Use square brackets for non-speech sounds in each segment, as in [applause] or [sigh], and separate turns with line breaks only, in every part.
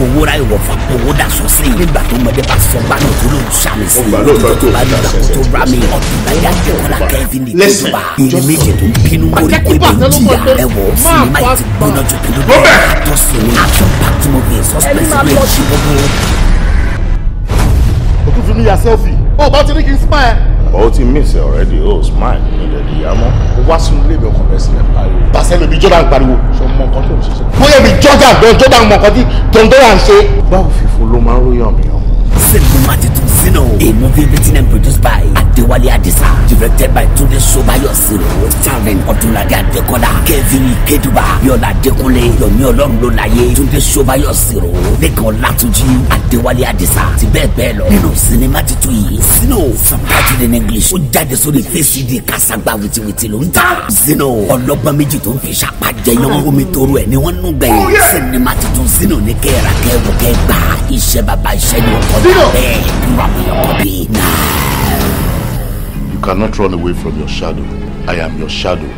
owó ra ìwọ̀ fún owó dasọ sí i. nígbà tó mọ̀dé bá sọ bá náà tó ló ń sàmì sí i. ọgbà tó bá nígbà kó tó rà mí. ọdún báyà kẹkọọlá kẹfì ní ìjọba. ìrìn méje tó ń bínú mórí pé mo jìyà ẹwọ sinimá yìí ti gbóná ju kí ló dé. àtọ sinmi àtọ bàtúmọ̀gbìn sọ́spẹ̀sì rẹ̀ ṣe gbogbo. òtútù ní ya sẹ́ẹ̀fì. ó bá ti ní kí n spa ẹ̀ but o ti miss it already o oh, smile mi lè di yá mọ́. o wá sínú ilé mi ọkọ bẹ́ẹ̀ sílẹ̀ pariwo. pàṣẹ mi bí jordan pariwo. sọ mọ nǹkan tó ń ṣiṣẹ́. bóyá mi jordan bẹ́ẹ̀ jordan mọ nǹkan tí tòǹdó yà ń ṣe. báwo fìfo ló máa ń ròyìn ọ̀mìyàn. sẹ́ni máa ti tún Casino. Oh. A movie written and produced by Adewale Adisa. Directed by Tunde Sobayosiro. Starring Ọdúnladé Adekola, Kevin Keduba. Yọlá Adékúnlé. Yomi Ọlọ́runlóláyé. Tunde Sobayosiro. Lẹ́kàn Látúnjí. Adewale Adisa. Ti bẹ́ẹ̀ bẹ́ẹ̀ lọ. Nínú sinimá titun yìí. Sino from Bajid in English. Ó jáde sórí KCD Kasagba wìtìwìtì ló ń ta. Zino. ọlọ́gbọ́n méjì tó ń fi ṣàpá jẹyàn. Ah. Omi toro ẹ̀ ni wọ́n nú gbẹ̀yìn. Oh, sinimá titun Zino ní kẹ́ẹ̀rà kẹ́ẹ̀rù kẹ́ẹ̀gbà. Iṣẹ́ bàbá iṣẹ́ ni ọkọ̀ náà bẹ́ẹ̀. your now. You cannot run away from your shadow. I am your shadow.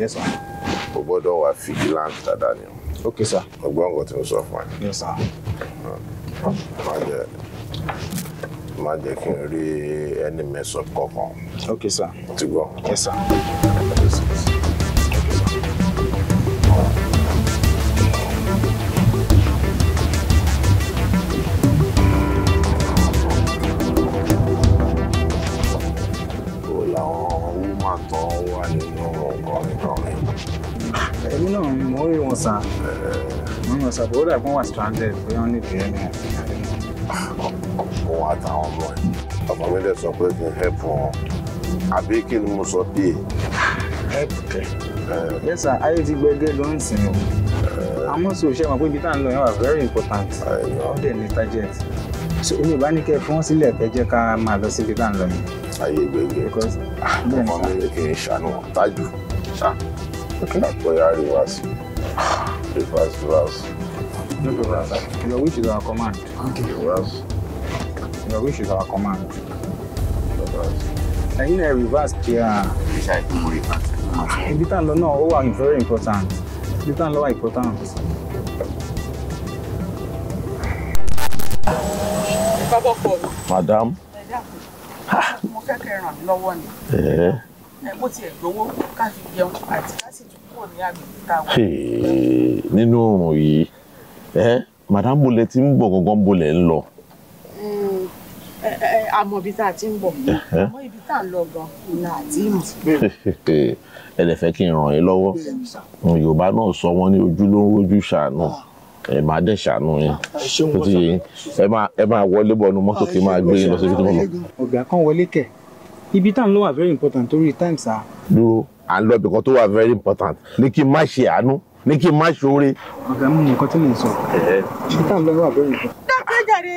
yes sir. o gbọ́dọ̀ wá vigilant dáadáa ni o. ok sir. ọgbọ́n nǹkan tí mo sọ fún ẹ. yes sir. má jẹ má jẹ kí n rí ẹni mẹsàn kankan. ok sir. ti gbọ́. yes sir. àbò ó dàgbọ́n wà stranded pé wọ́n ní dìé ní àfihàn. òun àtàwọn ọmọ ẹ bàbá mi dẹ sọ pé kí n help wọn àbí kí ni mo sọ pé. help kẹ. yẹ́sà ayé ti gbẹgẹ́ ló ń sìn o eh. àmọ́ sì ò ṣe mọ̀ pé ibi tá à ń lọ yẹn wà very important ó dẹ̀ ní target so omi ìbá ní kẹ́ ẹ fi wọ́n sílẹ̀ kẹ́ jẹ́ ká máa lọ síbi tá à ń lọ yẹn. ayé gbẹgẹ ah, ọmọ mi ni kì í ṣàánú tájù ṣá bóyá rí wá sí i. It was gross. No problem, sir. Your wish is our command. Okay. Reverse. Your wish is our command. Reverse. in a reverse kí a. Ìṣá ìkún mú reverse. Ibi tá ń lọ náà very important. Ibi tá ń important. Bábọ̀ Madam. Ha. dákun. Mo fẹ́ kẹ́ ràn mí ẹ madam bolẹ ti ń bọ̀ gangan bolẹ ń lọ. àmọ́ mm. ibi tá a ti ń bọ̀ àmọ́ ibi tá a lọ gan ìlà àti ìmọ̀. [laughs] ẹ lè fẹ́ kí n ràn yín lọ́wọ́ yorùbá náà sọ wọ́n ní ojú ló ń rojú ṣàánú ẹ máa dẹ̀ ṣàánú yín tó ah, ti yẹ ẹ máa wọlé bọnu mọ́tò kí n máa gbé yín lọ síbi tó lọ. ọ̀gá kan wọlé kẹ̀ ibi tá à ń lọ wà very important torí times sá. dúró à ń lọ ibìkan tó wà very important ní kí n má ṣe àánú ní kí n má ṣoore. ọ̀gá mi nìkan tí mò ń sọ. ṣé táwọn lọ́wọ́ àbẹ̀rẹ̀ nǹkan. dákẹ́ jàre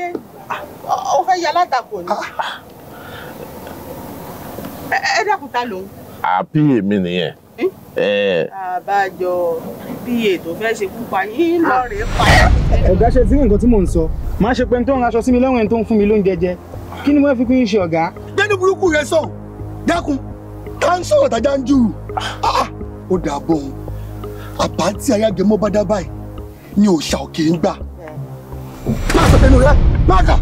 ó fẹ́ ya látakò ni. ẹ dákun ta lòun. àbí èmi nìyẹn. Hm? àbájọ bí ètò fẹ́ ṣe púpà yín lọ́ọ̀rẹ́ pa. ọ̀gá ṣe tí nǹkan tí mò ń sọ máa ṣe pé n tó ń raṣọ sí mi lọ́rùn ẹni tó ń fún mi lóúnjẹ jẹ kí ni wọ́n fi kún ṣe ọ̀gá. gbẹ́ni burúkú rẹ sọ̀rọ̀ dákun ká ń sọ̀rọ̀ tàjà ń jù ah, ah, ó dà bọ̀ òun àbá tí ayágẹmọ bá dá báyìí ni òòṣà òkè ń gbà má sọ tẹnu rẹ má kà.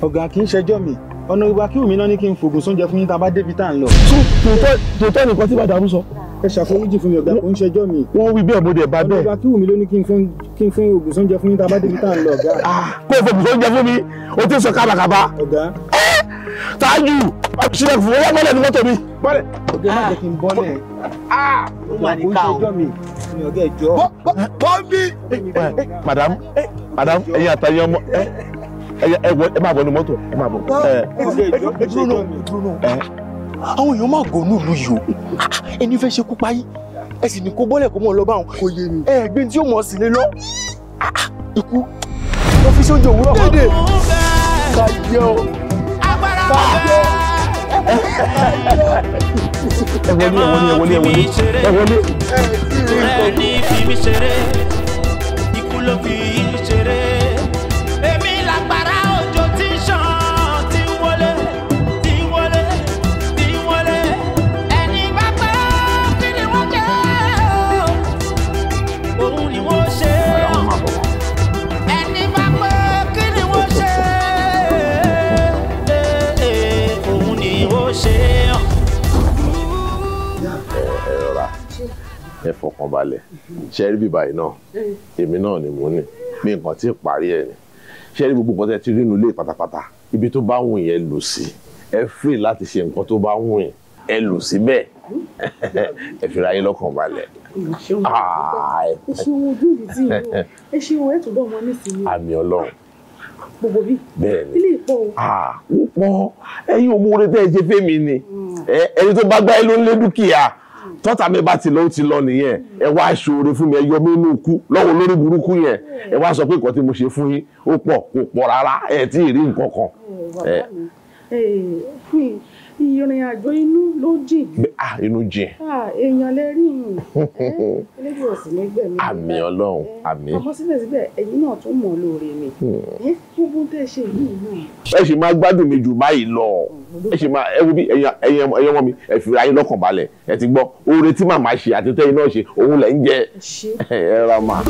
ọ̀gá kì í ṣẹjọ́ mi ọ̀nà ìwà kí omi náà ní kí n fògùn sóúnjẹ fún yín tá a bá débi tá à ń lọ. tòótọ́ nìkan tí bàdàmú sọ. ẹ ṣàforíjì fún mi ọ̀gá kò ń ṣẹjọ́ mi. wọ́n wí bẹ́ẹ̀ mo dẹ̀ bá bẹ́ẹ̀. ọ̀nà ìwà kí omi ló ní kí n fún ògùn sóúnjẹ fún yín tá a bá débi tá à ń lọ ah,
kó o fògùn sóúnjẹ
fún mi o ti sọ kábàkàbà. ọ̀gá Thank you. tájú ṣílẹ̀ fún wọn mọ́lẹ̀ ní mọ́tò mi. bọ́lẹ̀ ọ̀gá má jẹ́ kí n bọ́lẹ̀ ah! Ah! ó máa ní ká o ní ọ̀gá ìjọ. bọ́m̀bì. Eh, madam madam ẹ̀yin àtàyẹ ọmọ ẹ eh, eh, ẹ máa bọ̀ ní mọ́tò ẹ máa bọ̀. dúró náà àwọn èèyàn máa gòónù lu yìí o ẹni fẹ́ ṣekú pa yìí ẹ sì ní kó bọ́lẹ̀ kó mọ̀ lọ bá wọn. Eh. yé mi. ẹ gbé tí yóò mọ̀ sí lé lọ. ikú lọ fi ṣojú òwúrọ̀ kan.
kájọ ẹ wọlé ẹ wọlé ẹ
wọlé ẹ wọlé ẹ wọlé. ẹ ní fi mi ṣeré ikú ló fi yí. ẹ fọkàn balẹ̀ ṣẹ́rí bíbá yìí náà èmi náà ni mò ń nì mí nǹkan tí ì parí ẹ̀ ni ṣẹ́rí gbogbo nǹkan tẹ́ ti rí inú ilé pátápátá ibi tó bá wùn yẹn lò sí ẹ free láti ṣe nǹkan tó bá wùn yẹn ẹ lò sí bẹ́ẹ̀ ẹ fira yín lọ́kàn balẹ̀. ẹ ṣeun ojú ìlú tí ìlú ẹ ṣeun ẹ tún bọ́ ọmọ nísìnyí. àmì ọlọ́run gbogbo bí. bẹ́ẹ̀ni ilé ìpọ o. ó pọ̀ ẹ̀yin òmùwòrán tẹ ẹ ṣe fẹmi ni mm. ẹni tó bá gbá ẹ ló ń lé dúkìá tọ́ta mi bá ti lọ ó ti lọ nìyẹn ẹ wá ṣoore fún mi ẹ yọ mí inú ikú lọ́wọ́ lórí burúkú yẹn ẹ wá sọ pé nǹkan tí mo ṣe fún yín ó pọ̀ kò pọ̀ rárá ẹ tí ì rí nǹkan kan ìrìn àjò inú ló jìn. ah inú jìn. ah èèyàn lè rí yìí. [laughs] eléyìí ò sì ní gbẹ̀mí. àmì ọlọ́run àmì. àmọ́ síbẹ̀síbẹ̀ ẹ̀yin náà tún mọ̀ lóore ni. Hmm. gbogbo tẹ́ ẹ ṣe yìí náà. ẹ sì máa gbádùn mi jù báyìí lọ ẹ sì máa ẹ wo bí ẹyin ọmọ mi ẹ fi ayé lọ́kàn balẹ̀ ẹ ti gbọ́ oore tí màmá ṣe àti tẹ́yin náà ṣe òun lẹ ń jẹ ẹ [laughs] ra máa.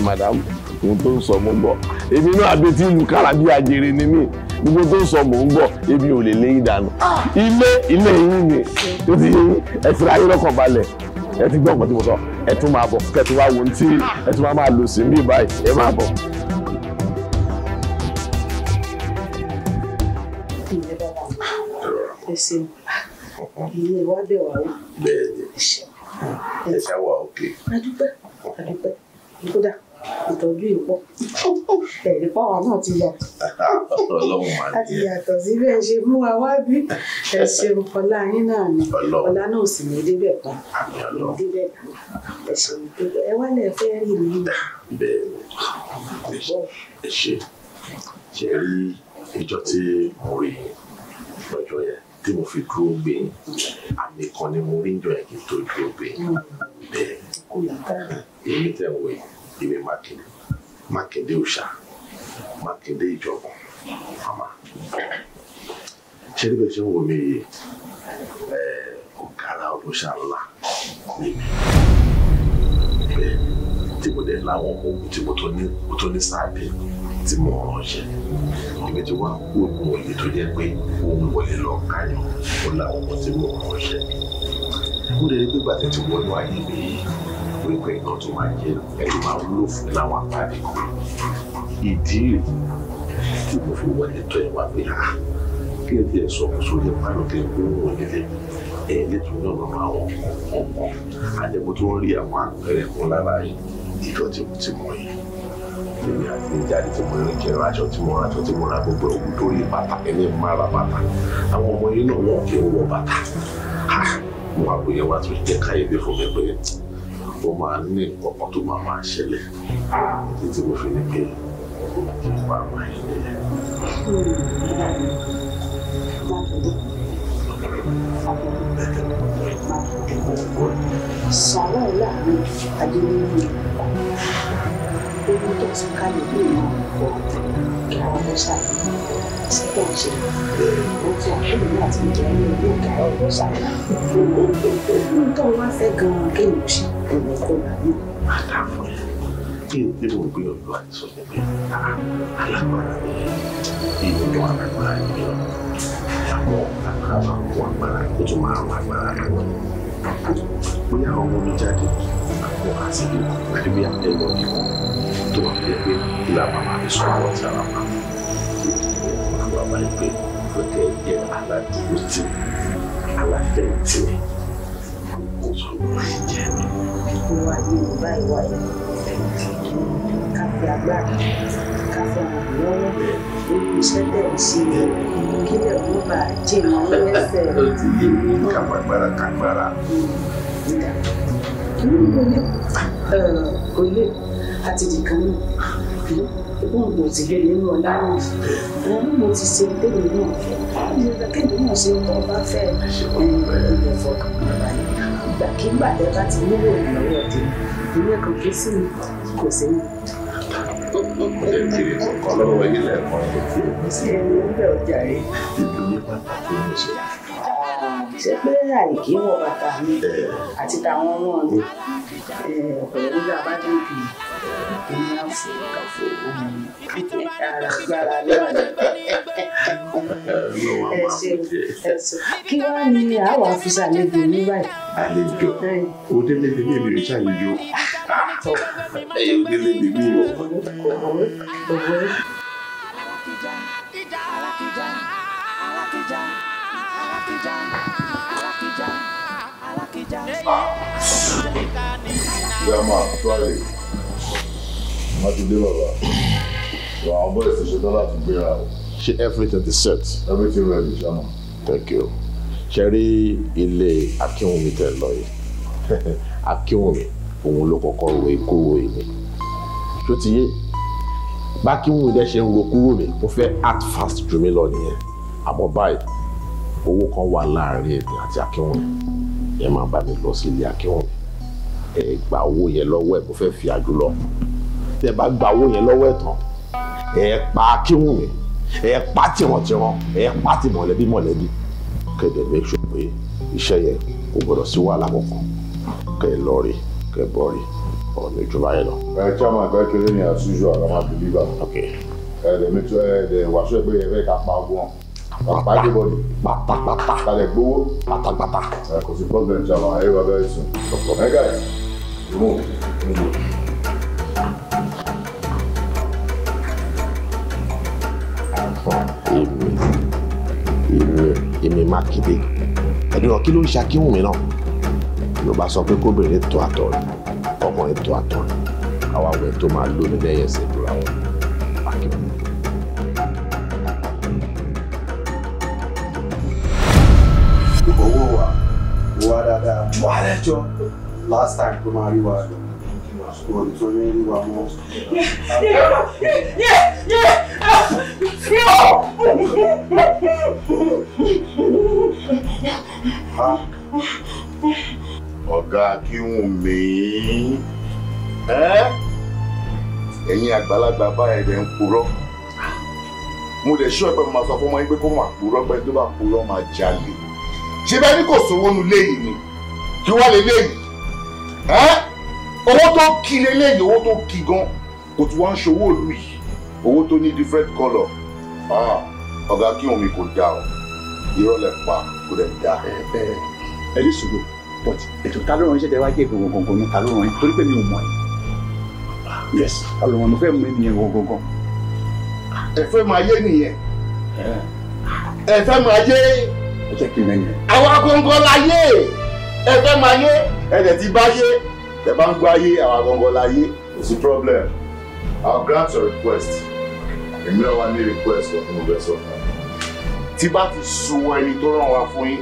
madam ohun tó ń sọ mò ń bọ̀ èmi náà àbẹ̀tí ìlú kárábí àjèrè ni mí gbogbo tó ń sọ mò ń bọ̀ èmi ò lè léyìn dànù ilé ilé yín ni ó ti yín ẹ fi ra yín lọ́kàn balẹ̀ ẹ ti gbọ́ ọ̀pọ̀ tí mo sọ ẹ tún máa bọ̀ kẹ́tù wá wo ohun ẹ tún máa lò sí bí báyìí ẹ máa bọ̀. ẹ
ẹ ṣe wà òkè. adúpẹ́
adúpẹ́ kódà ìtọ́jú ìpọ̀ ẹ̀rí pàwọ́ náà ti yàtọ̀ láti yàtọ̀ sí bẹ́ẹ̀ ṣe mú wa wá bí ẹ ṣeun ọlá yín náà ni ọlá náà sì ní débẹ̀ kan débẹ̀ ẹ ṣeun débẹ̀ ẹ wá lẹ̀ fẹ́ rí mi. bẹ́ẹ̀ ẹ ṣe ṣe rí ìjọ tí mo rí lọ́jọ́ yẹn tí mo fi dúró gbé àmì kan ni mo rí ìjọ yẹn kí n tó dúró gbé mm. bẹ́ẹ̀ èmi tẹ̀ wọ̀ yìí. Makinde Makinde Makinde Òòṣà Makinde Ìjọ̀gbọ̀n mama ṣé níbẹ̀ ṣe ń wò mí yìí ọ̀gára olóṣà ńlá ni mi bẹ́ẹ̀ tí mo dẹ̀ láwọn ọmọ ogun tí mo tó ní sáàbì tí mo ránṣẹ́ èmi ti wá kú ogun òye tó jẹ́ pé òun wọlé lọ káyọ̀ ó láwọn ọmọ tí mo ránṣẹ́ mo dẹ̀ rí pé gbàtẹ́ ti wọnú fún nǹkan iná tó máa jẹ ẹ̀rù máa wúlò fún láwọn àpáàdé kan ìdí rẹ̀ tí mo fi wọlé tọ́ ẹ wá pé ha ah, kí ẹ tiẹ̀ sọ fún sórí ẹ̀pá ló tẹ̀ ń gbóhùn wọlé lẹ́yìn ẹ̀ nítorí náà lọ́nà àwọn ọmọ àjẹmọ́ tó ń rí àwọn àpẹẹrẹ kan lára yìí ìjọ tí mo ti mọ̀ yìí èmi àti ìjáde tí mo rìn kẹrin aṣọ tí mo raṣọ tí mo ra gbogbo òwú lórí bàtà ẹni máa bàtà àwọn ọmọ yìí náà wọn kì í bàtà ah, mo wà pé wá tún jẹ káyé bí fún mi pé ó máa ní ọkàn tó máa máa ṣẹlẹ̀ ètò tí mo fi ní pé kí n pa àmọ́ yìí nìyẹn. sàrà láàrin adéwìnú ogun tó ti ká lè ní ìmọ̀ ọ̀pọ̀ kí àwọn ọmọ ṣàfihàn sí tó ń ṣe wọ́n ti àkóyè láti ìjẹ́ ní ìlú ìkàrọ̀ ọ̀pọ̀ ṣàfihàn nǹkan wá fẹ́ gan-an kéèyàn ṣe ẹ̀rọ kọ́ra yìí máa dà fún ẹ. Bí o pé mo gbé ọ̀dọ́ àìsàn níbẹ̀,
alágbára ni ìlú tó alágbára ni ọ̀.
Àmọ́ agbára máa ń wọ agbára, ó tún máa ń wọ agbára lọ́wọ́. Bóyá àwọn ọmọ mi jáde, àpò àti ìlú àti bí àtẹ̀wọ̀ ni wọ́n tó wà nínú ayé Yorùbá ìwà yìí ká fi agbára ká fi àwọn lọ́wọ́ lórí iṣẹ́ tẹ̀ ń ṣe rẹ̀ kílẹ̀ kó bá a jẹ́ ìmọ̀ lẹ́sẹ̀ rẹ̀. ó ti
yé mi kápágbára kágbára.
inú mi ò lè kò eh, àti dìkan wọn kò sì lè nínú ọlá náà wọn ní mo ti ṣe tèmi náà ìrẹ̀lẹ̀ kẹ́mi náà ṣe ń tọ́ bá fẹ́ ẹ̀ẹ́dẹ̀fọ́ kan báyìí ìgbàkigbà tẹ bá ti nílò ìnáwó ọdẹ ìpínlẹ̀ kan kí sí mi kò sí mi. mo lè kiri kọ̀ọ̀kan lọ́wọ́ yìí lẹ́ẹ̀kan yìí. mo sì ń bẹ̀ ọjà rẹ̀. ìdùnnú pàtàkì ló ṣe ṣe pé àìkí wọ bàtà mi àti tàwọn ọmọ mi
ọ̀pẹ̀ nígbà bá dé ibi èmi kí wá
ní àwọn àfisà àlejò ní báyìí. àlejò òde lèmi mi ò ṣàlejò ẹyẹ òde lèmi mi ò. Ìyá máa tó àyè, ti dé bàbá, àwọn bọ́ọ̀sì ṣetán láti gbéra o ṣe everything is set. everything ready ṣama. thank you ṣe rí ilé akínwùmí tẹ̀ lọ yìí [laughs] akínwùmí òun ló kọ́kọ́ ro ìkówó mi tó ti yé bá kínwùmí dẹ́ ṣe ń ro kúrò mi ó fẹ́ act fast jù mí lọ nìyẹn àmọ́ báyìí owó kan wà láàrin èmi àti akínwùmí ẹ máa bá mi lọ sí ilé akínwùmí ẹ gba owó yẹn lọ́wọ́ ẹ̀ mo fẹ́ fi àjò lọ tẹ bá gba owó yẹn lọ́wọ́ ẹ̀ tán ẹ pa akínwùmí ẹ pa tiwọn-tiwọn ẹ pa ti mọ̀lẹ́bí mọ̀lẹ́bí kẹ̀dẹ̀ make sure pé iṣẹ́ yẹn kò gbọdọ̀ sí wàhálà kankan kẹ ẹ lọ rí kẹ ẹ bọ́ rí ọ̀rọ̀ ní ìjọba yẹn lọ. ẹ tí a máa gbẹ́ kéré ni àtúnṣe àgbà máa bìbí bá ẹ dẹ̀ mi tún ẹ dẹ̀ wàásù ẹ pé ẹ fẹ́ ká pa ogun wọn pàtàkì bọ́ọ̀lì pátápátá kalẹ̀ gbowó pátápátá. kò sí problem jàmbá ẹ wà bẹ́ẹ̀ sùn. ẹ gáì mú from èmi èmi èmi mákindé ẹ̀dùn kí ló ń ṣàkíhùn mi náà ló bá sọ pé kóbìnrin tó àtọ̀ rẹ̀ ọkùnrin tó àtọ̀ rẹ̀ àwa wẹ̀ tó máa lómi lẹ́yìn ẹsẹ̀ ìdúrà wọn mákindé. owó wa wá dáadáa wà lẹ́jọ́ last time tó máa rí wa lọ wọn tó ní rí wa mọ́ ọ̀gá Akínwùmí ẹ̀yin àgbàlagbà báyìí rẹ̀ ń purọ́ mo lè ṣọ́ ẹgbẹ́ mo máa sọ fún ọmọ yín pé kó máa purọ́ pé tó bá purọ́ máa jalè ṣé bẹ́ẹ̀ ni kò sówó nu léyìí ni kí wá lè léyìí owó tó kí lé léyìí owó tó kí gan kò tún wá ń ṣòwò òlu yìí owó tó ní different colour. Ah, ọ̀gá kí omi kò dá o ìrọ̀lẹ́ pa kò dẹ̀ dá. ẹ ní sùúrù but ètò ta ló ránṣẹ́ tẹ wá jẹ́ gbọ̀ngbọ̀ngbọ̀n ní ta ló ránṣẹ́ torí pé mi ò mọ̀ ẹ́ yes ta ló rán mi fẹ́ mú ènìyàn gbọ̀ngbọ̀ngbọ̀n. ẹ fẹ́ máa yé nìyẹn ẹ fẹ́ máa yé ẹ jẹ́ kí n lẹ́yìn. àwa gbọ̀ngbọ̀n la yé ẹ fẹ́ máa yé ẹ dẹ̀ ti bá yé ẹ bá ń gbọ́ ayé àwa gbọ̀ngbọ̀n la yé kò sí problem I'll grant your request èmi náà wá ní request ọ̀tún mo fẹ́ sọ fún un tí bá ti sun ẹni tó rán wa fún yín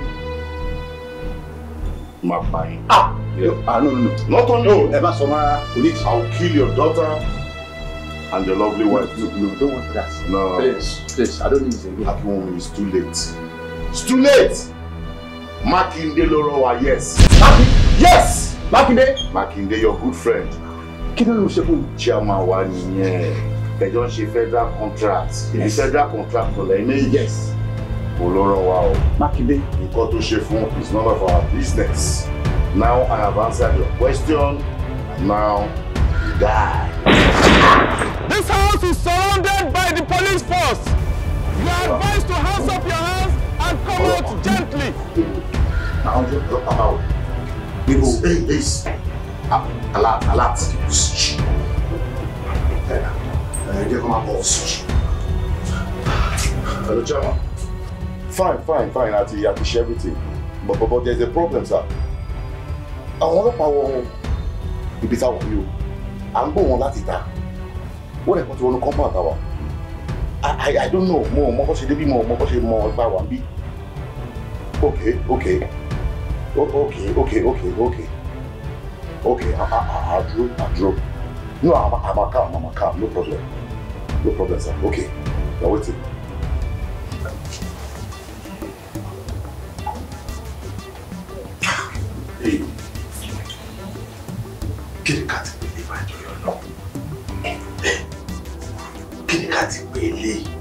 máa pa yín. ah yeah. Ah, no no no not only ẹ má sọ mọ́ra police. I will kill your daughter and your lovely wife. no no don't want that. no please please I don't need it again. Akinwumi it's too late it's too late Makinde ló rán wa yes. yes Makinde. Makinde your good friend. kí ló ń ṣe fún mi. chairman nìyẹn ẹjọ́ ń ṣe federal contract ibi federal contract kò lẹ́yìn Yes. kò ló rán wa o. Mákindé. nǹkan tó ṣe fún is none of our business now I have answered your question now you die. This house is surrounded by the police force. You are advised to hands up your hands and come out gently. Now you drop them out. People, hey, this. Alert, alert. Shh ẹ jẹ́ kó máa bọ̀ ọ̀sùn. hello chairman. fine fine fine àti àti everything but but but there's a problem sir. àwọn ọlọ́pàá wọ ibi táwọn yìí o à ń gbọ́ wọn láti ta wọ́n lè kọ́ ti wọnú compound àwa i i I don't know more more bó ṣe débí mo more bó ṣe mọ ọgbà wà ń bí. okay okay okay okay okay okay okay i i i i drove i drove no i'm i'm calm i'm calm no problem. No problem, sir. Okay. We're waiting. Hey. Kitty cat, believe I do your love. Kitty cat, believe.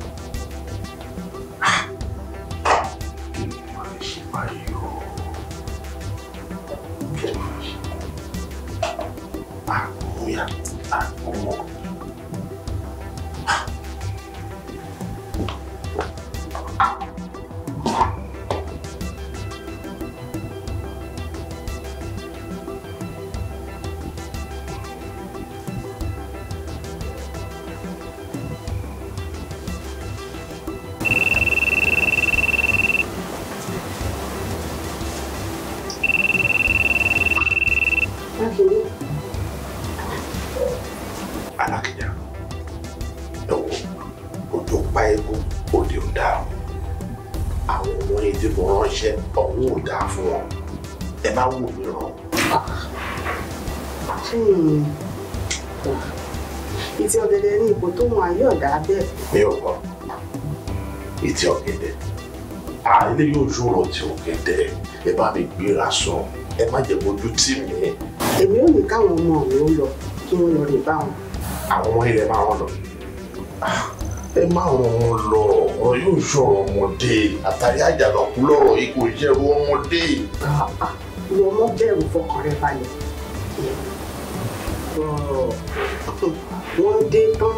yóò dá bẹ́ẹ̀. mi ò gbọ́ ìtì ọ̀gẹ̀dẹ̀ àìlè yóò ṣòro ti ọ̀gẹ̀dẹ̀ ẹ bá mi gbéra sọ ẹ má jẹ́ bójú tì mí. èmi ò ní káwọn ọmọ mi ó lọ kí wọ́n lọ rè bá wọn. àwọn ọmọ ilẹ̀ máa wọn lọ ẹ má ràn wọn lọ ọ̀rọ̀ yóò ṣòro ọmọdé àtàrí àjàlọkú lọ́rọ̀ yìí kò jẹrù ọmọdé. ni ọmọ bẹ̀rù fọkàn rẹ balẹ̀
wọ́n dé tán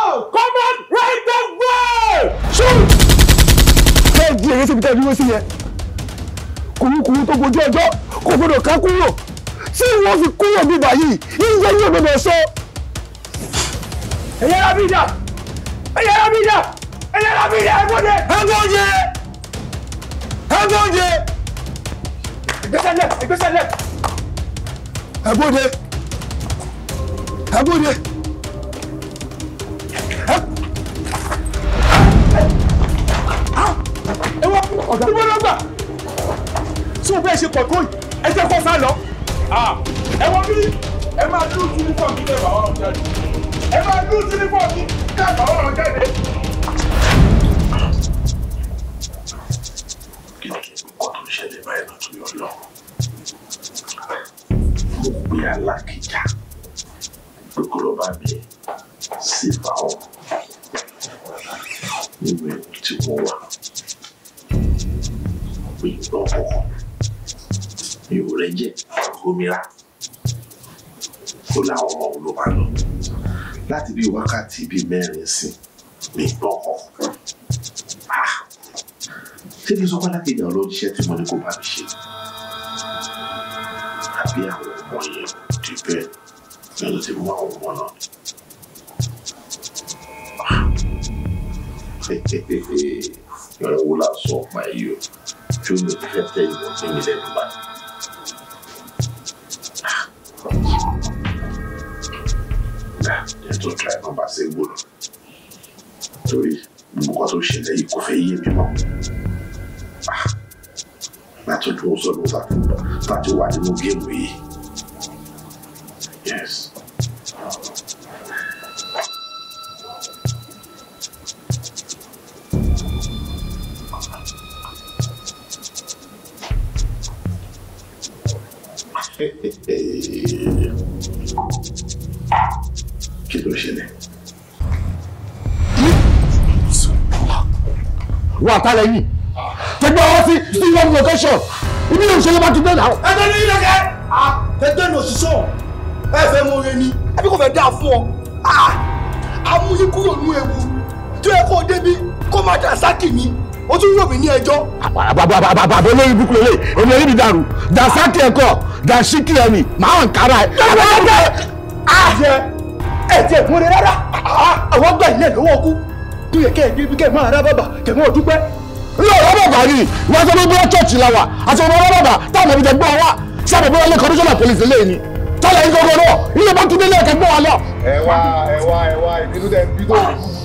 ṣe eré síbi tẹ́ dúró sí yẹn kùrukùru tó gbojú ọjọ́ kò gbọdọ̀ ká kúrò tí wọ́n fi kúrò bíbà yìí yíyẹ ní ògbọdọ̀ sọ. ẹ̀yẹ́ rábìdà ẹ̀yẹ́ rábìdà ẹ̀yẹ́ rábìdà ẹ̀gbọ́dẹ. ẹ̀gbọ́dẹ ẹ̀gbọ́dẹ. ìgbésẹ̀ lẹ̀ ìgbésẹ̀ lẹ̀. ẹ̀gbọ́dẹ ẹ̀gbọ́dẹ. tí òwe ṣe pọ̀ tó yìí ẹ jẹ́ kó sá lọ. ẹ wọ bí ẹ máa lù uniform kí kẹfà ọ̀rọ̀ jáde ẹ máa lù uniform kí kẹfà ọ̀rọ̀ jáde.
kí ni kí n kọ́ tó ṣẹlẹ̀ báyìí lọ́tún yọ lọ
mo pe alákìjà pé kó lọ́ọ́ bá mi sí ìfàwọ́ nínú ẹ̀mí tí wọ́n wà mo mi ò rẹ́jẹ̀ gómìnà tó láwọn ọmọ òun ló bá lọ láti bí wákàtí bíi mẹ́rin sí mi gbọ́ ọ ṣé kí n sọ pé láti ìgbà ọlọ́run iṣẹ́ tí mo ní kó bá mi ṣe àbí àwọn ọmọ yẹn ti bẹ́ẹ̀ lọ́dọ̀ tí mo máa wọ̀ wọ́n náà ni. Ah!
[laughs] ọ̀rọ̀ wo la sọ ọ̀pá yìí o tí ẹ tó try
ẹ̀ bá ṣe gbòòrò torí gbogbo tó ṣẹlẹ̀ yìí kò fẹ́ yé mi mọ́ látọ̀jú ó sọ̀rọ̀ bá ti wà nínú
géèmù yìí yes.
wà á tálẹ̀ yìí tẹgbẹ́ wá sí still one location ibi yóò ṣe ló bá ti gbé náà. ẹgbẹ́ ní ilé kẹ́ ẹgbẹ́ ní òṣìṣọ́ ẹ fẹ́ mú rẹ ni ẹbí kò fẹ́ dáa fún ọ amúyí kúrò nú ewu tó yẹ kó o débi kó má dà sákì mi o tún rò mí ní ẹjọ́. àbàbàbàbà olórí ibùkún lè omi ẹni mi dàrú dà sákì ẹkọ dà síkì ẹni máa hàn kára ẹ. ẹ jẹ ẹ jẹ ìmúre rárá àwọn gbà ilé lówó kú tó yẹ kẹ́ ẹ̀ débi kẹ́ ẹ̀ máa rá bàbà kẹ́ mọ́ dúpẹ́. ilé ọ̀rọ̀ bàbà ni wọ́n sọ pé bóyá chọ́ọ̀chì la wà àti ọmọ bàbà táwọn ẹ̀mí jẹ gbọ́ wa sábà bóyá ilé kọmíṣánná pòlìsì lé ní tọ́lẹ̀ yín gbogbo náà ilé bá túnbí lẹ́ẹ̀kẹ́ gbọ́ wa lọ. ẹ wá ẹ wá ẹ wá ìbínú tẹ bí tó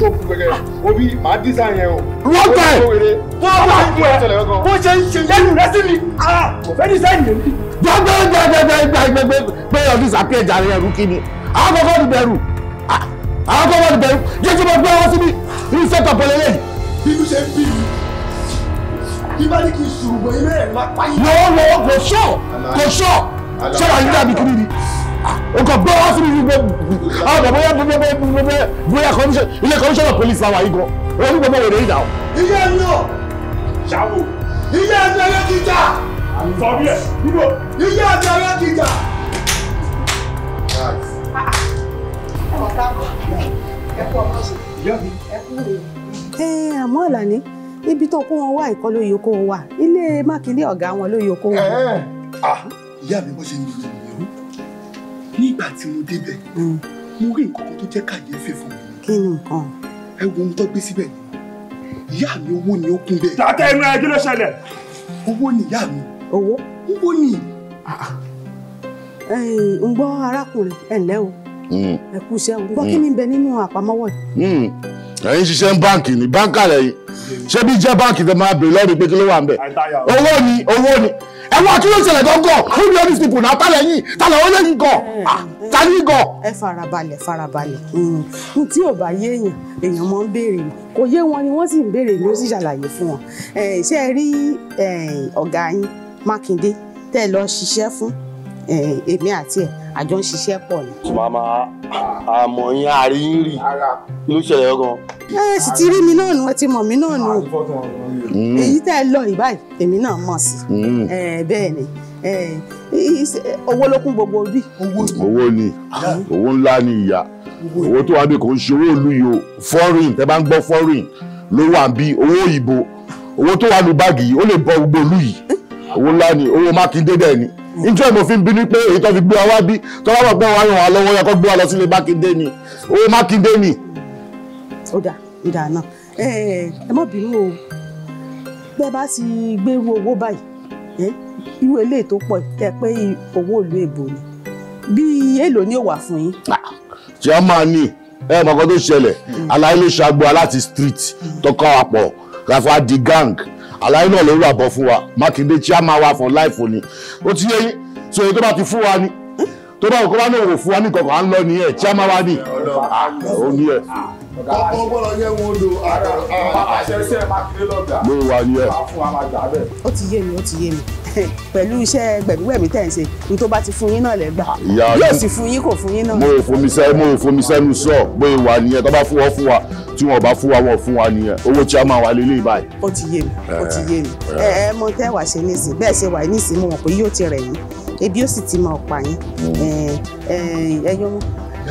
tó kú gẹ́gẹ́ obi màá dísà yẹn o. wọ́n tẹ̀ wọ́n bá ń bọ̀ bó ṣe ń ṣe yẹnu rẹ sí mi kò fẹ́ dísà yẹn bí. gbẹgbẹgbẹgbẹgbẹgbẹ pé ọdún sàpẹ̀jà rẹ̀ rú kí ni àwọn kọ́kọ́ ti bẹ̀rù àwọn kọ́ wọ́n bẹ̀rù yé tí mo gbé wọn síbi inú sẹ́kọ̀ pẹ̀lẹ́ lẹ́yìn. inú ṣe ń bí mi bí bá ní kí n sùn bọ̀ ilé ẹ̀ máa
pààyè. lọ́wọ́ lọ́wọ́ kò sọ kò sọ sọ́ra yín dàbí kiri
ni o kò gbé wọn síbi gbogbo àwọn ah, bàbá yà gbogbo gbogbo bóyá ilé kọmíṣánná pólísì làwọn yìí gan wọn ní gbogbo wèrè yìí dà o. iye ń lọ ṣàwò iye ń lọ kí jà sọ bí ẹ iye ń lọ kí jà ẹ àmọ́ Àlàní ibi tó kó wọn wá ìkọ́ ló yẹ kó wà ilé Mákindé ọ̀gá wọn ló yẹ kó Ah. ìyá mi wọ́n ṣe ń lu ìlú nígbà tí mo débẹ̀ mo rí nǹkan kan tó jẹ́ kàyéfì fún mi. kí ni nǹkan. ẹ wo ohun tó gbé síbẹ̀ ni ìyá mi owó ni ó kún bẹ́ẹ̀. dàtẹ́ inú ẹ kí ló ṣẹlẹ̀. owó ni ìyá mi. owó. owó ni. ń gbọ́ arákùnrin ẹ̀ ǹlẹ́ Hmm. ẹ kú iṣẹ́ òru bọ́kí hmm. ni ń bẹ nínú àpamọ́wọ́ yìí. Hmm. ẹ̀yin ṣiṣẹ́ ń báǹkì ní báǹkà lẹ́yìn ṣé bí jẹ́ báǹkì tẹ máa bèrè lọ́dún pé kí ló wà ń bẹ̀ owó ni owó ni ẹ wá kí ló ṣẹlẹ̀ gángan who be all these people náà tálẹ̀ yín tálẹ̀ wọ́n lẹ́yìn gan eh, ah, tálẹ̀ gan. ẹ farabalẹ̀ farabalẹ̀ n tí ò bá yé èèyàn èèyàn mọ́ ń béèrè kò yé wọn ni wọ́n sì ń béèrè ni ó sì ṣàlàyé fún wọn eh, ṣé ẹ rí eh, ọ̀gá yín Mákindé tẹ́ lọ ṣiṣẹ́ fún èmi àti ẹ̀ àjọ ń ṣiṣẹ́ pọ̀ ni. màmá àmọ̀ yín àrí yín rì ló ṣẹlẹ̀ gan. ẹ sì ti rí mi náà nù ẹ ti mọ̀ mí náà nù hmm. èyí tẹ́ ẹ lọ ìbáyìí èmi náà mọ̀ sí hmm. bẹ́ẹ̀ ni owó ló kún gbogbo bí. owó ni owó ńlá ni ìyá owó tó wà bí kò ń ṣe owó ìlú yìí o foreign tẹ́ bá ń gbọ́ foreign ló wà bí owó òyìnbó owó tó wà ní báàgì yìí ó lè bọ́ gbogbo ìlú yìí eh? owó ńlá ni owó mákindé dẹ̀ ni njẹ́ mo fi ń bínú pé èyí tó fi gbé wa wá bí tó bá bọ̀ pé wọ́n á ràn wá lọ́wọ́ yẹ kó gbé wa lọ sílé mákindé ni owó mákindé ni. ó dà ó dà náà ẹ ẹ má bínú o bẹ́ẹ̀ bá ti gbérú owó báyìí irú eléyìí tó pọ̀ tẹ pé owó ìlú èbò ni bí èèlò ni ó wà fún yín. ṣé a máa ní ẹ mọ̀ọ́kọ́ tó ṣẹlẹ̀ hmm. aláìlú ṣàgbọ́ aláti street tó kọ́ àpọ̀ káfá di àlàyé náà ló ń wàbọ̀ fún wa mákindé chairman wa for life òní ó ti yé yín so èyí tó bá ti fún wa ni tó bá òkú bá náà wò fún wa ní kankan à ń lọ nìyẹn chairman wa ni ó ní ẹ. ọkọ gbọ́dọ̀ yẹ wọn odò àṣẹ iṣẹ́ mákindé lọ́gà. ló wà ní ẹ. ó ti yé mi ó ti yé mi pẹ̀lú iṣẹ́ gbẹ̀mígbẹ̀mí tẹ̀ ń ṣe ní tó bá ti fún yín náà lẹ́gbà yóò sì fún yín kò fún yín náà. mo ò fomi sẹ́ mo ò fomi sẹ́nu sọ bó ìwà nìyẹn tó bá fún wọn fún wa tí wọn bá fún wa wọn fún wa nìyẹn owó tí a máa wà lélẹ́yìn báyìí. ó ti yé
mi ó ti yé
mi eh, eh. ẹ ẹ mọ tẹ́ wàá ṣe nísìn bẹ́ẹ̀ ṣe wà nísìn mo mọ̀ pé yóò ti rẹ̀ yín ebi ó sì ti máa pa yín ẹ ẹ ẹ yọmọ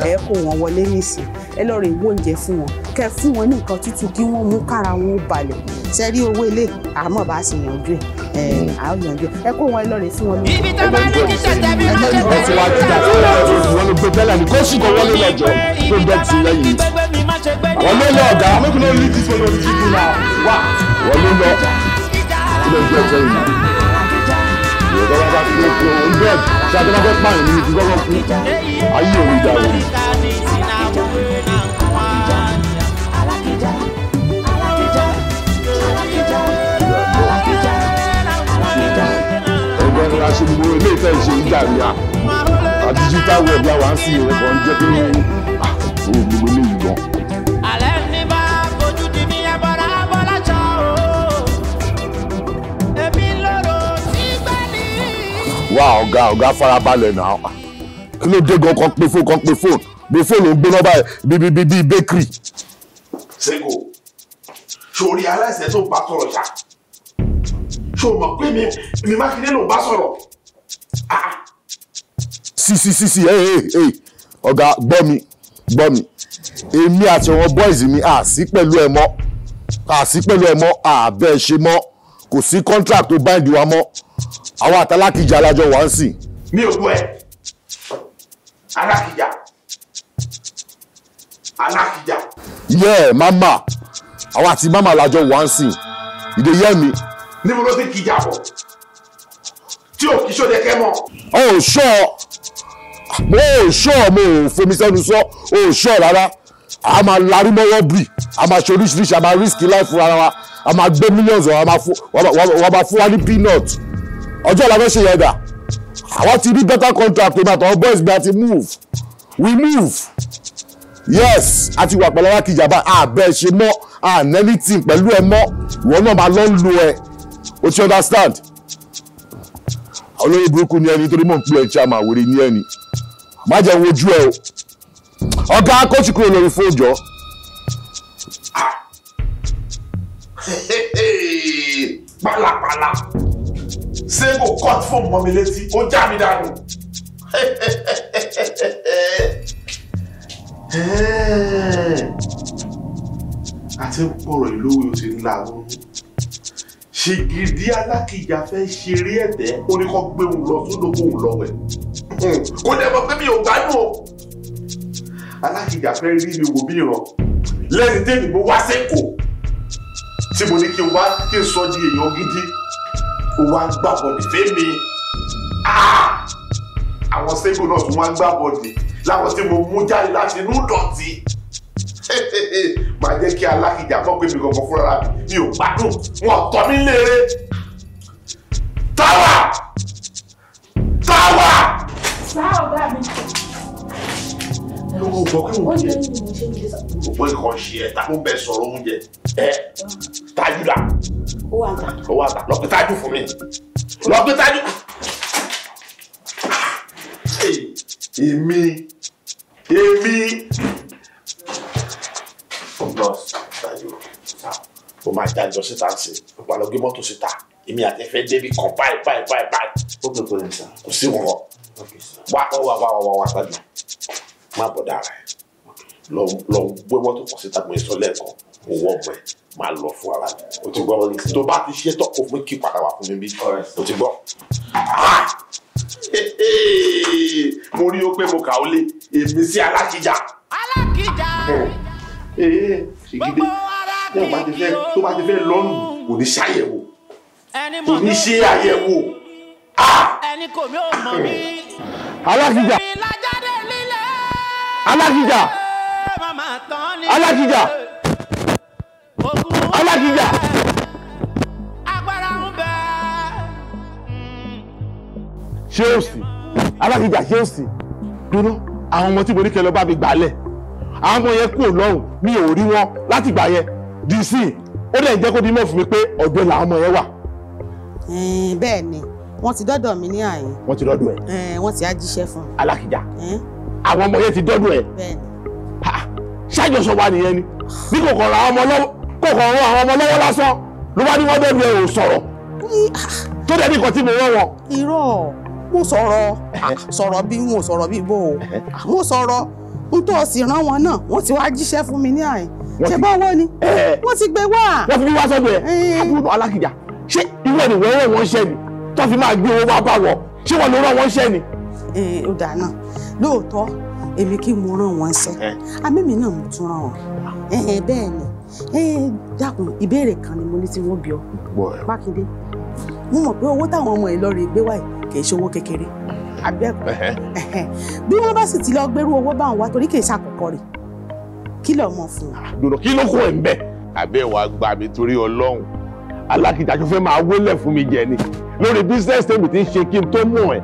ẹ kó wọn wọlé nìsín ẹ lọ rè wó oúnjẹ fún wọn kẹ fún wọn ní nǹkan tútù kí wọn mú kára wọn balẹ̀ sẹrí owó ilé àmọ́ bá sì yanjú ẹ à ń yanjú ẹ kó wọn lọ rè fún wọn. ibi tó bá ní kí tẹ̀tẹ̀ bí wọ́n ṣe tẹ̀lé ìgbà tó lọ jù. wọn ló gbé tẹ́lẹ̀ ní kó sì kọ́ wọlé lọ́jọ́ tó bẹ́ẹ̀ ti lẹ́yìn. wọn ló lọ ọ̀gá wọn ló lọ ọ̀gá wọn ló lọ ìjọba bá fi ojú ọ̀hún bẹ́ẹ̀ ṣàjọba fẹ́ jẹ́ pé ó gbogbo ilé yìí wá ọ̀gá ọ̀gá farabalẹ̀ náà kí ló dé gan kan pé fóònù kan pé fóònù bí fóònù ń gbóná báyìí bí bí bí bakery. sego sori aláìsẹ tó bá tọrọ ṣá so mọ̀ pé mi mi mákindé ló bá sọ̀rọ̀ Si si si si, ẹ ẹ ọ̀gá gbọ́ mi gbọ́ mi èmi àti àwọn boys mi à sí pẹ̀lú ẹ mọ́ à sí pẹ̀lú ẹ mọ́ àbẹ̀ ṣe mọ́ kò sí contract tó bind wa mọ́ àwọn àtàlákìjà alájọ wà ń sìn. mi ò gbọ́ ẹ alákìjà alákìjà. yẹ mama àwọn àti mama alájọ wà ń sìn ìdè yẹ mi. níbo ló ti kìjà bọ̀ tí ò kí sóde kẹ́ mọ́. ọ ò sọ mo ò sọ mo ò fomi sẹ́nu sọ ò sọ rárá a máa larí mọ́wọ́ bì a máa ṣe oríṣiríṣi a máa risk life fún ara wa a máa gbé millions wa máa fún wa máa fún wa ní peanut ọjọ́ la fẹ́ ṣe yẹn dà àwa ti rí better contract èmi our boys gba ti move we move yes a ti wà pẹ̀lú alákìjà bá àbẹ̀ ṣe mọ́ ànẹ́lì tì pẹ̀lú ẹ mọ́ ìwọ náà máa lọ ń lo ẹ o ti understand olórí burúkú ni ẹni torí mò ń pè ẹ chairman wèrè ní ẹni má jẹ́ wojú ẹ o ọ̀gá akọ́ṣù kúrò lórí fóòjọ́. [laughs] pálapàla sego cut fóònù mọ́ mi létí ó já mi dànù. àti [laughs] eh. pọ̀rọ̀ ìlú wo ti ń làwọn ṣègìdì alákìjà fẹ́ ṣeré ẹ̀tẹ́ ó ní kó gbé òun lọ sódò kó òun lọ wẹ̀ hmm. kó dẹ̀ mọ̀ pé mi ò gbádùn o alákìjà fẹ́ rí mi wò bí ìran lẹ́yìn tẹ́lẹ̀ mo wá sẹ́kọ̀ọ́ tí mo ní kí n wá kí di èèyàn gidi ó wá ń gbà bọ̀dì fẹ́mi ah! àwọn sẹ́gbò náà tún wá ń gbà bọ̀dì láwọn tí mo mú jáde láti inú dọ̀tí [laughs] máa jẹ́ kí alákìjà fọ́ pé mi gbọ̀ngàn fúnra mi mi ò gbádùn wọn tọ́ mi léere táwa táwa. sáà ọ̀gá mi
ló ń gbọ́ pé oúnjẹ
òpó ikọ̀ ṣe ẹ̀ ta ló ń bẹ sọ̀rọ̀ oúnjẹ ẹ̀ tájú la owó àtà lọ́pẹ́ tájú fún mi lọ́pẹ́ tájú. èmi èmi nọ́ọ̀sì tájú ó máa jáde lọ síta sí ìpàlọ́gbé mọ́tò síta èmi àti ẹ̀fẹ́ débi kan báyìí báyìí báyìí báyìí. ó pè kò lè sá. kò sí wọn. wá wá wá wá wá wá tájú má bọ̀dá rẹ̀ lọ lọ gbé mọ́tò kan síta gbọ́n sọ lẹ́ẹ̀kan owó ọ̀gbẹ́ máa lọ fún ara mi o ti gbọ́ tó bá ti ṣe tọ́ òfin kí padà wà fún mi bí o ti gbọ́. Ah! [laughs] mo rí o pé mo kà ó lé èmi sí alákìjà.
alákìjà
ṣègidé tó bá ti fẹ́ tó bá ti fẹ́ lọ́nù kò ní ṣàyẹ̀wò kò ní ṣe àyẹ̀wò. ẹni kò ah! mí ò mọ̀ mí. alákìjà alákìjà alákìjà alákìjà. ṣé ó sì alákìjà ṣé ó sì dúró àwọn ọmọ tí mo ní kẹ́ lọ bá mi gbálẹ̀ àwọn ọmọ yẹn kúrò lọ́hùn mi ò rí wọn láti gbà yẹn dì sí ó dẹ̀ jẹ́ kó di mọ́ fún mi pé ọ̀dọ̀ làwọn ọmọ yẹn wà. bẹ́ẹ̀ ni wọ́n ti dọ́dọ̀ mi ní àyè. wọ́n ti dọ́dọ̀ ẹ̀. wọ́n ti á fún un. alákìjà àwọn ọmọ yẹn ti dọ́dún ẹ̀ ṣàjọsọ wa nìyẹn ni bí kò kọ̀ọ̀rọ̀ àwọn ọmọ lọ́wọ́ lásán ló bá ní wọ́n dọ́dún ẹ̀ ò sọ̀rọ̀ tó dẹ̀ ní nǹkan tí mo wọ́n wọn. irọ́ mo sọ̀rọ̀ sọ̀rọ̀ bí mo sọ̀rọ̀ bí bò ó mo sọ̀rọ̀ n tó sì rán wọn náà wọ́n ti wá jíṣẹ́ fún mi ní àyè ṣe bá wọ́n ni eh. wọ́n ti gbé wá. wọ́n fi mi wá sọ́dọ̀ ẹ̀ àbúrò eh. alákìjà ṣé irú ẹ̀ ni wọ́n rán wọn ṣẹ́ ni tó fi máa gbé owó wá bá wọ̀ ṣé wọ́n ló rán wọn ṣẹ́ ni. Eh, ó dáa náà lóòótọ́ èmi kí mo rán wọn ṣe amémi náà mo tún rán wọn bẹ́ẹ̀ ni dákun ìbéèrè kan ni mo ní tí wọ́n bí ọ mákindé mo mọ̀ pé owó táwọn ọmọ yìí lọ́ọ́ rí gbé wáyé kì í ṣe owó kékeré
abẹ́ẹ̀kọ́
bí wọ́n bá sì ti lọ gbẹ́rú owó bá wọn wá torí kì í ṣàkọ́kọ́ rẹ̀ kí lọ mọ̀ fún un. dùnà kí ló kó ẹ̀ ń bẹ̀ àbẹ́ wa gbà mí torí ọlọ́run alákìtàjú fẹ́ máa wólẹ̀ fún mi jẹ ni lórí business tèmi ti ń ṣe kí n tó mú ẹ̀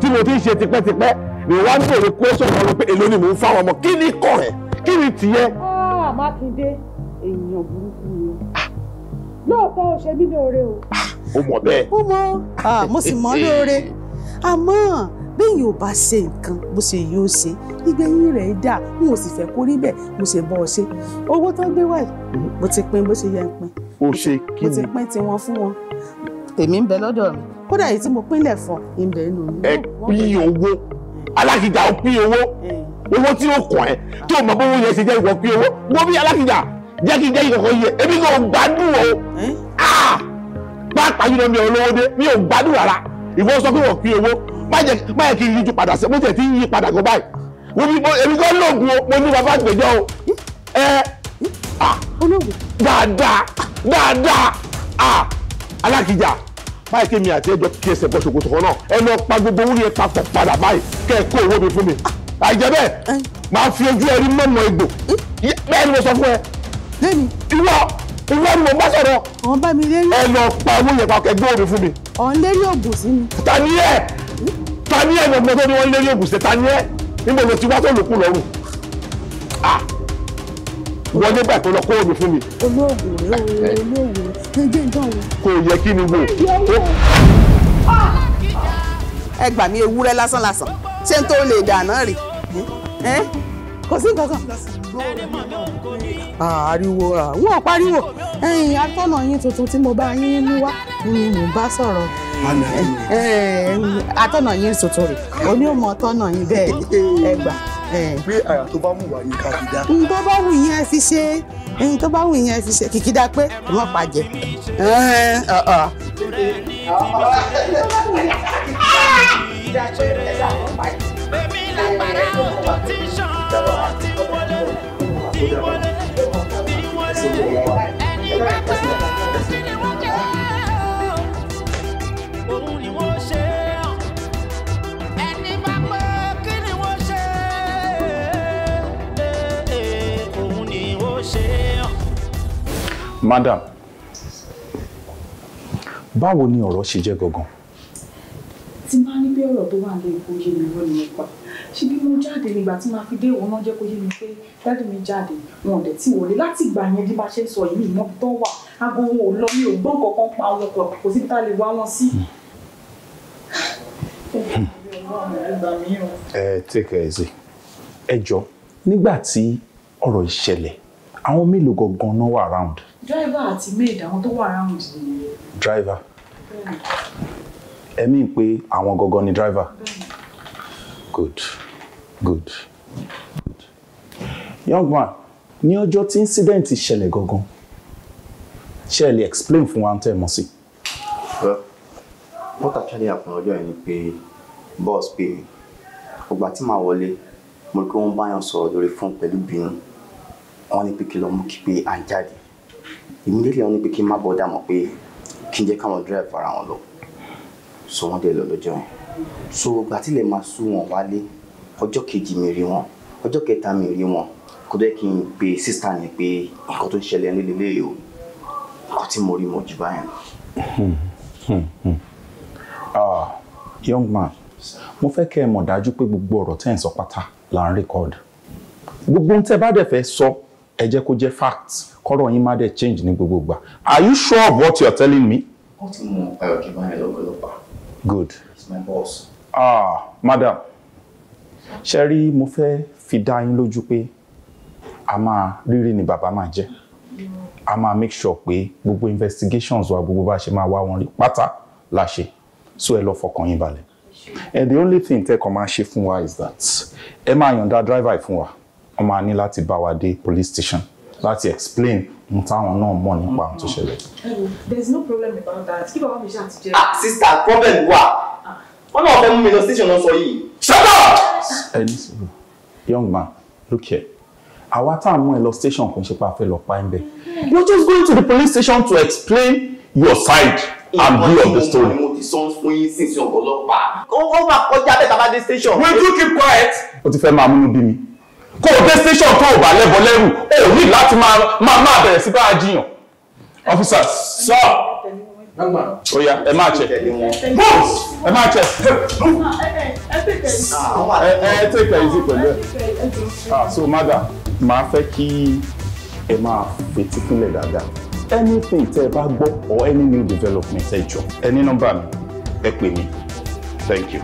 tí mo ti ń ṣe tipẹ́tipẹ́ ni wá ń bèrè question kan ló pé èló ni mò ń fáwọn ọmọ kí ni kọ̀ ẹ́ kí ni tìyẹ. Ah, Mákindé èèyàn burúkú ni lóòótọ́ ò ṣe mí lóore o. ó ah, mọ̀ bẹ́ẹ̀. ó mọ̀ ah, mo sì mọ̀ lóore àmọ́ bẹ́yìn ò bá ṣe nǹkan bó ṣe yóò ṣe ìgbẹ̀yìn rẹ̀ dà n ò sì fẹ́ kó rí bẹ́ẹ̀ mo ṣe bọ́ ọ ṣe owó tó gbé wáyé mm-hmm. mo ti pín bó ṣe yẹ ń pín. o ṣe kí ni mo ti pín tiwọn fún wọn tèmi ń bẹ lọ́dọ̀ mi kódà èyí tí mo pínlẹ̀ fún ń bẹ nínú mi. ẹ pín owó alákìjà ó pín owó owó tí ó kàn ẹ́ tí o mọ̀ bó wọ́n yẹn ṣe jẹ́ ìwọ pín owó wọ́n bí alákìjà jẹ́ kí n jẹ́ ìkọ̀kọ̀ yẹ èmi kò gbádùn o ah! pàápàá yìí lọ mi ò lówó dé mi ò gbádùn rárá ìwọ sọ pé wọ́n pín owó má yẹ kí n yíjú padà sí mo tẹ̀ tí yí padà gan báyìí èmi kò lóògùn o mo ní bàbá àgbẹ̀jọ́ o ẹ ah! dáadáa dáadáa ah! alákìjà báyìí kí mi àti ẹjọ kí ẹsẹ̀ bọ́ ṣòkòtò kan náà ẹ lọ pa gbogbo owó yẹn papọ̀ padà báyìí kẹ́ ẹ kó owó mi fún mi àìjẹ́ bẹ́ẹ̀ máa fi ojú ẹ rí mọ́nà egbò bẹ́ẹ̀ ni mo sọ fún ẹ. lẹ́nu. ìwọ ìwọ ni mo bá sọ̀rọ̀.
ọ̀n bá mi lérí. ẹ
lọ pa owó yẹn papọ̀ ẹgbẹ́ omi fún mi. ọ̀n lérí ògùn sí mi. ta ni ẹ ta ni ẹ lọmọ tó ní wọn lérí ògùn sí ta ni ẹ ti wá tó lòkù lọ́rùn. Ah! wọlé bẹ́ẹ̀ tó lọ kó omi fún mi. olóògùn olóògùn olóògùn ẹgbẹ́ nǹkan o. kò yẹ kí ni wò. ẹ gbà mí ewúrẹ́ lásán lásán ṣé n tó lè dáná rè kò sí nǹkan kan. ariwo àwọn ọ̀pariwo ẹ̀yin atọ́nà yín tuntun tí mo bá yín mú wá ni mò bá sọ̀rọ̀ atọ́nà yín tuntun rè oní òmò ọ̀tọ́nà yín bẹ́ẹ̀ ẹ gbà pé àrà tó bá wù wá ní kàkídá. n tó bá wù yẹn fi ṣe n tó bá wù yẹn fi ṣe kìkìdá pé ẹ má pàjẹ.
Bẹ́ẹ̀ni
lágbára madam báwo ni ọ̀rọ̀ ṣe jẹ́ gangan. tí máa ní bí ọ̀rọ̀ tó wà ní ipò yé mi lónìí nípa ṣé bí mo jáde nígbà tí máa fi dé ìwọ náà jẹ́ kó yé mi pé dáàdì mi jáde wọn ò dẹ̀ tí wọlé láti ìgbà yẹn bí máa ṣe ń sọ yìí ìmọ̀ tó wà aago wọn ò lọ mi ò gbọ́ nǹkan kan pa àwọn ọkọ̀ kò sí tá lè wá wọn sí. Hmm. [sighs] Hmm. ẹ jọ nígbà tí ọ̀rọ̀ ìṣẹ̀lẹ̀ àwọn mélòó gangan náà wà round. driver àti maid àwọn tó wà round ni. driver ẹ mí pé àwọn gangan ni driver good good young man ní ọjọ́ tí incident ṣẹlẹ̀ gangan ṣe lè explain fún wa tẹ́ mọ̀ sí. what actually happen ọjọ́ yẹn ni pé boss pè mí ọgbà tí màá wọlé mo rí pé wọ́n báyọ̀ sọ̀rọ̀ lórí fóònù pẹ̀lú bínú wọ́n ní pé kí lọ mú kí pé à ń jáde immediately wọ́n ní pé má bọ́dà mọ̀ pé kí n jẹ́ káwọn drive ara wọn lọ so wọ́n dẹ̀ lọ lọ́jọ́ yẹn so ìgbà tílẹ̀ máa sú wọn wálé ọjọ́ kejì mi rí wọn ọjọ́ kẹta mi rí wọn kó dẹ́ kí n pe sísá yẹn pé nǹkan tó ń ṣẹlẹ̀ nílẹ̀ o nǹkan tí mo rí mo jù báyẹn. Hmm, hmm, hmm. ah young man mo fẹ́ kẹ́ ẹ mọ̀ dájú pé gbogbo ọ̀rọ̀ tẹ́ ẹ̀ sọ pátá là ń rékọ́dù gbogbo ohun tẹ́ bá dẹ̀ fẹ́ sọ ẹ jẹ́ kó jẹ́ fact kọ́rọ̀ yín má dẹ̀ change ní gbogbo are you sure of what you are telling me. wọ́n ti mú ayọ̀ kí bá yẹn lọ́pọ̀lọpọ̀. good. he's my boss. ah madam ṣe rí mo fẹ́ fi dá yín lójú pé a máa rírì ni bàbá máa jẹ́ a máa make sure pé gbogbo investigations wa gbogbo bá ṣe máa wá wọn rí pátá la ṣe so ẹ lọ fọkàn yín balẹ̀ and the only thing tẹ́ kàn máa ṣe fún wa is that ẹ máa yọ̀ǹda driver fún wa wọ́n máa ní láti bá wa dé police station láti explain ohun táwọn náà mọ̀ nípa ohun tó mm-hmm. ṣẹlẹ̀. there is no problem about that kí bàbá mi ṣe àtijọ́. ah sister problem wà ah. wọn náà fẹ́ mú mi lọ station náà sọ yìí. shut up. ẹni sọ young man look here àwa tá à ń mú ẹ lọ station kò ń ṣe pé a fẹ́ lọ pa ẹ́ bẹ́ẹ̀ mm-hmm. you just going to the police station to explain your side and view of the story. mo ti sọ fún yín sísìn ọ̀pọ̀lọpàá. ó máa kọjá bẹ́ẹ̀ tá a bá dé station. will you keep quiet. o ti fẹ́ máa múnú bí mi kó o dé station tó o bá lẹ́bọ lẹ́rù o ò ní láti máa máa bẹ̀rẹ̀ sí bá a jiyàn officer sọ ó yá ẹ máa check ẹ
máa check ah, ẹ take ah, easy ah, pẹ̀lú ẹ
so madam màá fẹ́ kí ẹ máa fetí kúnlẹ̀ dáadáa anything tẹ́ ẹ bá gbọ́ or any new development ẹ jọ ẹ ní nọ́mbà mi ẹ pè mí thank you.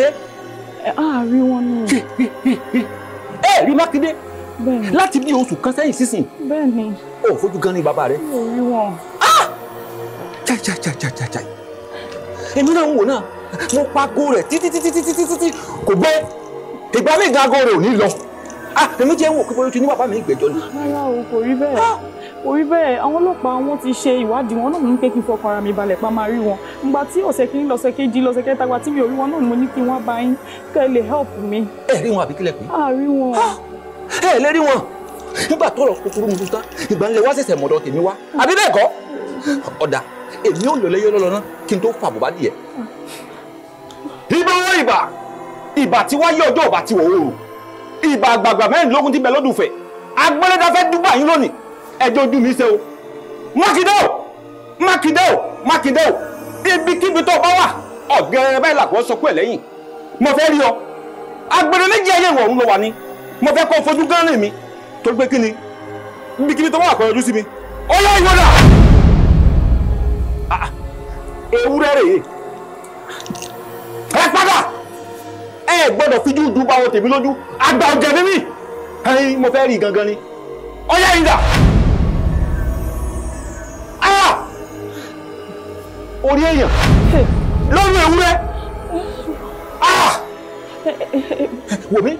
ṣe. ẹ á rí wọn náà. ẹ rí mákindé láti bí oṣù kan sẹ́yìn sísìn. bẹ́ẹ̀ni. ó fojú gan ni bàbá rẹ. mi ò rí wọn. jàjàjàjàjà ah! èmi náà ń wò náà mo pa go rẹ títí títí títí títí kò gbọ́ ìgbà mi ìgbà go rẹ ò ní lọ. Ah, èmi jẹ́ ń wò pé bóyá o ti ní bàbá mi ìgbẹ́jọ́ ni. rárá o kò rí bẹ́ẹ̀. Ah! orí bẹ́ẹ̀ àwọn ọlọ́pàá wọn ti ṣe ìwádìí wọn náà mú pé kí n fọkàn ara mi balẹ̀ pa máa rí wọn ìgbà tí ọ̀sẹ̀ kìíní lọ́sẹ̀ kejì lọ́sẹ̀ kẹta gba tí mi ò rí wọn náà mo ní kí wọ́n bá yín kẹ́ ẹ lè help mi. ẹ rí wọn àbí kílẹ̀ pé. a rí wọn. ẹ lè rí wọn nígbà tó lọ kúkúrú mu tuntun ìgbà ńlẹ wá ṣẹ̀ṣẹ̀ mọ̀dọ̀ tèmi wá àbí bẹ́ẹ̀ kọ́ ọ̀dà èmi ò lọ́lẹ́yẹ lọ́lọ́ ná kí n tó fà bùbá dìé. ibà wọ ibà ibà tí wáyé ọjọ́ ọ̀bà ti wọ̀ oòrùn ibà àgbààgbà mẹ́rìndínlógún ti bẹ lọ́dún fẹ̀ agbẹ́lẹ́dáfẹ́ dúbà yín lónìí ẹjọ́ ojú mi ṣe o mákindé o mákindé o mákindé o ibikíbi tó bá wà ọ̀gẹ́rẹ́ báyìí làkọ́ sọ pé lẹ́yìn mo fẹ́ rí ọ agbèrè méjì ayé ìwọ̀n ló wà ní mo fẹ́ kọ́ fojú gánrin mi tó gbé kí ni ibikíbi tó bá wà kọ́ yọjú sí mi ó yọ ìwọ́dà ah, ewúrẹ́ rèé ẹ padà ẹ gbọ́dọ̀ fíjú dùn bá wọn tèmi lójú àgbà ọ̀jẹ̀ mímì ẹyin mo fẹ́ rí gangan ni ó yẹ ìdá. orí èèyàn lórí ewúrẹ́ ah! wò mí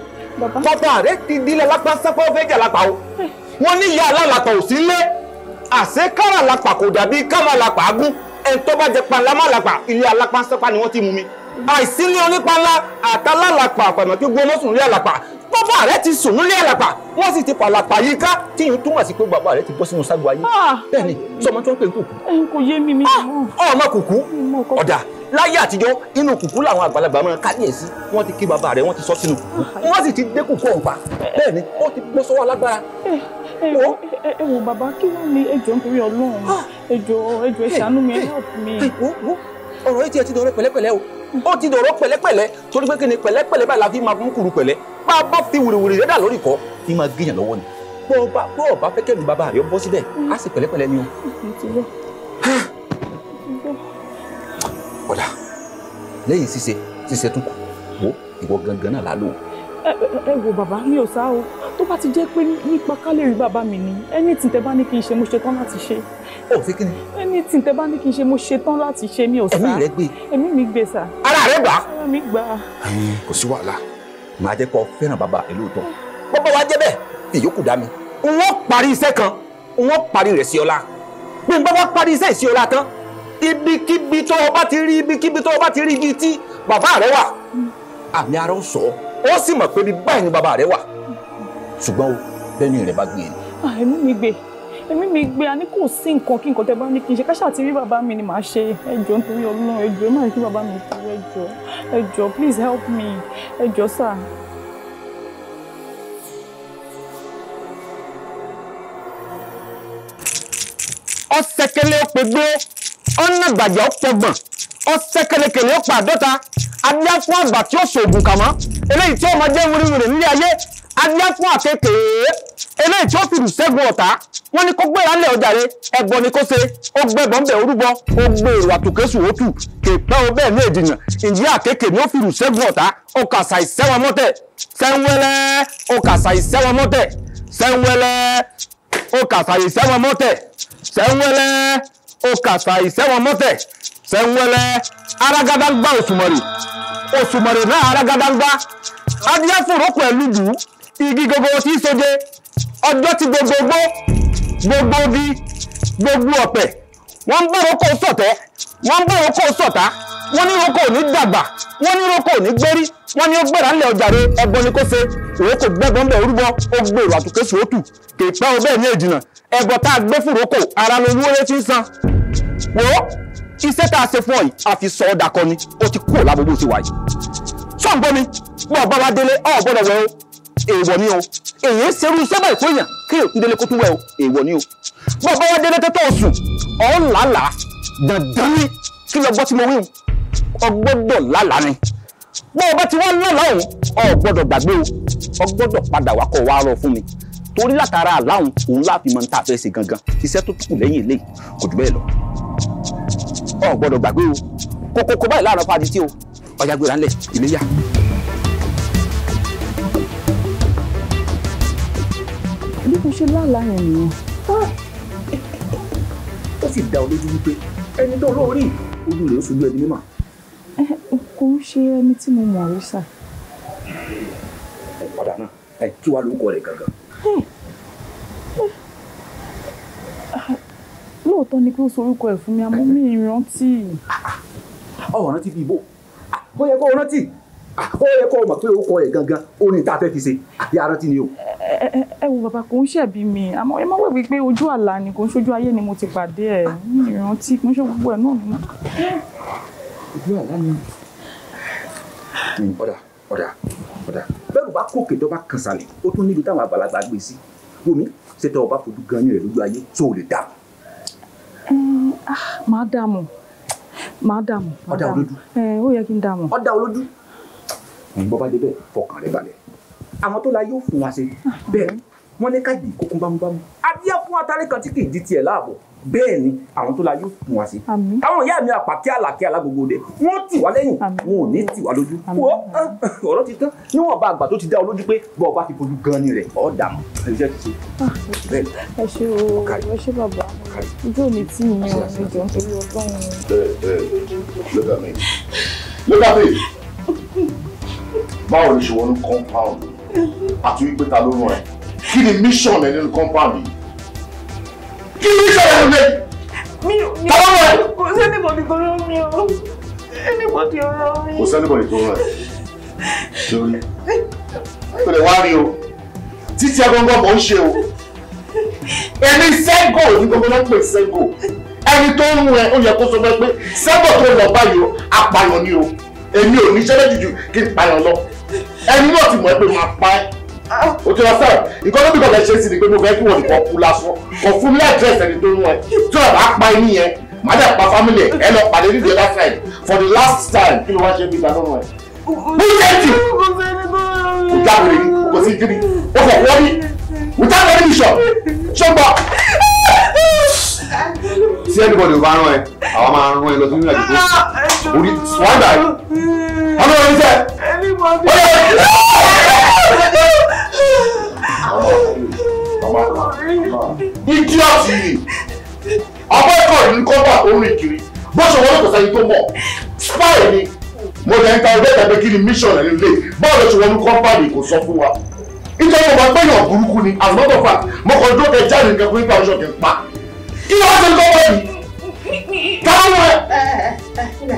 tọ́ta rẹ ti dílé lápá sápá fẹ́jà lápá o wọ́n ní ìyá alálàpà ò sí lé àṣé kára lápá kò dàbí kámá lápá agún ẹ̀ tó bá jẹ panlámà lápá ilé alápá sápá ni wọ́n ti mú mi àìsí ní onípanlá àtàlálàpà àpàmọ̀ kí gbọmọ́sùn rí àlàpà bàbá rẹ ti sùn nílé àlàpà wọ́n sì ti pàlàpà yìí ká tí ìyẹn túmọ̀ sí pé bàbá rẹ ti bọ́ sínú ságo ayé ah. bẹ́ẹ̀ ni sọmọ tí wọ́n pè ń kùkú. kò yé mi mi. Ah, ọmọ kùkú ọ̀dà láyé àtijọ́ inú kùkú làwọn àgbàlagbà máa kábíyèsí wọ́n ti kí bàbá rẹ̀ wọ́n ti sọ sínú kùkú ah. wọ́n sì ti dé kùkú ọ̀pá eh, eh. bẹ́ẹ̀ ni ó ti gbọ́ sọ́wọ́ alágbára. ẹ eh, wo bàbá kí wọ́n ní ẹjọ́ nítorí ọlọ́run ẹjọ́ ẹjọ́ ẹ ṣàánú mi ẹ help mi ọ̀rọ̀ yìí ti dọ̀rọ̀ pẹ̀lẹ́pẹ̀lẹ́ o ó ti dọ̀rọ̀ pẹ̀lẹ́pẹ̀lẹ́ torí pé kí ni pẹ̀lẹ́pẹ̀lẹ́ báyìí la fi máa mú kuru pẹ̀lẹ́ bá a bá fi wìrìwìrì rẹ́dà lórí kọ́ ni máa gé yàn lọ́wọ́ ni bó o bá bó o bá fẹ́ kẹ́lu bàbá àyọ̀ bọ́ síbẹ̀ á sì pẹ̀lẹ́pẹ̀lẹ́ ni o. ọ̀dà lẹ́yìn ṣíṣe ṣíṣe tún kù wo ìwọ gangan náà lálọ́ ẹ wo bàbá mi ò sá o tó bá ti jẹ́ pé nípa ká lè rí bàbá mi ni anything tẹ́ bá ní kí n ṣe mo ṣe tán láti ṣe. ó fi kí ni. anything tẹ́ bá ní kí n ṣe mo ṣe tán láti ṣe mi ò sá. ẹ̀mí rẹ gbé. ẹ̀mí mi gbé sá. ara rẹ gbà. ara mi gbà. kò sí wàhálà màá jẹ́ kó fẹ́ràn bàbá rẹ lóòótọ́ bàbá wa jẹ́ bẹ́ẹ̀ ìyókù dá mi wọ́n parí iṣẹ́ kan wọ́n parí rẹ̀ sí ọlá bí n bá wá parí iṣẹ́ sí ọlá tán ibikíbi tó o bá ti rí ibikíbi tó o bá ti rí ibi tí bàbá rẹ wà àmì ara ó sọ ó sì mọ̀ pé bí báyìí ni bàbá rẹ wà ṣùgbọ́n o bẹ́ẹ̀ ni rẹ bá gbé e. ẹ̀mí mi gbé ẹ̀mí mi gbé a ní kò sí nǹkan kí nǹkan tẹ bá ní kí n ṣe káṣá ti rí bàbá mi ni màá ṣe ẹjọ́ nítorí Ọlọ́run ẹjọ́ ẹ rí bàbá mi kú ẹjọ́ ẹjọ́ please help me ẹjọ́ sir. ọ̀sẹ̀kẹ̀lẹ̀ ọ̀pẹ̀ gbó ọ̀nà gbàjẹ́ ọ̀pọ̀gbọ̀n ọ̀sẹ̀ kẹlẹkẹlẹ ọ̀pọ̀ àdọ́ta adíá fún àgbà tí ó ṣògùn kàmọ́ eléyìí tí ó máa jẹ́ wúriwúri nílé ayé adíá fún àkekèé eléyìí tí ó fìlù ṣẹ́gun ọ̀tá wọ́n ní kó gbéra lẹ̀ ọjà rẹ ẹ̀gbọ́n ni kó ṣe ó gbẹ̀bọ̀ ń bẹ̀ orúbọ ó gbé èrò àtòkésù ó tù kèpẹ́ ó bẹ́ẹ̀ ní èdìyàn ìjì àkekèé ni ó fìlù ṣẹ́gun ọ̀tá ó kàṣà ìṣẹ́wọn mọ́tẹ̀ sẹ́ńwẹ́lẹ́ ó kàṣà ìṣẹ́wọn mọ́tẹ̀ sẹ́ńwẹ́lẹ́ ó kàṣà ìṣẹ́wọn mọ́tẹ̀ sẹ́ńwẹ́lẹ́ okàfà ìsẹ́wọ̀n mọ́tẹ̀ sẹ́wọ́lẹ́ arágádágbá òṣùmọ̀rì òṣùmọ̀rì náà arágádágbá adíyáfòrò pẹ̀lú jù igi gbogbo tí í soje ọjọ́ tí gbogbogbò gbogbo igi gbogbo ọ̀pẹ̀ wọ́n ń bá roko sọ̀tẹ́ wọ́n ń bá roko sọ̀tá wọ́n ní roko òní dàgbà wọ́n ní roko òní gbérí wọ́n ní ó gbéra ńlẹ̀ ọjàre ẹbọ ni kó ṣe ìrókò gbẹ́gbọ́n bẹ̀ orúbọ ó gbèrò àtúnké sòótù kì í pẹ́ o bẹ́ẹ̀ ní èjìnà ẹbọ tá a gbé fún roko ara ló wúré tí ń san wò iṣẹ́ tá a ṣe fún ọ yìí àfi sọ ọ́ dakọ ni ó ti kú ò lábọ́ bó ti wà yìí sọ́ǹgbọ́n mi bọ́ọ̀ bá wa délé ọ̀ gbọ́dọ̀ wẹ̀ èèwọ̀ ni o èyí ṣerú iṣẹ́ báyìí fún èèyàn kí èèyàn kúndélé kó tún wẹ̀ o èèwọ̀ ni o bàbá wa délé tẹ́tọ́ sùn ọ̀hún làálàá dandan ni kí lọ gbọ́ tí mo wí o ọgbọ́dọ̀ làálàá ni bọ́ ọba tí wọ́n lọ́la òun ọgbọ́dọ̀ gbàgbé o ọgbọ́dọ̀ padà wá rọ fún mi torí látara àláhùn òun láàfin máa ń tà fẹ́ ṣe gangan iṣẹ́ tó kù lẹ́yìn eléyìí kò jù bẹ́ẹ̀ lọ ọgbọ́dọ̀ gbàgbé o kókó báyìí láàárọ̀ fáadìtì o ọjà gbéra ńlẹ̀ ìléyà. mo ṣe lálàá yẹn nìyẹn. Ah! ó sì dá ọ lójú wípé ẹni tó lórí ojú rẹ̀ ó ṣojú ẹni mímọ́. kò ń ṣe ẹni tí mo mọ̀ rí sà. ẹ padà náà ẹ kí wàá lórúkọ rẹ gangan. Ah, lóòótọ́ ni kí ó sorúkọ ẹ̀ fún mi àmọ́ mi ìrántí. ọ̀ rántí ah, bíbó ó yẹ kó rántí. Ah, ó yẹ kó o mọ̀ pé orúkọ rẹ̀ gangan orin tá a fẹ́ fi ṣe ah, yà á rántí ni o. ẹ wo bàbá kò ń ṣẹ̀bi mi àmọ́ ẹ má wẹ̀ wípé ojú àlá ni kò ń ṣojú ayé ni mo ti pàdé ẹ̀ ìrántí kò ń ṣe gbogbo ẹ̀ náà ni. ojú àlá ni ọ̀dà ọ̀dà ọ̀dà bẹ́ẹ̀ bá kókè dọ́ba kan sálẹ̀ ó tún níbi táwọn àgbàlagbà gbé sí wọ́mi ṣètò ọba fojú gan ni rẹ̀ lójú ayé tó o lè dà. Ah, máa dààmú máa dààmú. ọ̀dà olódú. ó yẹ kí n dààmú. ọ̀dà olódú bọ́ bá débẹ̀ fọkàn rẹ balẹ̀ àwọn tó la yóò fún wa ṣe bẹ́ẹ̀ ni wọ́n ní ká yìí kókó bámúbámú adíyẹ fún atari kan tí kì í di tiẹ̀ láàbọ̀ bẹ́ẹ̀ ni àwọn tó la yóò fún wa ṣe àwọn ìyá mi àpàkí àlàkí alágbogbo dẹ wọ́n tì wá lẹ́yìn wọn ò ní tì wá lójú wọ́ ọ̀rọ̀ ti tán níwọ̀n bá àgbà tó ti dá ọ lójú pé bọ́ ọ bá ti fojú gan ni rẹ̀ ọ̀ dààmú ẹ̀jẹ̀ ti ṣe ah, bẹ́ẹ̀ ni. ẹ ṣe o ẹ ṣe bàbá ojú mi tí mi ò ní jọ nítorí ọgbọ́n mi.
ẹ ẹ lọ́gàmí lọ́gàmí
báwo ni ṣe wọnú compound àti wípé ta ló rán ẹ kí ni mission ẹ nínú compound yìí kí ni mission ẹ
nínú ẹ ta ló
rán ẹ. kò sẹ́nìbọ̀dì tó rán mi o ẹnìbọ̀dì ò rán mi. kò sẹ́nìbọ̀dì tó rán ẹ sórí tó lè wá rí o títí agbọ́ngbọ́n mò ń ṣe o èmi sẹ́gò ní gbogbo náà ń pè sẹ́gò ẹni tó ń rún ẹ ó yẹ kó sọ fẹ́ pé sẹ́gò tó lọ báyìí o apààyàn ni o èmi ò ní sẹ́gò jùjù kí n pààyàn lọ ẹni náà ti mọ̀ ẹ́ pé máa pa ẹ́ ah. o ti lọ sẹ́ẹ̀ nǹkan lóbi kọ̀ọ̀kan ṣe sí ni pé mo fẹ́ kí wọ́n nìkan kú lásán kò fún mi láìdírẹ́sì ẹni tó ń wọ̀ ẹ́ tí wọ́n bá pa ẹni yẹn má dẹ̀ pa family ẹ lọ pàdé ní the last time for the last time kí ló wá ṣe bí ìgbà náà ẹ̀. bíjẹ́ẹ̀tì kò jáwèrè kò sí gírí ó fọ̀ wọ́n ní without any mission ṣọ́gbọ́n tí anybody bá rán ẹ àwa máa rán ẹ lọ sí ìrìnàjò ah, tó orí wọn
gbà yìí ọmọ rẹ níṣẹ. idiọti ọgbọ́n ẹ̀kọ́ yìí ń kọ́ta
orin kiri bó ṣe wọlé kò sẹ́yìn tó mọ̀ spy ni mo lè ń ta ọdẹ tàbí kí ni mission ẹ̀ nílé bọ́ọ̀lù ṣe wọnú kọ́mpánì kò sọ fún wa nítorí mo máa gbẹ̀yàn burúkú ni àlùmọ́tò fà mo kàn dókè jáde nǹkan fún ipa ọṣọ kí n pa
kí ló ṣe gbọ́ wọ́n yìí káwọn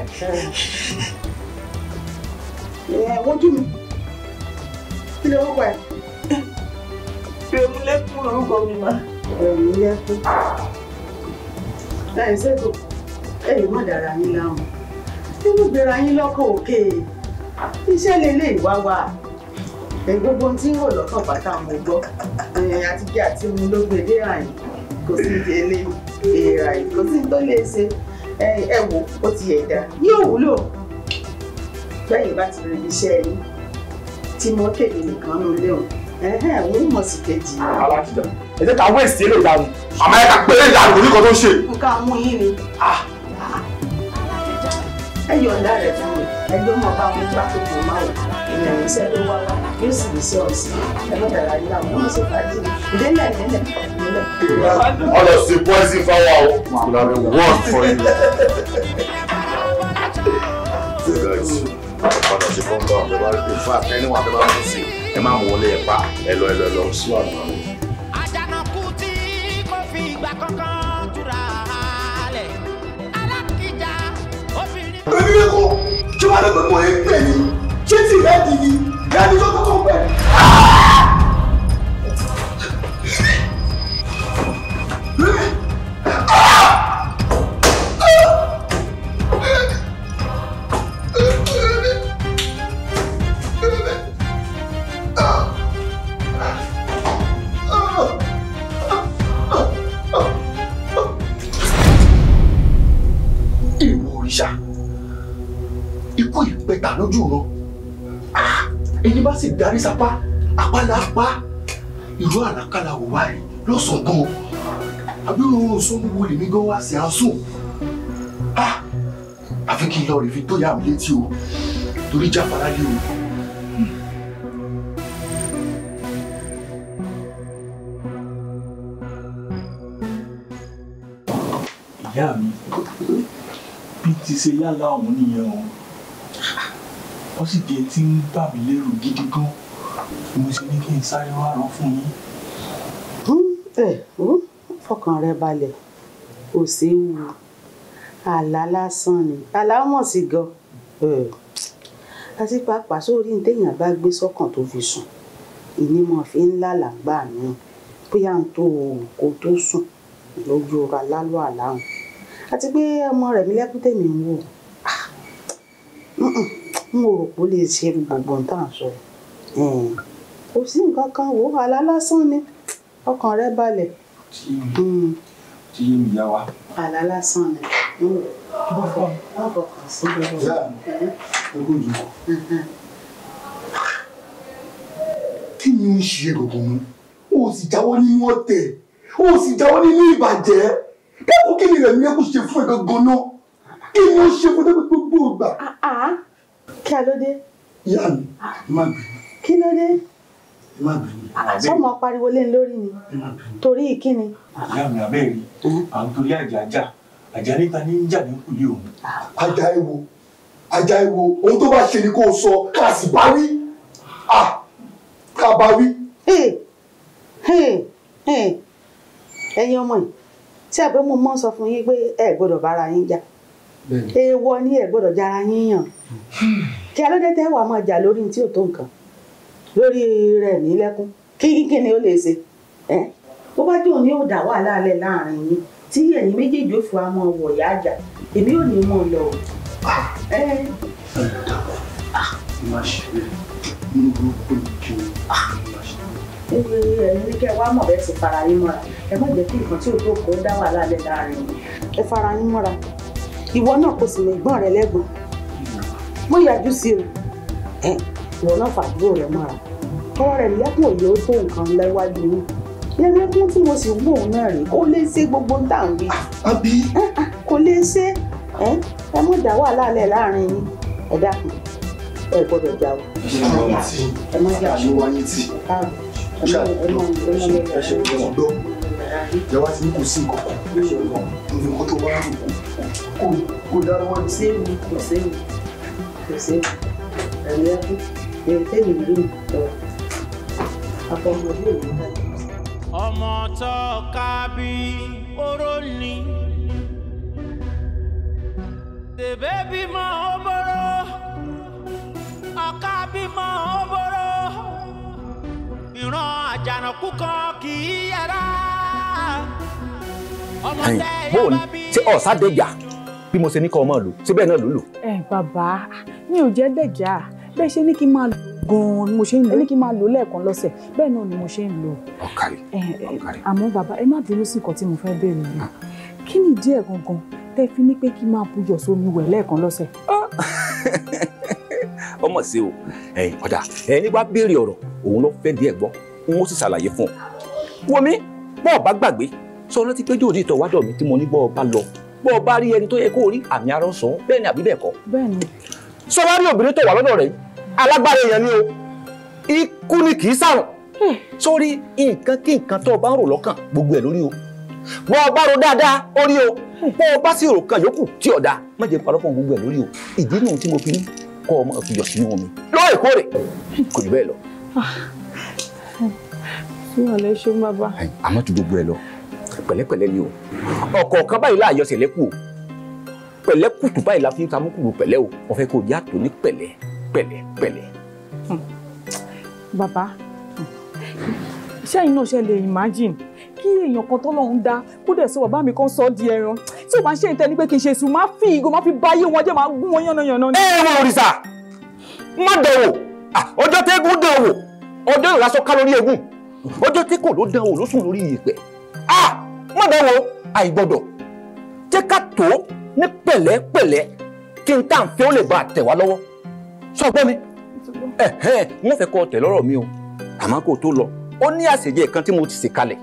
ẹ̀ wojú mi kí ló wọ́pọ̀ ẹ̀. Rẹ̀múlẹ́kún lórúkọ mi ma. Rẹ̀múlẹ́kún. Láì ṣètò ẹ̀yìn má dára yín láwọn. Bí mo gbéra yín lọ́kọ̀ òkè, iṣẹ́ lélẹ̀ ìwá wa gbogbo tí ń rò lọ́kàn pátá mo gbọ́ àti jẹ́ àti mu ló gbé dé àyè kò sí ti ẹni èèrà yìí kò sí tó lè ṣe ẹ wò ó ti yẹ dá yóò wúlò bẹ́yìn bá ti rí iṣẹ́ yín tí mo kéde nìkan ló léwu òun mọ̀ sí kejì. alákìjà ẹ jẹ́ ká wé sí ilé ìdánù àmọ́ ẹ ká pé ilé ìdánù oníkan tó ń ṣe. nǹkan mú yín ni. Ah. ẹ yọ̀ǹda rẹ̀ fún mi ẹgbẹ́ mọ̀ bá mi gbà tó kò máa wò iṣẹ́ ló wá wá yóò sì lè ṣe ọ̀sìn ẹlọ́dàrà yìí àwọn ọmọ ṣe fàájì ìdílé nílẹ̀
nílẹ̀. ọlọ sí poison fáwọn will have a word for you.
padà sí fọ́ńtà ọ̀dọ̀ bá rí fún àtẹ́ni wọn àtẹ́wọ́n tó sì ẹ máa mú wọlé ẹ pa ẹ lọ ẹ lọ ẹ lọ sí àná. àjànàkú tí kò fi ìgbà kankan túra lẹ̀ alákìjà obìnrin. ẹni kò tí wàá lọ gbẹ̀gbọ́ ẹ gbẹ̀yìn ṣé tí rẹ di ni lẹ́ni tó kọ́kọ́ pẹ̀. Ikú ìpẹta lójú ràn èyí bá sì darí sapá apálá pa ìlú àlàkalà wò báyìí lọ́sàn-án gan àbí oorun sọ́nù wo lèmi gan wá sí àásù àfi kí n lọ rí fi tó yà mí létí o torí jáfara lé o. ìyá mi bí ti ṣe yálà òun nìyẹn o wọ́n sì jẹ́ tí ń bà mí lérò gidi gan mo ṣe ní kí n sáré wá rán fún yín. ẹ ò fọkàn rẹ balẹ̀ ò séwu àlá lásán ni àlá mọ̀ sí gan àti pàápàá sórí ní téèyàn bá gbé sọ́kàn tó fi sùn ìnímọ̀ fi ń lálàgbà mi bóyá n tó kó tó sùn lójú ọ̀rọ̀ alálò àláhùn àti pé ọmọ rẹ̀ mi lẹ́kùn tèmi ń wò. Ah, n ò rò pé ó lè ṣe gbogbo tá à ń sọ kò sí nǹkan kan wò àlá lásán ni ọkàn rẹ balẹ̀. tí yín hmm. ìyá wa. àlá lásán ni bọ́fọ̀ bọ́fọ̀ kàn sí bọ́fọ̀. ìyá mi ogún jù kí ni ó ń ṣe gbogbo mi o sì jáwọ́ nínú ọ̀tẹ̀ o sì jáwọ́ nínú ìbàjẹ́ dákun kí ni rẹ̀ mi yẹ kó ṣe fún ẹ̀ gangan náà kí ni ó ṣe fún ẹ gbogbo ìgbà. Ah, ah kí a ló dé. ìyá mi ah. má bínú. kí ló dé. má bínú. sọmọ ah, pariwo lé lórí ni torí ìkíni. ìyá mi àbẹ́rẹ́ à ń torí àjà jà àjà níta ní ń jà ní kùlé òun. ajá ah. ewo ajá ewo ohun tó bá ṣe ni kó o sọ ká sì bá wí ká bá wí. ẹ̀yin ọmọ yìí tí àbẹ́ mo mọ́ sọ fún yín pé ẹ gbọ́dọ̀ bára yín jà èèwọ̀ ni ẹ gbọ́dọ̀ jára yín yàn kí alóde tẹ́ wàá máa jà lórí tí ò tó nǹkan lórí rẹ̀ nílẹ́kún kí kíkí ni ó lè ṣe bó bá jẹ́ òun yóò dá wàhálà alẹ́ láàrin yín tí ẹ̀yin méjèèjì ó fi wá máa wọ̀ yá àjà èmi ò ní mọ̀ lọ. ẹ ẹ dàpọ̀ máa ṣe bẹ́ẹ̀ ní burúkú ni kí n máa ṣe bẹ́ẹ̀. ẹni ní kẹ́ ẹ wá mọ̀ bẹ́ẹ̀ ti fara má jẹ́ kí nǹkan tí ò tó kọ́ dá wàhálà alẹ́ láàrin ẹ fara yín mọ́ra ìwọ náà kò sì lè gbọ́n rẹ lẹ́gbọ̀n mo yàjú sí o ìwọ náà fàdúrò rẹ mọ́ra tọ́wọ́ rẹ̀ lẹ́kùn òye ó tó nǹkan lẹ́wájú yín lẹ́mẹ́kún tí mo sì ń gbóhùn náà rèé kó lè ṣe gbogbo ń tà ń wí. Ah, àbí. kó lè ṣe ẹ ẹ mọ̀ dá wàhálà lẹ̀ láàrin yín ẹ dákun ẹ gbọ́dọ̀ já o. ẹ má jà sí wáyé tì. ẹ ṣe gbọ́dọ̀ gbọ́ ìyá wa ti ní kò sí nǹkan kan nǹkan tó bá rò kó kó dára wá. kò séwu kò séwu pèsè ẹ̀mí ẹ̀kú èrè tẹ́lẹ̀ ìlú mi tọ̀ àpò ọmọdé ìlú náà. ọmọ tó ká bí oró ni tèbé bímọ ọbọrọ ọká bímọ ọbọrọ ìran àjànàkú kan kì í yẹra ọmọdé yọba bí. bóòlù tí ọ̀sá dé jà bí mo ṣe ní kọ́ ọmọ lò síbẹ̀ náà ló lò. ẹ bàbá mi ò jẹ́ dẹ̀já bẹ́ẹ̀ ṣe ní kí n máa lò gan-an ni mo ṣe ń lò ní kí n máa lò lẹ́ẹ̀kan lọ́sẹ̀ bẹ́ẹ̀ náà ni mo ṣe ń lò. ọ̀kàrẹ̀ ọ̀kàrẹ̀. àmọ́ bàbá ẹ má bínú sí nǹkan tí mo fẹ́ béèrè yìí kí ni ìdí ẹ̀ gangan tẹ́ fi ní pé kí n máa bujọ̀ sómi wẹ̀ lẹ́ẹ̀kan lọ́sẹ̀. ọmọ sí o ẹyin ọ̀dà ẹni wá béèrè ọ̀rọ̀ òun ló fẹ́ díẹ̀ gbọ́ n ó sì ṣàlàyé fún ọ. wo mi bá gbàgbé sọ ọ́ rántí pé jòdì ìtọ̀wádọ̀ mi tí mo ní bọ́ bá lọ bó o bá rí ẹni tó yẹ kó o rí àmì ara ń sàn bẹ́ẹ̀ ni àbí bẹ́ẹ̀ kọ́. bẹ́ẹ̀ni. sọ wá rí obìnrin tó wà lọ́dọ̀ rẹ̀ alágbára èèyàn ni o ikú ni kì í sàrùn. sórí hmm. nǹkan kí nǹkan tó o bá ń rò lọ́kàn gbogbo ẹ̀ lórí o bọ́ ọ bá ro dáadáa ó rí o hmm. bọ́ ọ bá sì rò kan yòókù tí ò má jẹ́ parọ́pọ̀ gbogbo ẹ̀ lórí o ìdí náà tí mo fi ní kọ́ ọmọ ìfìyọ̀ sínú omi lóòrèkóòrè kò jù bẹ́ẹ̀ lọ. sí ah. ọ̀lẹ́ àmọ́ ju gbogbo ẹ lọ pẹ̀lẹ́pẹ̀lẹ́ ni o ọ̀kọ̀ọ̀kan báyìí láàyò ṣẹlẹ́kù o pẹ̀lẹ́kùtù báyìí la fi ń ta múkùrù pẹ̀lẹ́ o mo fẹ́ kó o yàtọ̀ ní pẹ̀lẹ́ pẹ̀lẹ́ pẹ̀lẹ́. Hmm. bàbá sẹ́yìn náà ṣe lè imagine kí èèyàn kan tọ́lọ́run dá kó dẹ̀ sọ bàbá mi kan sọ di ẹran tí ò bá ṣe ìtẹ́ni pé kì í ṣe sùn máa fi ìgò máa fi báyé wọn jẹ́ máa gún wọn yánnayànna. ẹ ẹ wọn òrìṣà má dẹwò ọjọ́ tẹ́gùn dẹwò ọjọ́ ìrasọ kálórí egún ọjọ́ tí kò ló dẹwò ló sùn lórí ìyẹ̀pẹ̀ ah má dánwò àìgbọ́dọ̀ jẹ́ ká tó ní pẹ̀lẹ́pẹ̀lẹ́ kí n tá à ń fẹ́ ó lè bá a tẹ̀ wá lọ́wọ́ sọ gbọ́ mi wọ́n fẹ́ kọ́ ọ tẹ̀ lọ́rọ̀ mi o àmọ́ kó o tó lọ ó ní àṣejẹ kan tí mo ti ṣe kalẹ̀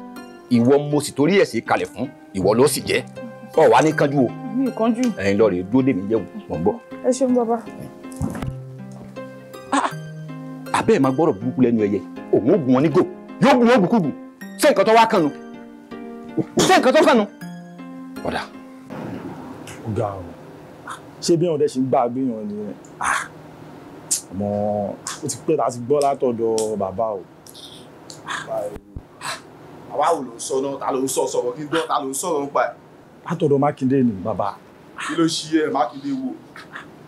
ìwọ mo sì torí ẹ̀ ṣe kalẹ̀ fún ìwọ ló sì jẹ́ ọ wà ní kánjú o mi ò kánjú ẹ̀yin lọ rèé dúró dè mí jẹun mọ̀ ń bọ̀. ẹ ṣeun bàbá. àbẹ́ẹ̀ ah, ah. máa gbọ́dọ̀ burúkú lẹ́nu ẹyẹ òun ó gùn wọn ní gò yóò gùn ó gùn kúgùn ṣé tó wá kàn nù ṣé nǹkan tó kànú. ọ̀dà. ọ̀gá o ah, ṣé bí ọ̀dẹ ṣe ń gbà bí ọ̀dẹ ah, ọmọ ó ti pẹ́ láti gbọ́ látọ̀dọ̀ bàbá o. àwa ò lọ sọ náà ta ló ń sọ sọ̀rọ̀ kí n gbọ́ ta ló ń sọ̀rọ̀ nípa ẹ̀. látọ̀dọ̀ mákindé ni bàbá. kí ló ṣí ẹ mákindé wo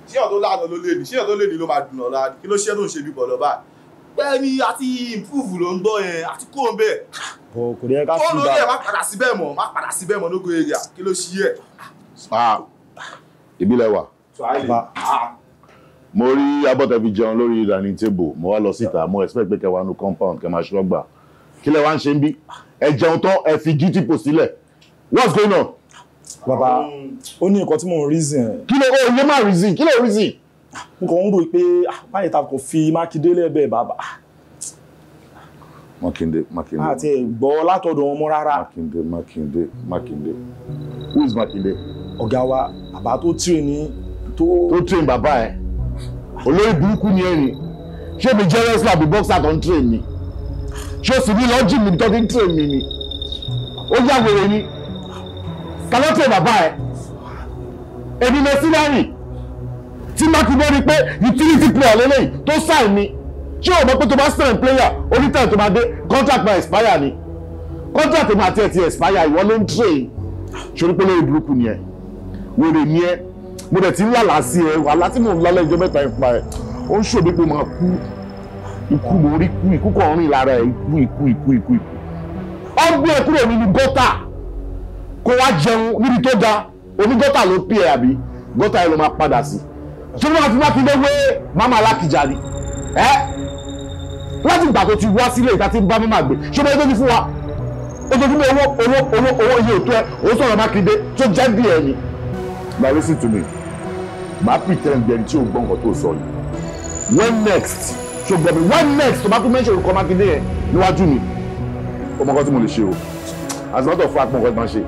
ṣíyàn tó lánàá ló lé ní ṣíyàn tó lé ní ló máa dùn ọ̀la kí ló ṣe é ń ṣe bí bọ̀ báyìí bẹ́ẹ̀ ni a ti improve ló ń gbọ́ yẹn a ti kó ń bẹ́ẹ̀. bọ̀ kò ní ẹ ká tún bá. kó ló yẹ má padà síbẹ̀ mọ́ má padà síbẹ̀ mọ́ lógo area kí ló ṣí ẹ̀. ìbílẹ̀ wà
ah.
mo rí abọ́tẹ̀ fi jẹun lórí dining table mo wá lọ síta mo expect pé kẹwàá nu compound kẹ máa ṣọgbà kí lẹ wá ń ṣe ń bí ẹ jẹun tán ẹ fi duty post sílẹ̀ what's going on. bàbá mm. ó ní nǹkan tí mò ń reason. kí ló ó yẹ má reason kí ló reason. n kò ń rò pé ah, báyìí kò fi mákindé lẹ́bẹ̀ẹ́ bàbá. mákindé mákindé. àti gbọ́ látọ̀dọ̀ ọmọ rárá. mákindé mákindé mákindé who is mákindé. ọ̀gá wa bàbá tó train ní tó. tó train bàbá ẹ olórí burúkú ni ẹ ṣé mi jẹ́ wrestler àbí boxer tó ń train ni ṣé o sì ní lọ́jì mi tó ń train mi ni ó ni kàlọ́tẹ̀ bàbá ẹ èmi tí mákindé rí pé utility player lélẹ́yìí tó sign ni ṣé o mọ̀ pé tó bá sign player orí time tó máa dé contract máa expire ni contract máa tiẹ̀ ti expire ìwọ ló ń train ṣorí pé lórí burúkú ni ẹ wèrè ni ẹ mo dẹ̀ ti ń lálàá sí ẹ wàhálà tí mò ń lálẹ́ ìjọ mẹ́ta ìpa ẹ ó ń ṣòdí pé máa kú ikú mo rí kú ikú kan rìn lára ẹ ikú ikú ikú ikú ikú ọ gbé ẹ kúrò nínú gọ́tà kó wá jẹun níbi tó da oní gọ́tà ló pè é àbí gọ́tà ẹ ló máa padà sí i ṣùgbọ́n máa fi mákindé wé mama alákìjà ni ẹ́ láti ìgbà tó ti wá sílé ìta tí ń bá mama gbé ṣé bẹ́ẹ̀ tó ti fún wa ojoojúmọ́ owó owó owó owó iye òtó ẹ òun sọ̀rọ̀ mákindé tó jẹ́ bí ẹ ni. na listen to me màá pretend ẹni tí o gbọ́ nǹkan tó sọ ni when next ṣo gbọ́ mi when next tó bá tún mention orúkọ mákindé yẹn níwájú mi ọmọ kan tí mo lè ṣe o as a matter of fact mo kọ́ ẹ máa ṣe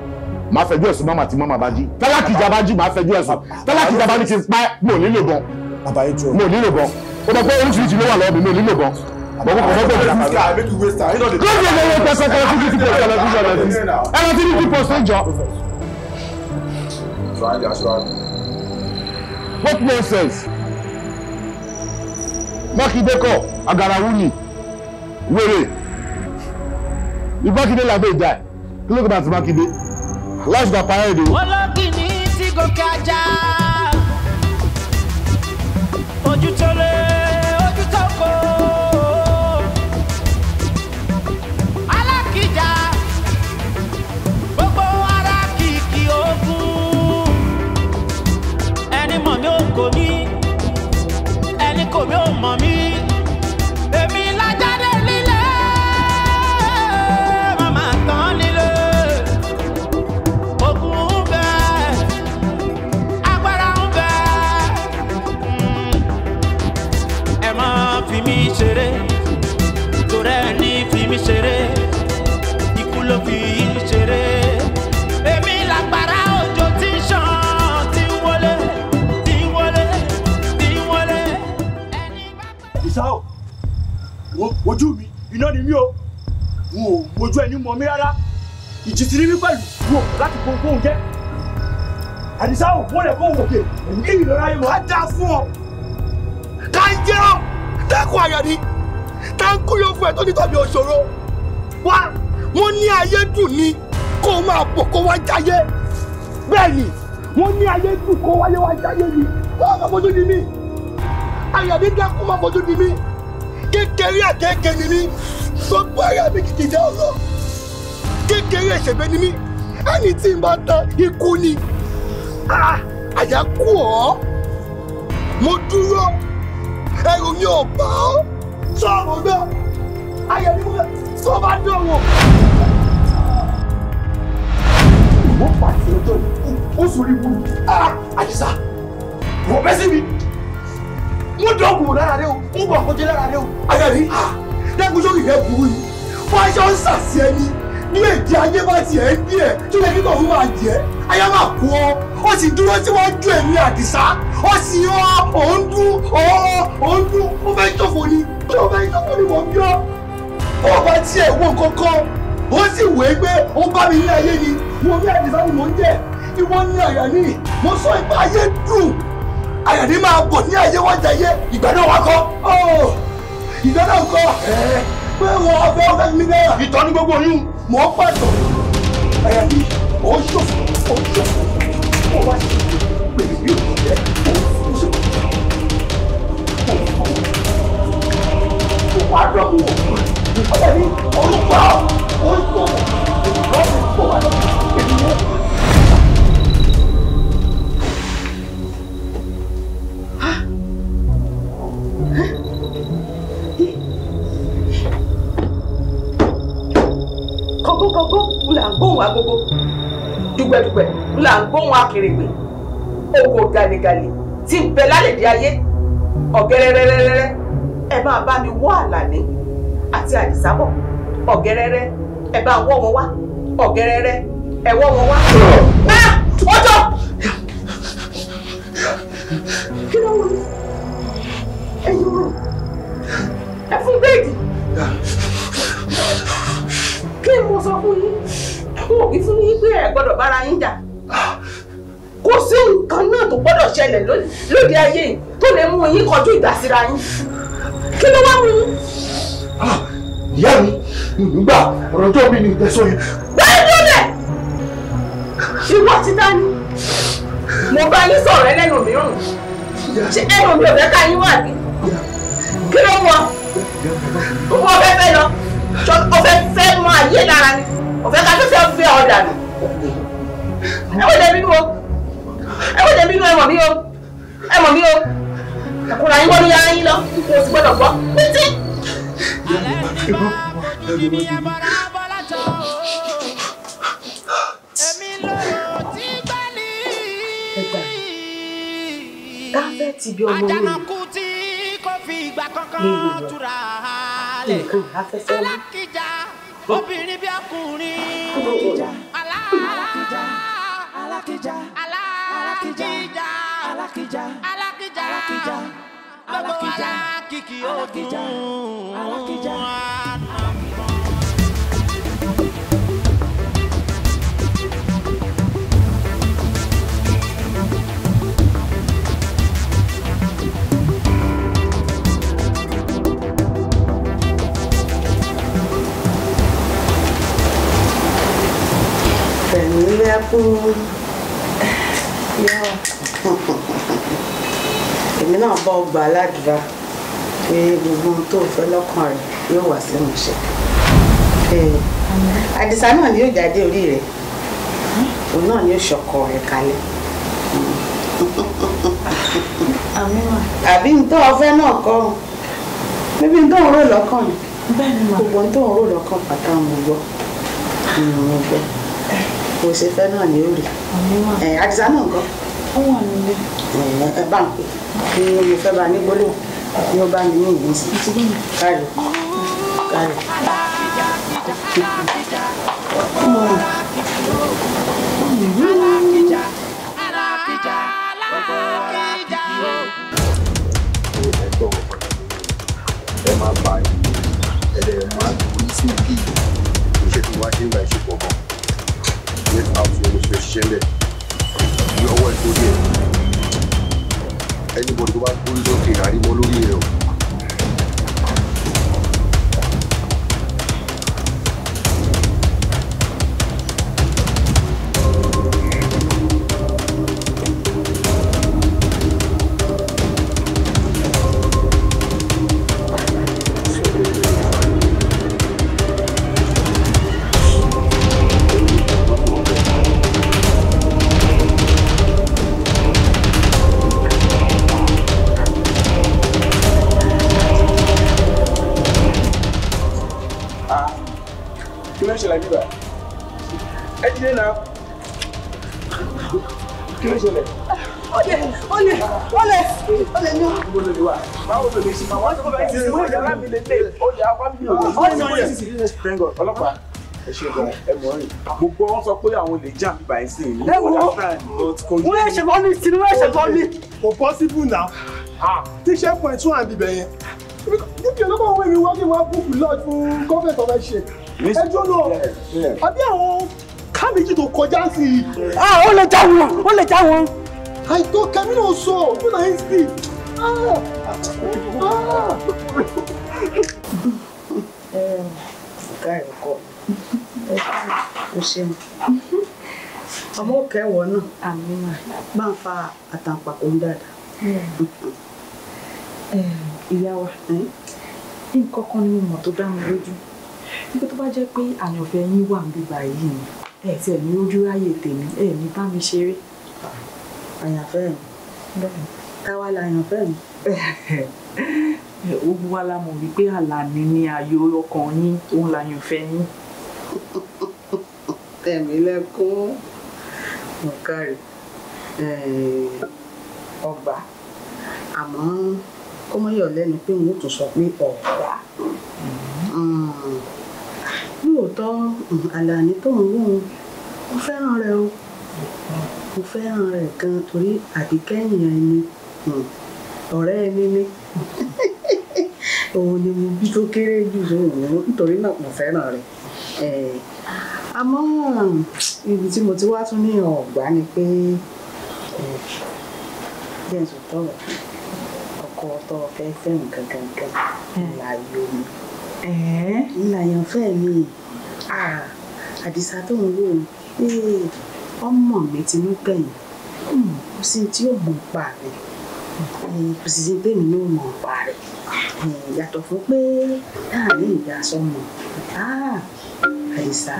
máa fẹjọ́ ẹ̀sùn mọ́mà tí mọ́mà bá jí tálákìjà bá jí máa fẹjọ́ ẹ̀sùn tálákìjà bá ní kí n pa mo nílò gan mo nílò gan ó mọ̀ pé oríṣiríṣi ló wà lọ́wọ́ mi mo nílò gan bọ́kú kò fẹ́ bẹ̀rẹ̀ kí ló dé lọ́wọ́ pẹ̀sẹ̀ kan fifty two percent of vision ẹ̀fí ẹ̀rọ tí fifty percent jọ. what nonsense mákindé kọ agarawu ni wèrè ìgbàkidé làbẹ́ ìjà kí ló kọ́ bá ti mákindé. Launch the parade o.
ológìní tí gòkè
ajá ojú tó lé. ojú mi iná ni mí o n ò mojú ẹni mọ mi rárá ìjì ti rí mi pẹ̀lú wò láti kó kóhun jẹ́ àdìsá ò mọ́lẹ̀ kó wò kè ní ìlọra yìí mọ́. a dáa fún ọ ká ń jẹ́rọ kẹ́kọ̀ọ́ àyà ni ká ń kúyọ fún ẹ tó ní tọ́bi òṣòro wá wọ́n ní ayé dùn ni kó o máa pọ̀ kó wá jáyé bẹ́ẹ̀ ni wọ́n ní ayé dùn kó wáyé wá jáyé ni wọ́n á máa fojú di mí àyà ni dákú máa fojú di mí kékeré àkékè ni mí gbogbo ara mi kìkì jẹ́ ọlọ́ kékeré ìṣẹ̀bẹ̀ ni mí ẹni tí n bá ta ikú ni ah, àyà kú ọ́ mo dúró ẹrù mi ò bá ọ́ sọ̀rọ̀ náà ayẹ̀ ni mo fẹ́ tó bá dọ̀wọ̀. ìwọ́n pàṣẹ ọjọ́ yìí ó sórí wúlò ah, àdìsá wọ́n bẹ́ sí mi mo dọ̀gùn lára rẹ o mo bọ̀ àkójẹ lára rẹ o. ayọ̀rí dẹ́kun ah, sórí rẹ burú yìí fáṣọ ń sàṣì ẹni ní èdè ayé bá tiẹ̀ ń bí ẹ̀ tó yẹ kíkọ̀ fún máa jẹ́ ayé máa kú ọ ó sì dúró síwájú ẹ̀mí àdìsá ó sì ọ òun dún ọ òun dún ó fẹ́ ṣòfò ni ó fẹ́ ṣòfò ni wọ́n bí ọ. ó bá tiẹ̀ wọ kankan ó sì wé pé ó bá mi ní ayé ni mo bí àdìsá ni mò ń jẹ ìwọ ní àyà ni mo sọ ipá ayé dùn àyàní máa bọ̀ ní ayé wọ́n jẹyé ìgbà náà wá kọ́ oh! ìgbà náà kọ́ pé wọ́n ọbẹ̀ ọbẹ̀ mi náà. ìtọ́ ní gbogbo oyún. mò ń pàtó àyàní ò ṣòfò ò ṣòfò mo wá sí pèlè bí òkú jẹ́ mo sì kò jẹ́ mo fọ́ mo wá dán mo wọ̀ ọ́ àyàní orúkọ orúkọ mo wá lọ́ọ̀ọ́. agogo ń là ń gbóhùn agogo dùgbẹ̀dùgbẹ̀ ń là ń gbóhùn akèrègbè owó galegale tí ń bẹ lálẹ́ di ayé ọ̀gẹ́rẹ́rẹ́rẹ́rẹ́ ẹ máa bá mi wọ́ àlàní àti àdìsábọ̀ ọ̀gẹ́rẹ́rẹ́ ẹ bá wọ́ wọn wá ọ̀gẹ́rẹ́rẹ́ ẹ wọ́ wọn wá. ọjọ́ kí ló ń wọlé ẹ̀yin wọlé. mo sọ fún yín mo wí fún yín pé ẹ gbọ́dọ̀ bára yín jà kò sí nǹkan náà tó gbọ́dọ̀ ṣẹlẹ̀ lóde ayé tó lè mú yín kọjú ìgbà síra yín kí ló wá mú yín. Ah, ìyá mi nígbà ọ̀rọ̀ ọjọ́ mi ni ìgbésọ yẹn. bẹ́ẹ̀ ló lẹ̀ ìwọ ti dání mo bá yín sọ̀rọ̀ ẹlẹ́nu mìíràn ṣé ẹnu mi ò fẹ́ ká yín wà ní kí ló wọ wọ́n fẹ́ fẹ́ lọ o fẹ́ fẹ́ mọ ayé lára ni o fẹ́ ká tó fẹ́ fẹ́ ọ̀dà ni ẹ wọ́n dẹ̀ o ẹ wọ́n dẹ̀ bínú ẹ mọ̀ mí o ẹ mọ̀ mí o ẹ̀kúnra yín wọ́n ní yàrá yín lọ ipò òsì gbọ́dọ̀ gbọ́ pété. ẹgbà káfẹ́ ti bí ọmọ orí fi ìgbà kankan túra lẹ̀. alákìjà obìnrin bí ọkùnrin. alákìjà alákìjà alákìjà alákìjà alákìjà gbogbo alákìkì ó dùn. bóyá kó yọ èmi náà bọ́ gba aládùúrà pé gbogbo ohun tó fẹ́ lọ́kàn rẹ̀ yóò wá sí ìmúṣẹ. àdìsá náà ni yóò jáde orí rẹ̀ òun náà ni yóò ṣọkọ rẹ̀ kalẹ̀. àbí n tó ọfẹ́ náà kọ́ ọ́n bíbí n tó ń rò lọ́kàn ni gbogbo n tó rò lọ́kàn pátá mo gbọ́ bó ṣe fẹ́ náà ní òrì àdìsá náà nǹkan ẹ bá ń pè ní mo fẹ́ bá ní gbólóhùn ní ó bá mi ní ìwé sí káàlù káàlù.
ẹ máa bá ẹ ẹ máa kú sí bí ìṣètò wájú
ìṣèpọ̀ kan gbé àfi ẹni fẹ́ ṣẹlẹ̀ ní ọwọ́ ìkórè ẹ̀ anybody tó bá gbórí lókè àrímọ́ lórí rẹ̀ o. ọlọ́pàá ẹ ṣe gbogbo wọn sọ pé àwọn olè jà bíbá ẹ sí i. ẹ wo wọ́n ẹ̀ ṣe bọ́ ní tinubu ẹ̀ kò possible now tí ṣe point two and ibẹ̀ yẹn níbi olóko òwe mi wá kí wọ́n búùkù lọ́ọ̀ fún gọ́ọ̀mẹ̀ntì ọ̀fẹ́ ṣe ẹjọ́ náà àbí àwọn kábíyèsí tó kọjá sí i. Ah, ó lè já wọn ó lè já wọn.
àìtó kẹmí náà sọ ọdún náà ń sìn ọ̀gá ẹ̀ kọ́ ẹ
kú ṣeun ọmọ kẹwọ náà àmín máa ń fa àtàǹpàkò ń dáadáa. ìyá wa nǹkan kan ni mo mọ̀ tó dá mi lójú nígbà tó bá jẹ́ pé àyànfẹ́ yín wà ń bíbá yìí ni ẹ ti ẹ̀ ní ojú ráyè tèmi ẹ ní bá mi ṣeré. àyànfẹ́ mi táwa la àyànfẹ́ mi ó wá lámọ̀ wípé àlàní ni ayò ọkàn yín òun làyàn fẹ́ yín. [laughs] tẹ̀mí lẹ́kún ọ̀kàrẹ̀ ọgbà àmọ́ kọ́mọ́yọ̀ lẹ́nu pé wọ́n tún sọ pé ọ̀gbà hmm. lóòótọ́ àlàní tó ń wò ó mo fẹ́ràn rẹ o mo fẹ́ràn rẹ gan torí àdìkẹ́yìn ẹni hmm, ọ̀rẹ́ ẹni ni. [laughs] òun ni mo bí tó kéré jù sóhun nítorí náà mo fẹ́ràn rẹ̀ àmọ́ ibi tí mo ti wá tún ní ọ̀gbá ni pé bí ẹ̀sùn tọ̀rọ̀ ọkọ tó fẹ́ fẹ́ nǹkan kankan láàyò mi ìlànà fẹ́ mi àdìsá tó ń wò ọmọ mi ti ń gbẹ̀yìn hmm, kò sí tí ó mọ̀ pa rẹ̀ kò sì sí tèmi náà mọ̀ pa rẹ̀ yàtọ̀ fún pé láàrin ìgbà sọmọ ah, àdìsá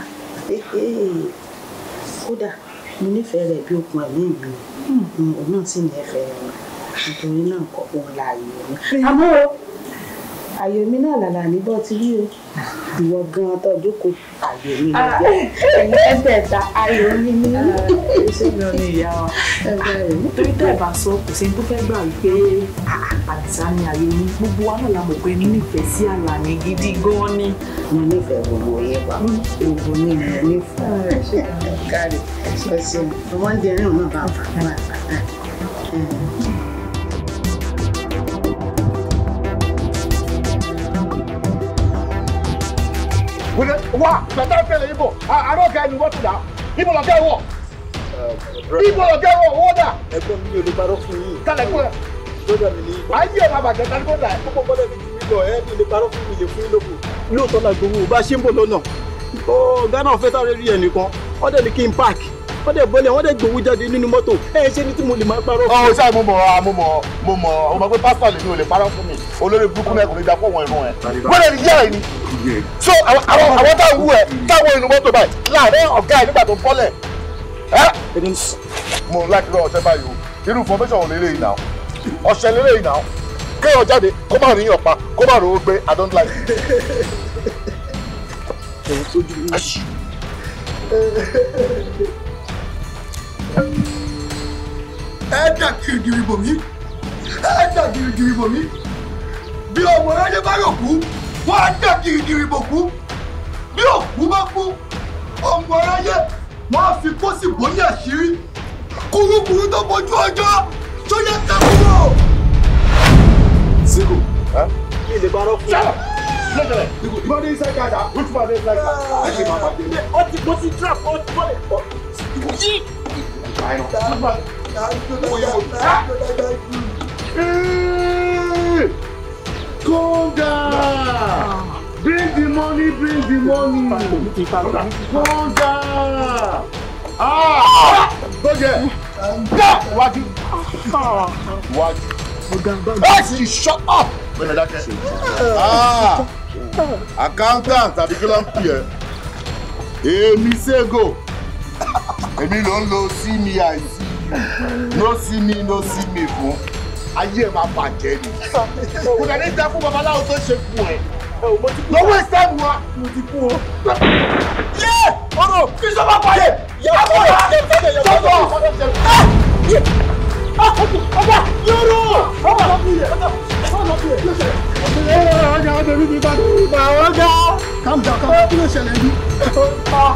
eh, eh, kódà mo nífẹ̀ẹ́ rẹ̀ bí okun ẹ̀mí mi hmm, òun náà sì nífẹ̀ẹ́ rẹ̀ nítorí náà kọ́ òun láàyè mi. àmọ́ àyè mi náà làlà níbọ̀ tí rí o ìwọ gan-an tó jókòó àyè mi ló jẹ́ ah. ẹ̀ẹ́dẹ́gbẹ̀ta àyè mi ní. Ah, ṣé mi ò ní ìyá wa torí tẹ́ ẹ̀ bá sọ kò sí tó fẹ́ gbà wípé ah, àdìsá ni àyè mi gbogbo wa náà la mọ̀ pé nífẹ̀ẹ́ sí Àlàní gidi gan ni. mo nífẹ̀ẹ́ gbogbo yẹn pa hmm? gbogbo ni mo nífẹ̀ẹ́ ṣe kárí ṣe ṣe ọmọdé rìn náà bá fà wá. Wa, gbata fẹ́lẹ̀ ibo, àárọ̀ ọ̀gá ẹni wọ́n ti dà, ibo lọ́kẹ́ wọ̀. Ibo lọ́kẹ́ wọ̀ wọ́n dà. Ẹ̀gbọ́n mi ò lè parọ́ fún yín. Kálẹ̀ kú ẹ̀. Bọ́dà mi ni. Ayé ẹ̀ máa bàjẹ́ tani bọ́dà ẹ̀. Gbogbo bọ́dà mi ti mi lọ, ẹ̀ mi ò lè parọ́ fún mi lè fún lóko. Lóòótọ́ la gbowó, bá ṣe n wọ́n dẹ̀ bọ́lẹ̀ wọ́n dẹ̀ gbowó jáde nínú mọ́tò ẹ ṣe ni tí mo lè máa parọ́. ọ ṣáà mo mọ ọ mo mọ mo mọ ọ mọ pé pásítọ̀ lèmi ò lè parọ́ fún mi olórí burúkú náà kò ní dáa fọwọ́
irun ẹ wọ́n lè yá ẹ ni
so àwọn táwọn wú ẹ táwọn inú mọ́tò báyìí láàárín ọ̀gá ẹ nígbà tó bọ́lẹ̀ ẹ mo láti rọ ọṣẹ báyìí o irú fọmẹṣọ ò lélẹyìn náà ọṣẹ lélẹyìn náà kéèyàn jáde I don't like ẹ dà kirigiri bò mí ẹ dà kirigiri bò mí bí ọmọ ráyé bá rò kú wọn á dà kirigiri bò kú bí òkú bá kú ọmọ ráyé wọn á fi pósí bóyá àṣírí kúrúkúrú tó bójú ọjọ́ tó yẹ ká kúrò. kí ni parọ́ fún mi. Lẹ́tẹ̀rẹ̀, ìgbọ́n ní iṣẹ́ ìkàdá, ah. which one is like that? Ó ti mo ti trap, ó ti bọ́lẹ̀. Konga! Bring the money, bring the money! Konga!
Ah! Gbọ́dọ̀! Dá!
Wájú! Wájú! Wájú! Hey! Shut up! Bẹ́ẹ̀ni dákẹ́. Ah! Accountant tàbí kí ló ń pè é? Èmi ṣégo èmi ló ń lo sí mi àìsí ló sí mi ló sí mi fún ayé ẹ máa bàjẹ́ ni
kò dẹ̀ ní dá
fún babaláwo tó ṣe kú ẹ lọ́wọ́ ìsẹ́nu wa mo ti kú o. yé ọ̀rọ̀ kí sọ́kà pàdé yàgò rẹ̀ sọ́kà ọ̀gá yóró ọ̀gá ọ̀gá ọ̀gá mi ti bá mi bá ọ̀gá. calm down calm down kí ló ṣẹlẹ̀ yìí. ọlọ́pàá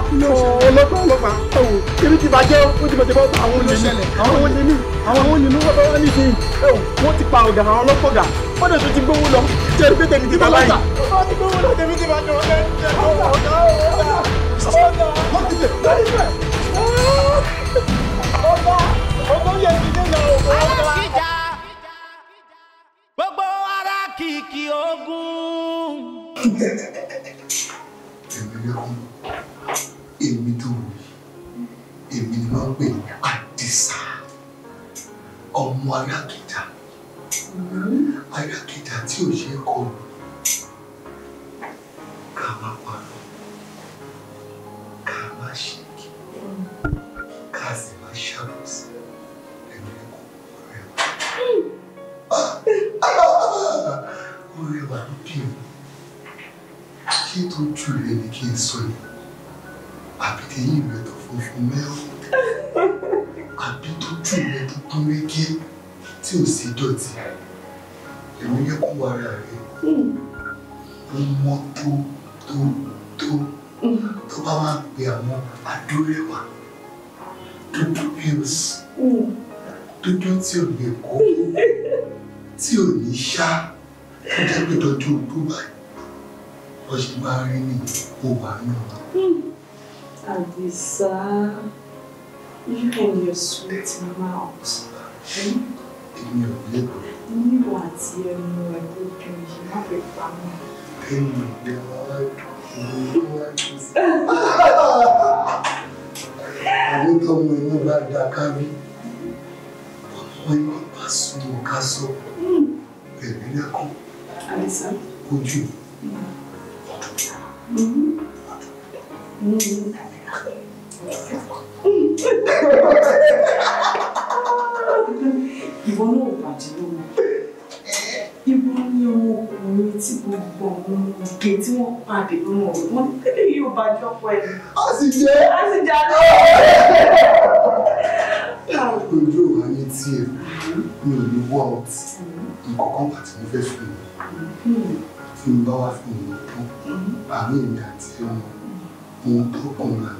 ọlọ́pàá ẹ̀wò kiri ti bàjẹ́ ó ti bàjẹ́ bọ́ọ̀tà àwọn olè ní àwọn olè ní àwọn olè ní wọ́n bá wà ní ìsìn ẹ̀wò wọ́n ti pa ọ̀gá àwọn ọlọ́pàá ọ̀gá wọ́n dẹ̀ tún ti gbówó lọ jẹ́rìí pé tèmi ti bá láyé. wọ́n ti gbówó lọ tèmi ti bá jọ ọ̀gá ọ̀gá ọ̀gá ọ̀gá ọ̀gá ọ̀gá tó yẹ kí ní ìyàwó kò wọ́n dá. kíjà gbogbo ara kìkì ogun. èmi lẹ́kùn èmi tó wù yìí èmi ni wọ́n ń pè ní àdìsá ọmọ alákìjà alákìjà tí ò ṣe é kọlu
ká má parọ́ ká má ṣe kí. ó rẹwà lókè
mi ṣé tó jù rẹ ni kí n sọ ni àbí tẹ̀yìn rẹ tó funfun mẹ́rọ àbí tó jù rẹ tó kún régé tí ò sí dọ̀tí èmi yẹ kó ara rẹ mo mọ́ tó tó tó tó bá máa pe àwọn adúrẹ́wà dúdú pills dúdú tí ò lè kó tí ò ní ṣá nítorí tọ́jú ogbó báyìí wọ́n ṣe máa rí ní òwà náà. Hmm. Àdìsá, you and your sweet mouth. Hmm?
Èmi ò lè bọ̀.
Níwọ̀ àti ẹnu ẹ̀kọ́ jọ yìí má fi pa mọ́. Èmi ò lè máa dùn ún ní àdìsá. Àwọn tó mú inú bá dá kárí, ọmọ ìwọ̀n bá sùn ká sọ, èmi hmm. lẹ́kọ̀ọ́ ojú mm-hmm. ìwọ náà bàjẹ́ lọ́wọ́ ìwọ ni ọmọkùnrin tí gbogbo àwọn ọmọge tí wọ́n pàdé lọ́nà ọ̀rọ̀ wọn ní tẹ́lẹ̀ yóò bàjẹ́ ọ̀pọ̀ ẹ̀. a sì jẹ́ a sì jẹ́ àná ojú ò ayé tí ẹ mi in ní wọ́ ọtí nǹkan kan pàtó ní fẹ́
fún mi
tí mo bá wá fún mi tán àmì èmi àti ẹ̀wọ̀n ohun tó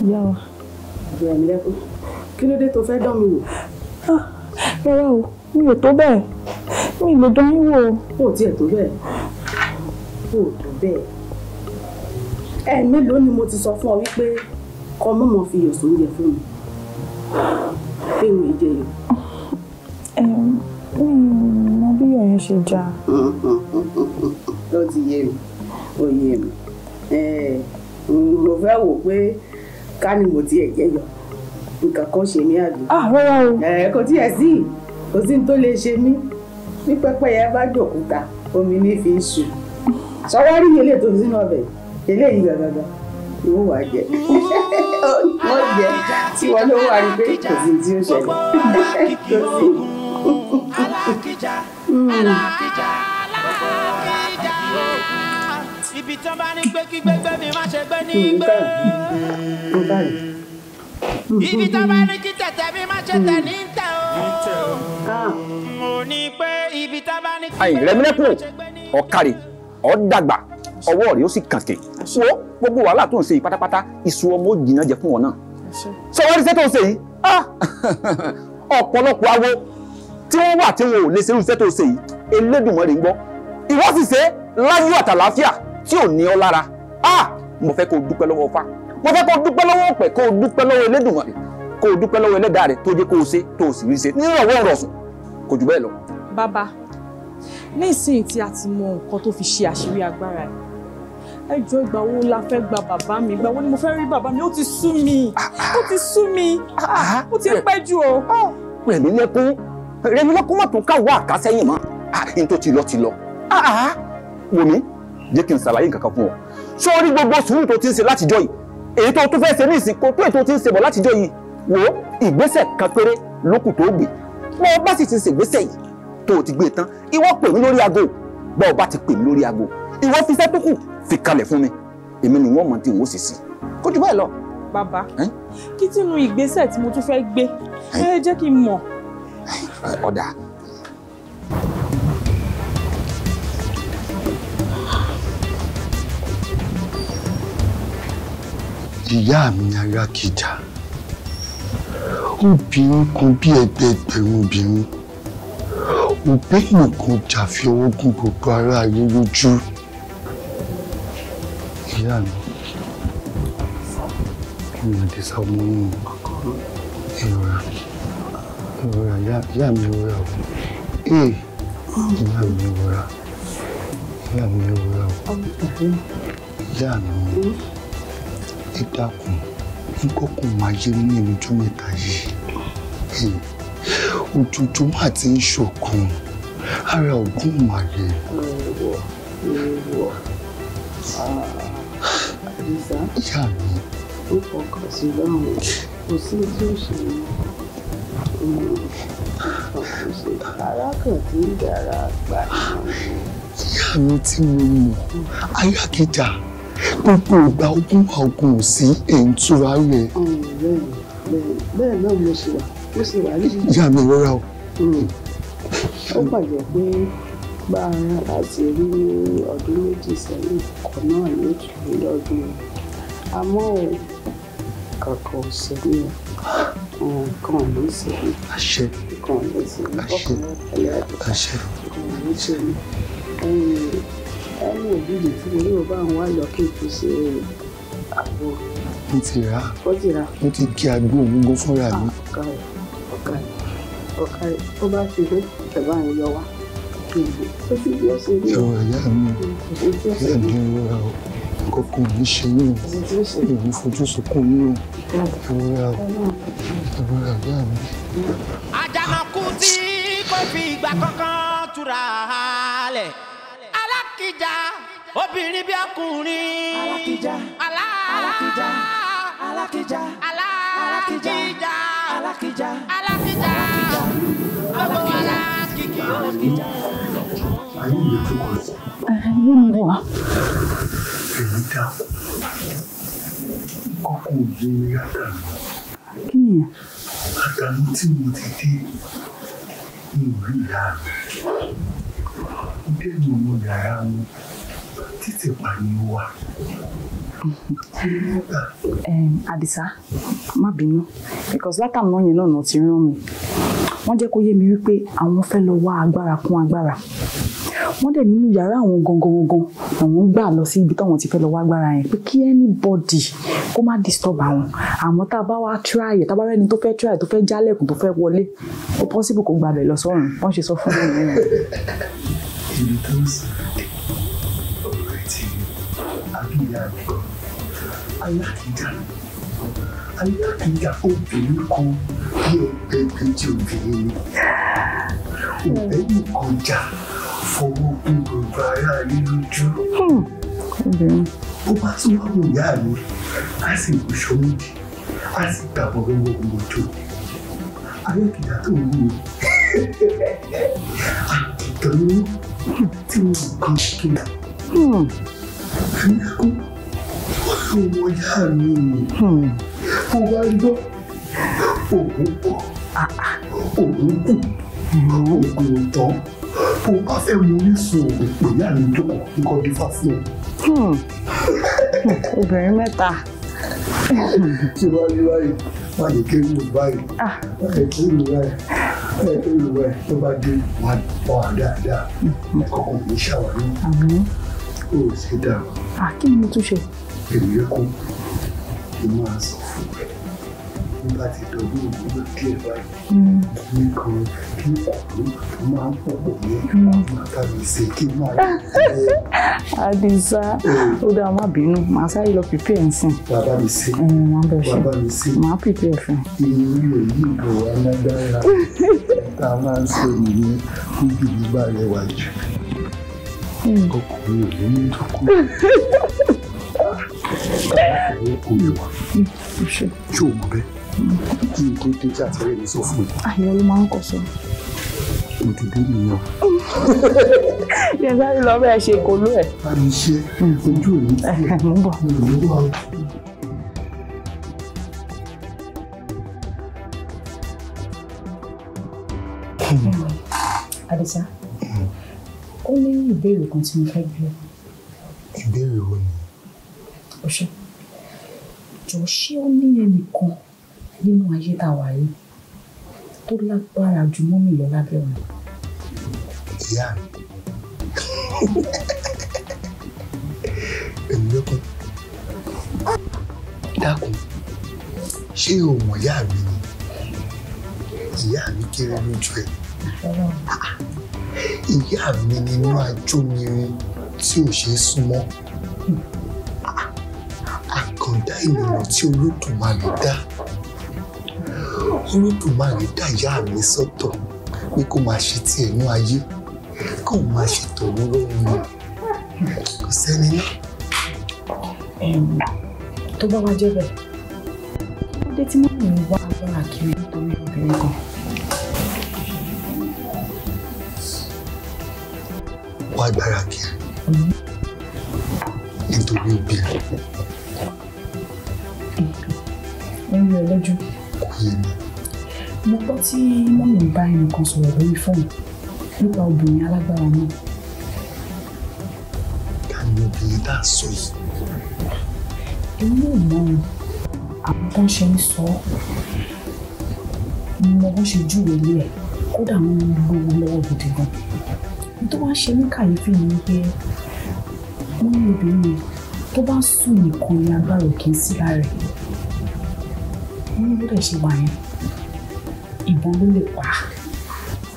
ìyá kí ló dé tó fẹ́ dán mi wò. Ah, rárá o mi ò tó bẹ́ẹ̀ mi lè dán yín wò. kò tiẹ̀ tó bẹ́ẹ̀ kò tó bẹ́ẹ̀ ẹ mélòó ni mo ti sọ fún ọ wípé kọ mọ́mọ́ fi yọ̀ sóúnjẹ fún
mi pé mi ì jẹyọ.
mi mọ bí ọ̀yẹ́ ṣe já. ó ti yé mi ó yé mi mo fẹ́ wò pé ká ní mo tiẹ̀ jẹ́ yọ nǹkan kan ṣe mí àbí. ah rárá o. ẹ kò tiẹ̀ sí kò sí ní tó lè ṣe mí bí pẹ́pẹ́yẹ bá jòkúta omi ní fi ń ṣù sọwọ́ ilé tó sínú ọbẹ̀ eléyìí gbàgbàgbà ìwọ wà jẹ
wọ́n jẹ tí wọ́n ló wà rí pé kò sí
tí ó ṣẹlẹ̀ tó sí ibi tán bá ní gbé kí gbégbé mi má ṣe gbé ní gbé. ibi tán bá ní kí tẹ̀tẹ̀ mi má ṣe tẹ̀ ní tẹ̀ o. Ah. mo ní pé ibi tán bá ní kí gbégbé mi má ṣe gbé ní gbé. ọ̀kàrì ọ̀dàgbà ọwọ́ rẹ̀ ó sì kàkè wo gbogbo wàhálà tó ń ṣe yìí pátápátá ìṣù ọmọ òjìnà jẹ fún ọ náà. sọ wọ́n rí iṣẹ́ ṣe yìí ah! [laughs] ọ̀pọ̀lọpọ̀ awo tí wọ́n wà tí wọn ò lè ṣerú iṣẹ́ ṣe yìí Elédùmarè ń gbọ́ ìwọ ṣe láyọ̀ àtàlàáfíà tí ò ní ọ lára ah mo fẹ́ kó o dúpẹ́ lọ́wọ́ fa mo fẹ́ kó o dúpẹ́ lọ́wọ́ ọ̀pẹ kó o dúpẹ́ lọ́wọ́ Elédùmarè kó o dúpẹ́ lọ́wọ́ ẹlẹ́dàá rẹ tó jẹ́ kó o ṣe tó o sì rí ṣe nírọ̀wọ́ ìrọ̀sùn kò jù bẹ́ẹ̀ lọ. bàbá ní ìsinyìí tí a ti mọ nǹkan tó fi ṣe àṣírí agbára yìí ẹ jọ ìgbà wo la fẹ́ gba bàbá mi ìgbà wo ni mo fẹ́ rí bàbá mi ó ti sú mi ó ti sú mi ó ti pẹ́ jù o. rẹ̀mí lẹ́kún rẹ̀mí lẹ́kún mọ̀ tó ká wá àkásẹ́yìn mọ́ àyín tó ti lọ ti lọ wò mí jẹ́ kí n ṣàlàyé nǹkan kan fún ọ sórí gbogbo sùúrù tó ti ń ṣe látijọ́ yìí èyí tó tún fẹ́ ṣe ní ìsìnkú tó èyí tó ti ń ṣe bọ̀ látijọ́ yìí wo ìgbésẹ̀ kan péré lókù tó gbé bọ́ o bá sì ti ṣègbésẹ̀ yìí tó o ti gbé tán ìwọ pè mí lórí aago bọ́ ọ bá ti pè mí lórí aago ìwọ fi iṣẹ́ tó kù fi kalẹ̀ fún mi èmi ni wọ́n mọ̀ tí wọ́n sì sí kó jù bẹ́ẹ̀ lọ. bàbá kí tinú ìgbésẹ̀ tí mo tún fẹ́ gbé ẹ jẹ́ kí n mọ̀. ọ̀dà di ìyá mi arákìjà obìnrin kan bí ẹgbẹẹgbẹ̀rún obìnrin òbẹ́yìn kan jà fi ọwọ́ gún gbogbo ara ayé
lójú ìyá mi èmi àdìsá ọmọ inú ìrora ìrora ìyá mi ìrora o ee ìyá mi ìrora ìyá mi ìrora o ìyá mi ẹ
dákun nǹkan máa yé ní ojú mẹ́ta yìí ojoojúmọ́ hmm. àti ń ara ògùn màlẹ. ìyá mi. ó fọkàn sí lọ́rùn kò sí tí
ó arákùnrin dára gbà.
ìyá mi tí mo mọ̀ ayákíjà gbogbo ìgbà ogun wa ogun sí
èyí túra rẹ. bẹ́ẹ̀ náà mo ṣe wà mo ṣe wà níbi. ìyá mi rọra o.
Hmm. ó gbàgbọ́ pé bá ara láti rí ọdún méjì sẹ́yìn kan náà ló tù mí lọ́dún àmọ́ kankan hmm, ò sí mi nǹkan ò ní sí mi. àṣẹ nǹkan
àṣẹ
àṣẹ òbí mi tí mo ní bàbá àwọn wà lọ kí n fi ṣe àgbo. mo ti rà mo ti kí àgbo òun gan fúnra mi. Ah, ọkà rẹ ọkà rẹ ọkà rẹ ó bá ti dé bàbá àwọn yọ wá kí n gbé ó ti bí ó ṣe rí. ìwà ìyá mi ìyá mi ń rọra o kọkàn ní ṣe yín o fojú sunkún yín o ìrora o ìrora ìyá mi. àjànàkú tí kò fi ìgbà kankan túra lẹ̀ alákìjà obìnrin bí ọkùnrin. alákìjà alákìjà alákìjà alákìjà alákìjà alákìjà ọmọ
alákìkì òkìjà. ayé mi wà. èyí dá kókó yé mi látàlú. kí ni ẹ. àtàlú tí mo ti dé mi ò rí ìyá mi bẹ́ẹ̀ni owó yàrá
mi títí pariwo wa. Àdìsá má bínú because látàmú náà yẹn náà náà ti rán mi wọ́n jẹ́ kó yé mi wípé àwọn fẹ́ lọ wá agbára kún agbára wọ́n dẹ̀ nínú yàrá àwọn gangan gangan àwọn gbà lọ sí ibi táwọn ti fẹ́ lọ wá agbára yẹn pé kí anybody kó má disturb àwọn àmọ́ tá a bá wá try ẹ̀ tá a bá rẹ́ni tó fẹ́ try tó fẹ́ jálẹ̀kùn tó fẹ́ wọlé ó possible kó gbàgbẹ́ lọ sọ́run wọ́n ṣe sọ fún mi
ìlú tó ń sàlàyé ọ̀rẹ́ ti abíyá mi alákìjà
alákìjà obìnrin kan bí ẹgbẹ́ obìnrin ni obìnrin kan fọwọ́ gbogbo ara rí lójú. Hmm, ó bá tún wá ìyá mi a sì wò sọ́mídìí a sì gbàgbọ́ lọ́wọ́ òmòdó alákìjà tó ń wù mí [laughs] àkìtàn ni tí obìnrin mẹ́ta. tí wàá rí báyìí wàá lè kéré mi báyìí
wàá lè kéré
mi báyìí. Ah fẹ́ tó lu ẹ tó bá dé wà bọ́ à dáadáa kọ́kọ́ kò ní ṣàwárí kó o ṣe dáa. àkínní tó ṣe. èmi kú mo máa sọ fún ẹ nígbà tí ìtọ́jú òun ló díẹ̀ báyìí ní kan kí ọ̀dọ́ máa ń pọ̀pọ̀ ní màkà mi ṣe kí máa rí ẹ. Adisa ó dá má bínú màá sáré lọ pípẹ́ ẹ̀ ń sìn. bàbá mi ṣe hmm, bàbá mi ṣe màá pípẹ́ ẹ̀ fún. ìrírí òyìnbó ìbò alágbára
tá a máa ń sọ nìyẹn fún bíbí bá rẹwà jù hmm. ọkùnrin ò ní dúkú [laughs] ọkùnrin kò yẹ wá
ṣé o mọ bẹ́ẹ̀ kí n tó dé tí àtẹ̀rẹ́ mi sọ fún mi. àyẹ̀wò ló máa ń kọ sọ. mo ti dé nìyẹn. yẹn sáré lọ bẹ́ẹ̀ ṣe kólú ẹ̀. a lè ṣe ojú òní tí mo bọ̀. Adisa, ó ní ìbéèrè kan tí mo fẹ́
bí Ìbéèrè wo ni?
Ọ̀ṣọ́, jọ̀ọ́ ṣé ó ní ẹnìkan nínú ayé tá a wà yìí tó lágbára ju mọ́mì lọ lábẹ́ ọ̀nà. ìyá mi èmi lọ́kọ́ dákun ṣé o mọ̀ ìyá mi ni ìyá mi kéré lójú ẹ̀ ìyá mi nínú ajómirin tí ò ṣe é súnmọ́ àkàndá ènìyàn tí olódùmarè dá olódùmarè dá ìyá mi sọ́tọ̀ pé kó máa ṣe ti ẹ̀yìn ayé kó máa ṣe tòun lóhun mi kò sẹ́ni náà. tó bá wá jẹ́ bẹ́ẹ̀ dé tí mọ́mí ń wá agbára kiri nítorí
obìnrin kan. wá agbára kiri nítorí obìnrin.
ẹ rí ọ lójú yé mi. mo gbọ́ tí mọ́mí ń bá ẹnìkan sọ̀rọ̀ lórí fóònù nípa obìnrin alágbára náà.
ta obìnrin tá a sọ yìí.
èmi yóò mọ àwọn tó ń ṣe ń sọ ọ́ mo bó ṣe júwèé ilé ẹ̀ kódà mo ń lo owó lọ́wọ́ gidi gan. tó wá ṣe ní kàyéfì ni pé wọ́n ní obìnrin tó bá sùn nìkan ni agbára òkè sí lára wọ́n ní bóde ṣe wà yẹn ìbọn ló lè pa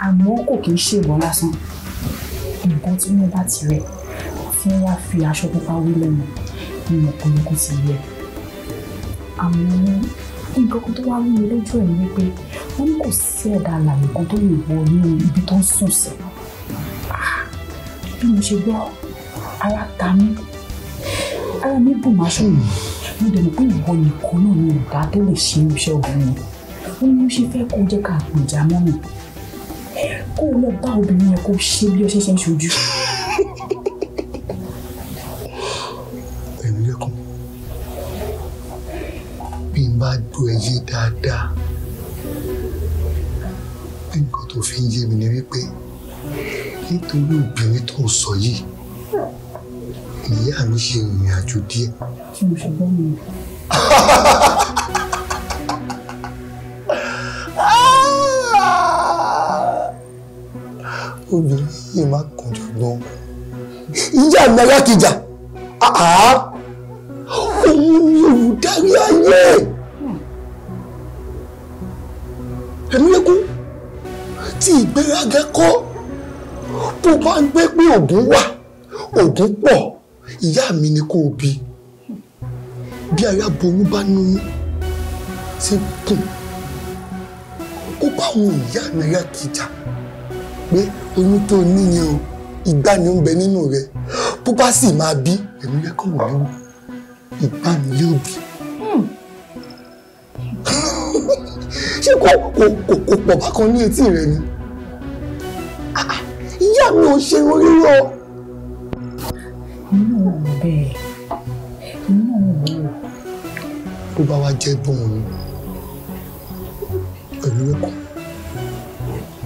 àmọ́ kò kì í ṣe ìbọn lásán ìbọn tí wọ́n bá ti rẹ̀ tí wọ́n wá fi aṣọ pupa wí lẹ́nu ìmọ̀ kòlókò ti yẹ àmọ́ nǹkan tó wá wúwo lójú ẹ̀ ni pé wọ́n ní kò sí ẹ̀dá àlàyé kan tó lè wọ inú ibi tó ń sùn sí ah, bí mo ṣe gbọ́ ara ta mí ara mi bùn máṣọ́ yìí mo dẹ̀ mọ̀ pé ìwọ nìkan náà ni ọ̀gá tó lè ṣe iṣẹ́ obìnrin ó ní mo ṣe fẹ́ kó jẹ́ ká gbèjà mọ́ mi kó o lọ bá obìnrin yẹn kó o ṣe bí ọṣẹ ṣe ń ṣojú. ẹ̀mí lẹ́kùn bí n bá gbọ́ ẹ yé dáadáa bí nǹkan tó fi ń yé mi ni wípé nítorí obìnrin tó ń sọ yìí bóyá [laughs] mi ṣe ìrìn àjò díẹ̀. tí
mo ṣe gbọ́ mi.
obìnrin yìí máa kàn jù gan. ìyá
mi alákìjà òun ni olùdarí ayé ẹ̀mí lẹ́kún
tí ìgbéraga kọ́ tó bá ń gbé pé ògùn wà ògùn pọ̀ ìyá mi ni kò bí bí aya boyún bá nínú ti kùn ó bá àwọn ìyá náírà kìjà pé oyún tó níyẹn o ìgbà ni ó ń bẹ nínú rẹ bó bá sì máa bí ẹ̀mí rẹ kàn wọ́n lọ́wọ́ ìgbà ni yóò bí. ṣé kò kò kò kò pọ̀ bákan ní etí rẹ ni ah, ah, ìyá mi ò ṣe orí rọ
inú ọ̀hún bẹ́ẹ̀ inú ọ̀hún wò. bó bá wá jẹ́ bóun ni pẹ̀lú ẹ̀kọ́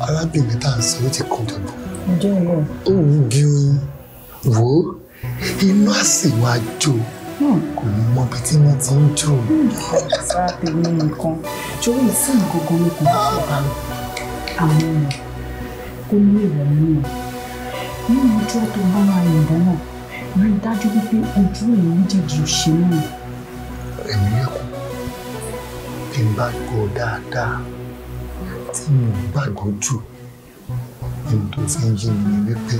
arábìnrin tá à ń sọ ló ti kàn jọ̀gbọ́n. ǹjẹ́ o náà. ó wù ú bí oyin wò ó inú àsìwà jò hmm. kò ní mọ ibi tí wọ́n ti ń jò. sáà tèmi nìkan torí ìsìn gangan ló kàn fún ọba mi àwọn ọmọ kó ní ìwọ nínú ọjọ́ tó bá máa yìnbọn náà rí i dájú wípé ojú ẹ̀yìn méjèèjì ò ṣe mí. ẹ̀mí ẹ̀kọ́ tí n bá gbọ́ dáadáa tí mo gbàgbọ́ jù ohun tó fi ń yé mi ni wípé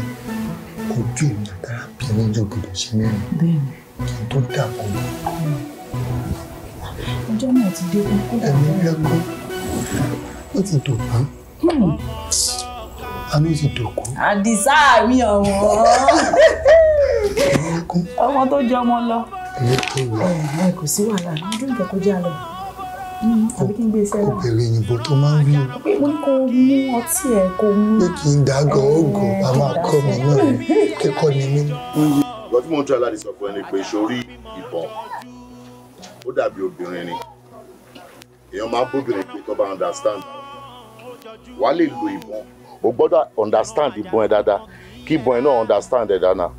ojú èmi àtàrà bí
ẹni yóò gbọdọ̀ ṣe mẹ́rin kí n tó dààmú mi.
ọjọ́ náà ti dé kó dà ẹ̀mí ẹ̀kọ́ ó ti dùn mọ́ a ti dòkó. àdìsá mi ọ̀wọ́. [laughs] ọmọ tó jẹ ọmọ lọ kò sí wàhálà ọdún ìjọ kọjá lọ hmm, tàbí kí n gbé iṣẹ́ náà. obìnrin òyìnbó tó máa ń wí o. pé mo ní kó mú ọtí ẹ kó mú. pé kí n dàgọ̀ oògùn a máa kọ́ mi náà kẹ́kọ̀ọ́ ni mí. ìgbà tí mo ń tọ́ aláàdì sọ fún ẹni pé sórí ìbọn ó dàbí obìnrin ni èèyàn máa bóbìnrin pé tó bá understand wàá lè lo ìbọn o gbọ́dọ̀ understand ìbọn ẹ dáadáa kí ìbọn ẹ náà understand ẹ dáadáa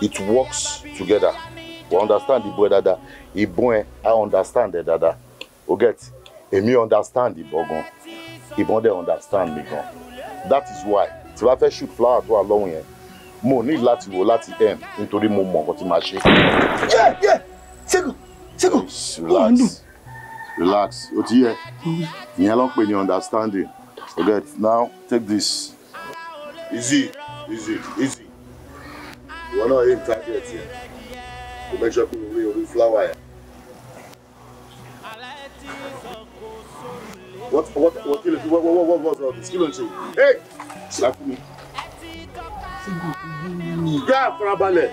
it works together we understand the brother. dáadáa ìbọn i understand the eh, dada. We get èmi understand ìbọn gan ìbọn dẹ understand me. gan that is why tí wàá fẹ́ shoot flower tó wà lọ́hùn yẹn mo ní láti wò láti end nítorí mo mọ̀ nǹkan tí màá ṣe. ṣẹ́gun ṣẹ́gun
ó ń dùn.
relax o ti yẹ ìyẹn ló ń pè ní understanding o get now take this easy easy easy ìwọ náà yé target yẹn kò make sure pé orí orí flower yẹn. What what what kí ló ti what what what what what kí ló ń ṣe? Hey! Sàkú mi. Gbé àfarabalẹ̀.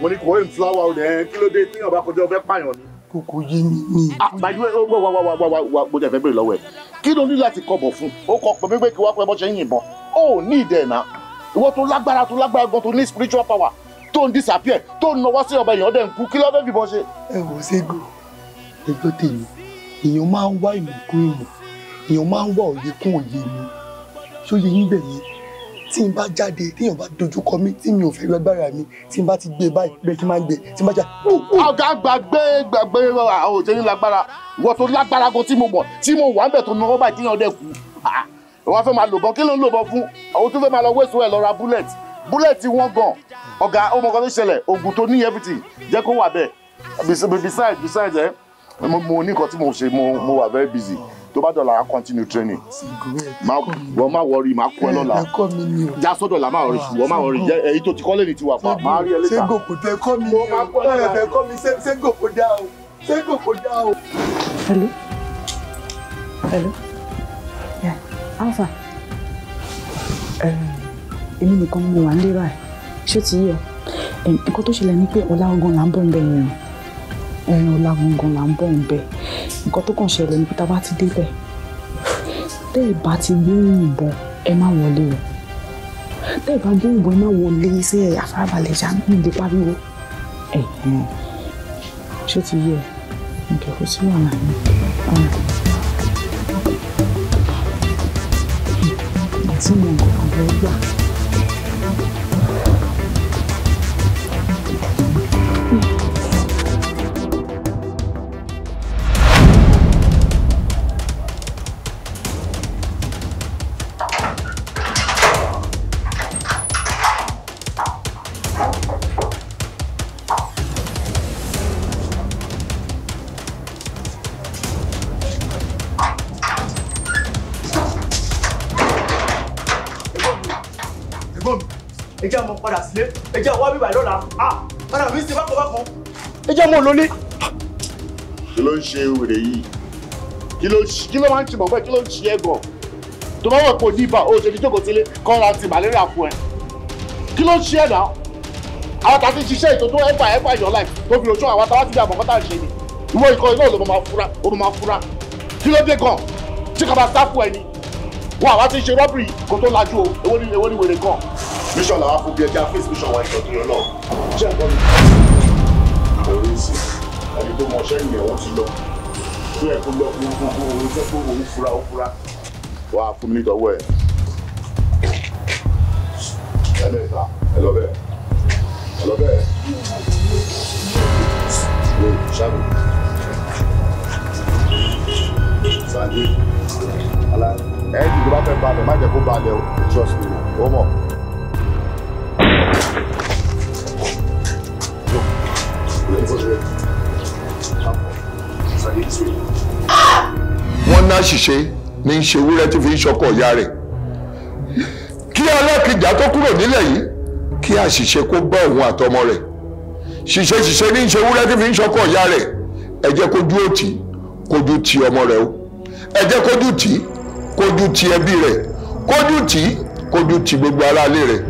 Mo ní kò wọ́n flower ọ̀dẹ̀ kí ló dé tí ọba kọjá ọbẹ̀ pààyàn ni. Kòkò yé mi ni. Àgbàdo ah, oh, ẹ̀ wá wá wá wá wá mo jẹ́ fẹ́ bèrè lọ́wọ́ ẹ̀. Kí ló ní láti kọ̀bọ̀ fún? Ó kọ pẹ̀lú pé kí wá pẹ́ bọ́ ṣe ń yìnbọn. Ó ní ìdẹ̀ náà ìwọ tó lágbára tó lágbára gan tó ní spiritual power tó ń disappear tó ń nọwọ́ sí ọba èèyàn dẹ̀ ń kú kí ló fẹ́ fìbọn ṣe. ẹ wò ségo ẹgbẹ́ tèmi èèyàn máa ń wá ìmọ̀ kún ìmọ̀ èèyàn máa ń wá òye kún òye mi sóye yín bẹ̀ yẹn tí n bá jáde téèyàn bá dojú kọ mí tí mi ò fẹ́ rí agbára mi tí n bá ti gbé e báyìí bẹ́ẹ̀ kí n máa gbé e, tí n bá já. ọ̀gá gbàgbé gbàgbé àwọn òṣèré lágbára wọ́n wọ́n fẹ́ máa lò kí ló ń lò fún àwọn tó fẹ́ máa lọ wéṣọ ẹ̀ lọ ra búlẹ̀tì búlẹ̀tì wọ́n gan ọ̀gá ó tó ṣẹlẹ̀ oògùn tó ní everything jẹ́ kó wà bẹ́ẹ̀ besides besides ẹ eh, mo ní nǹkan tí mo ṣe mo wà very busy tó bá dọ̀là continue training wọ́n má wọrí má kú ẹ lọ́la já sọ́dọ̀ là má wọ́n má wọrí èyí tó ti kọ́ lẹ́ni ti wà pa má rí ẹ lẹ́ta. ṣé gòkò tẹ kọ́ mi o ẹ fẹ́ dá o ṣé gòkò dá o alpha èmi nìkan mo wà nílé báyìí ṣé ti yẹ nǹkan tó ṣẹlẹ̀ ni pé ọ̀la gangan là ń bọ̀ nbẹ yẹn ẹ̀rìn ọ̀la gangan là ń bọ̀ nbẹ nǹkan tó kàn ṣẹlẹ̀ ni pé tá a bá ti débẹ̀ tẹ́ ẹ̀ bá ti gbé yìnbọn ẹ má wọlé o tẹ́ ẹ̀ bá gbé yìnbọn ẹ má wọlé sí àfarabalẹ̀ ṣá ní ìdí pariwo ṣé ti yẹ ǹkẹ́ kò sí wàhálà yẹn.
tí mo mọ̀ àwọn
mọ̀ lólé. kí ló ń ṣe wèrè yìí kí ló máa ń ṣe mọ̀ pé kí ló ń ṣe ẹ̀ gan tó bá wọ̀ pé òní ibà ó ṣe fi jókòó sílé kọ́ra ti malaria fún ẹ kí ló ń ṣe ẹ̀ náà àwọn tàbí ṣiṣẹ́ ètò tó ẹ̀fà ẹ̀fà yọ̀ láì tó fi oṣù àwọn tàbí àbọ̀ kọ́tà ṣe ni ìwọ ikọ̀ iná ló máa fura ó máa fura kí ló dé gan tí kaba sá fún ẹ ni wọn àwa ti ṣe rọ́bìrì kó tó lajú o èwo ni èwo ni wèrè gan. mission làwọn afọ bíi ẹja fún ìsúnṣọ wa ìjọ tó yọ náà ṣé ẹ gbọ́ mi ẹni tó mọṣẹ́ yẹn ó ti lọ tó yẹ kó lọ kó kó kó òun fẹ́ kó òun fura ó fura. wà á fún mi tọwọ́ ẹ. ẹlẹ́ta ẹ lọ bẹ́ẹ̀ ẹ lọ bẹ́ẹ̀. ṣe ṣáàbù. sàdé ala ẹ jù tó bá fẹ́ balẹ̀ má jẹ́ kó balẹ̀ o trust me o mọ̀. Thank you wọ́n ná ṣìṣe ní í ṣe wúrẹ́ tí fi ń ṣọkọ̀ ìyá rẹ̀ kí alákìjà tó kúrò nílẹ̀ yìí kí àṣìṣe kó bá òun àtọmọ rẹ̀ ṣìṣe ṣìṣe ní í ṣe tí fi ń ṣọkọ̀ ìyá rẹ̀ ẹ jẹ́ kójú òtí kójú ti ọmọ rẹ̀ o ẹ jẹ́ kójú tì í kójú ti ẹbí rẹ̀ kójú tì í kójú ti gbogbo aráalé rẹ̀.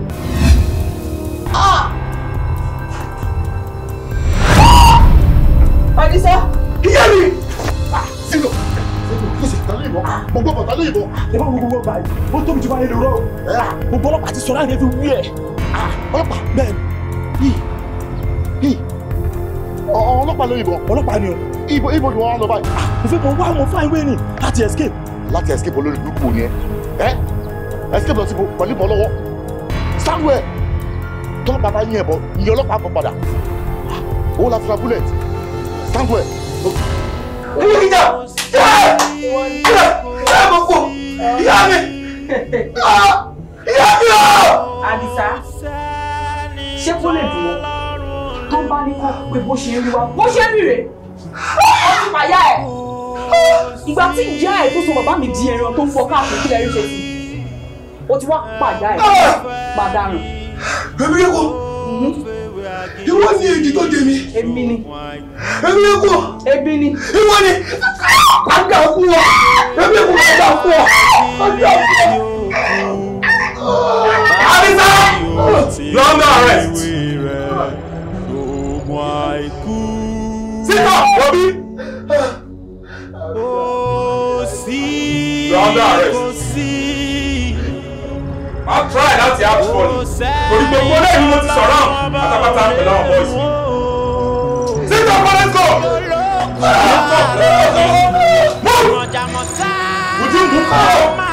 tó yìnbọn ẹ bá wo gbogbo ọgbà yìí ó tóbi jù bá yẹn lè rọ o. gbogbo ọlọ́pàá ti sọ̀rọ̀ àyẹ̀fẹ́ wí ẹ̀ ah, ọlọ́pàá bẹ́ẹ̀ ni ọlọ́pàá ló yìnbọn ọlọ́pàá ni o ibo ibo ni wọ́n wá lọ báyìí. Ah, mo fẹ́ mọ wá mo fún àìwé ni láti escape. láti escape olórí burúkú ni ẹ ẹ escape lọ sí pẹ̀lú ìmọ̀ lọ́wọ́ samuel tọ́lọ́pàá bá yín ẹ̀bọ iye ọlọ́pàá bọ̀ padà owó ah, la fi ra bullet samuel. ẹ yẹ kí n ìyá mi ìyá mi o. Àdìsá ṣé kó lè dùn ọ́ tó bá ní kó pé bó ṣe ń rí wa bó ṣe ń rí rè ó ti pàyà ẹ̀ ìgbà tí ìyá ẹ̀ tó sọ bàbá mi di ẹran tó ń fọ káàkiri kí lè rí ṣe sí ó ti wá pàyà ẹ̀ ah! pàdánù. Èmi yẹ kó. Hmm? Ìwọ ni èjì tó dé mi. Èmi ni. Èmi yẹ kó. Èmi ni. Ìwọ ni.
Àgbà ọ. Èmi yẹ kó àgbà ọ. Abisa London arrest.
Sita Obi. London arrest. Máa try láti act funny. Torí gbogbo lẹ́yìn mo ti sọ̀rọ̀ àwọn pátápátá pẹ̀lú àwọn bọ́ọ̀sì.
Sita Obi go.
Move. Would you move?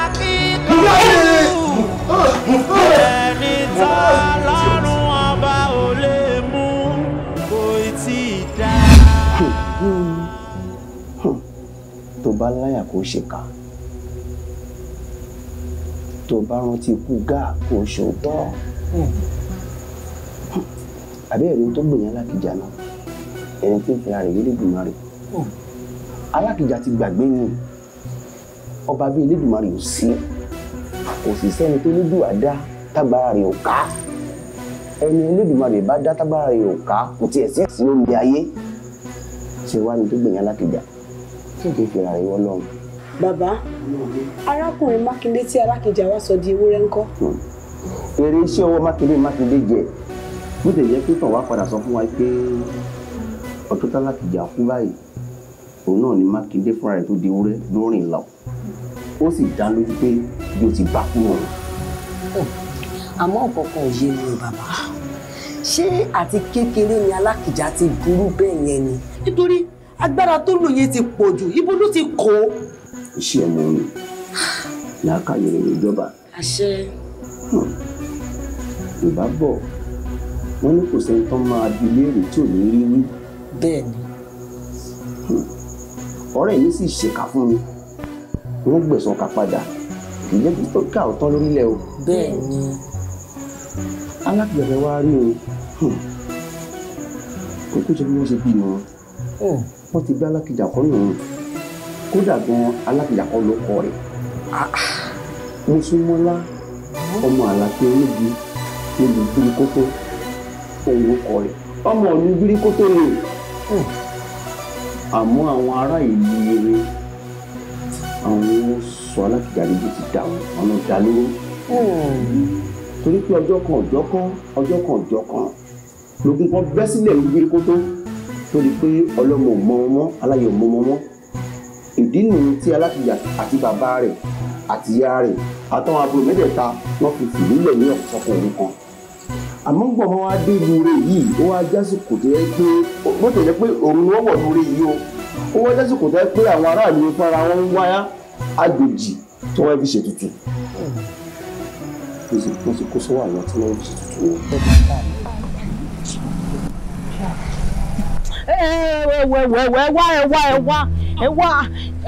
ẹni tá lọ́rùn ọba ò lè mú kò tí ì dá. tó bá láyà kó ṣèkà tó bá rántí ikú gáà kó ṣòótọ́ àbí ẹ̀rí tó gbìyànjú alákìjà náà ẹni tó ń fẹ́ rẹ̀ yéé dùnmọ́ alákìjà ti gbàgbé ni ọba bíi elédùnmarè ò sí kò sì sẹ́ni tó nídùú àdá tágbára rẹ̀ ò ká ẹni Elédùmarè bá dá tágbára rẹ̀ ò ká kò tiẹ̀ sí ìsìn omi ayé ṣe wá ní tó gbìyànjú alákìjà tí kò fi ràrí wọ́n lọ́rùn. bàbá arákùnrin mákindé tí alákìjà wá sọ di ewúrẹ́ ńkọ́. Hmm. èrè iṣẹ́ ọwọ́ mákindé mákindé jẹ bó ti yẹ pípọ̀ wá padà sọ fún wa pé ọdún tálákìjà kú báyìí òun náà ni mákindé fúnra rẹ̀ tó di ewúrẹ́ ló rìn ó sì dá lójú pé yóò ti gbà kúrò. Hmm. àmọ́ ọ̀kọ̀ọ̀kan ò yé mi o bàbá ṣé àti kékeré ni alákìjà ti burú bẹ́ẹ̀ yẹn ni. nítorí agbára tó lò yẹn ti pọ̀ jù ibo ló ti kó. iṣẹ́ ọmọ mi làákàyè rẹ̀ ìjọba. àṣẹ. Hmm. yorùbá bọ̀ wọ́n ní kò sẹ́ni tán máa bi léèrè tí ò ní rí wí. bẹ́ẹ̀ ni. Hmm. ọ̀rẹ́ mi sì ṣèkà fún mi wọ́n gbẹ̀sán ká padà ìyẹn tó kà ó tán lórílẹ̀ o. bẹ́ẹ̀ ni. alágbẹ̀rẹ̀ wa rí o hmm. kò tó ṣe bí wọ́n ṣe bí wọn wọ́n ti gbé alákìjà kan nù kódà gan alákìjà kan ló kọ rẹ̀ ah. mùsùlùmọ́lá ọmọ àlàfin olóògbé níbi birikoto òun ló kọ rẹ̀ ọmọ ọ̀nù birikoto ni àmọ́ àwọn ará ìlú eré àwọn sọ alákìyàlejò ti dà wọ́n wọn ló dá lóró.
Hmm.
torí pé ọjọ́ kan ọjọ́ kan ọjọ́ kan ọjọ́ kan lókun kan bẹ́ sílẹ̀ lóbìnrin kó tó torí pé ọlọ́mọ ò mọ wọn aláyọ̀ mọ wọn ìdí nìyí tí alákìyà àti bàbá rẹ̀ àti ìyá rẹ̀ àtàwọn àbúrò mẹ́tẹ̀ẹ̀ta wọ́n fi fìlúlẹ̀ ní ọ̀sọ̀kùnrin kan àmọ́ gbọ̀n wọn á lure yìí ó wá jásìkò tó yẹ pé bó tẹ̀lé pé òun ni wọ́n wọ̀ lure yìí o ó wá jásìkò tó yẹ pé àwọn aráàlú fara wọn ń wáyá àjòjì tí wọ́n fi ṣètùtù kó sì kó sówó àwọn tí wọ́n fi ṣètùtù wọn. ẹwà ẹwà ẹwà ẹwà ẹwà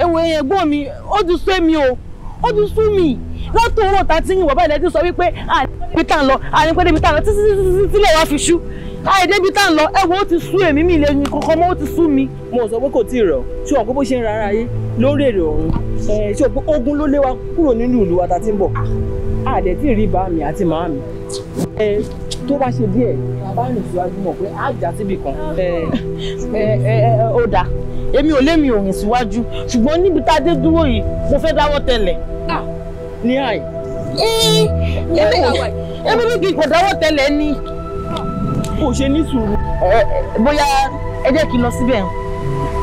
ẹwà ẹ̀gbọ́n mi ó ti sún mi o ó ti sún mi látòwò tá a ti yìnbọn báyìí lẹ́tí sọ wípé àìpé tá à ń lọ àìpé débi tá à ń lọ títí títí tílẹ̀ wá fi ṣú àìdébi tá à ń lọ ẹ̀wọ̀ ó ti sú èmi mi lè kọ́kọ́ mọ́ ó ti sú mi. mo sọ pé kò tí ì rọ̀ ṣùgbọ́n kó bó ṣe ń rárá yé lórí èrè ọ̀hún ṣé o pé ogun ló lé wa kúrò nínú ìlú wa ta ti ń bọ̀ àdẹ̀ tí ì rí bá mi àti màá mi tó bá ṣe díẹ̀ bá rìn síwájú mọ̀ pé àjà síbì kan ó dáa èmi ò lémi ò rìn síwájú ṣùgbọ́n níbi tá a dé dúró yìí mo fẹ́ dáwọ́ tẹ̀lẹ̀ ah. ní àì. èmi ní kí n kò dáwọ́ tẹ̀lẹ̀ ni. Ah. kò ṣe ní sùúrù. bóyá ẹ jẹ́ kí n lọ síbẹ̀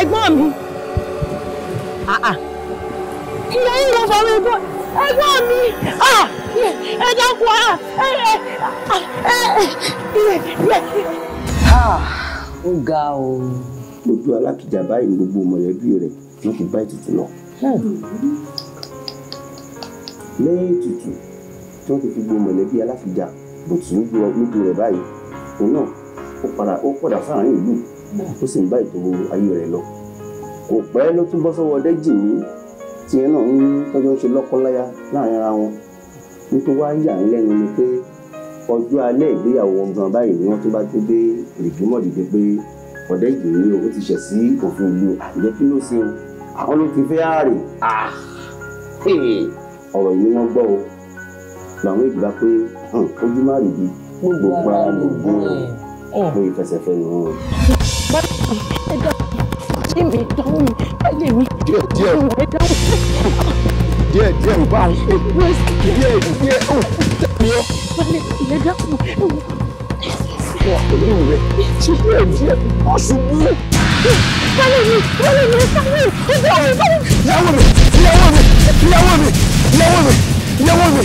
ẹ̀gbọ́n mi
ìyá yìí lọ sọ̀rọ̀ ẹ̀gbọ́n ẹ̀gbọ́n mi ẹ dákun á
ó ga o. lójú alákìjà báyìí gbogbo mọ̀lẹ́bí rẹ̀ ló ti bá ètùtù lọ. lẹ́yìn ètùtù tí wọ́n ti fi gbé mọ̀lẹ́bí aláfíjà bòtú níbi rẹ̀ báyìí òun náà ó padà ó padà sáàárín ìlú ó sì ń bá ètò ayé rẹ̀ lọ kò pẹ́ ló tún bọ́ sọ́wọ́ Ọdẹ́jìmí tiẹ̀ náà ń tọ́jú ń ṣe lọ́kọ́láya láàrin ara wọn nítorí wá yà ń lẹ́nu ni pé ọjọ́ alẹ́ ìgbéyàwó ọgbọ̀n báyìí ni wọ́n tún bá tún dé rìgímọ̀ dìde pé Ọdẹ́jìmí o ó ti ṣẹ̀ sí òfin ìlú àjẹ́ kí ló ṣe o àwọn ló ti fẹ́ àárẹ̀ ah! ọ̀rọ̀ yìí wọ́n gbọ́ o làwọn ìgbà pé ojú má rí bi gbogbo para ló fún ìfẹsẹ̀fẹ́ nù. ẹ díẹ̀ díẹ̀ ẹ bá wọn ṣe díẹ̀
díẹ̀ ó ṣubú. balẹ̀ mi balẹ̀ mi balẹ̀ mi balẹ̀ mi. ìyàwó mi ìyàwó mi ìyàwó mi.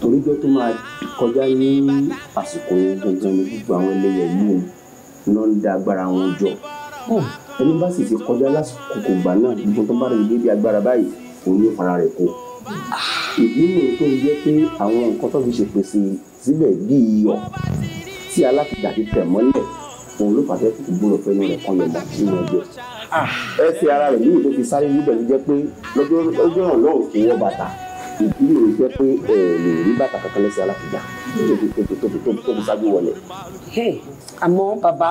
toríjọ́ tó máa kọjá ní àsìkò yẹn gangan ni gbogbo àwọn ẹlẹ́yẹ yìí náà ń da agbára wọn jọ hmm. ẹni bá sì ti kọjá lásìkò kò gbà náà gbogbo tó bá rẹ̀ débi agbára báyìí òun yóò fara rẹ̀ kó ìdí nìyẹn tó ń jẹ́ pé àwọn nǹkan tó fi ṣe pèsè síbẹ̀ bíi iyọ̀ tí alákìjà ti tẹ̀ mọ́lẹ̀ òun ló fàṣẹ kò gbúdọ̀ fẹ́ yẹn rẹ̀ kan yẹn mọ́ nínú ọjọ́ ẹsẹ̀ ara rẹ̀ níbi tó fi sáré níbẹ̀ ló jẹ́ pé lọ́jọ́ ọ̀hún lọ́hùn kò wọ bàtà ìdílé rẹ̀ jẹ́ pé ẹ lè rí bàtà kankan lẹ́sẹ̀ alákìjà tóbi tóbi tóbi tóbi tóbi ṣáájú wọlé. àmọ́ bàbá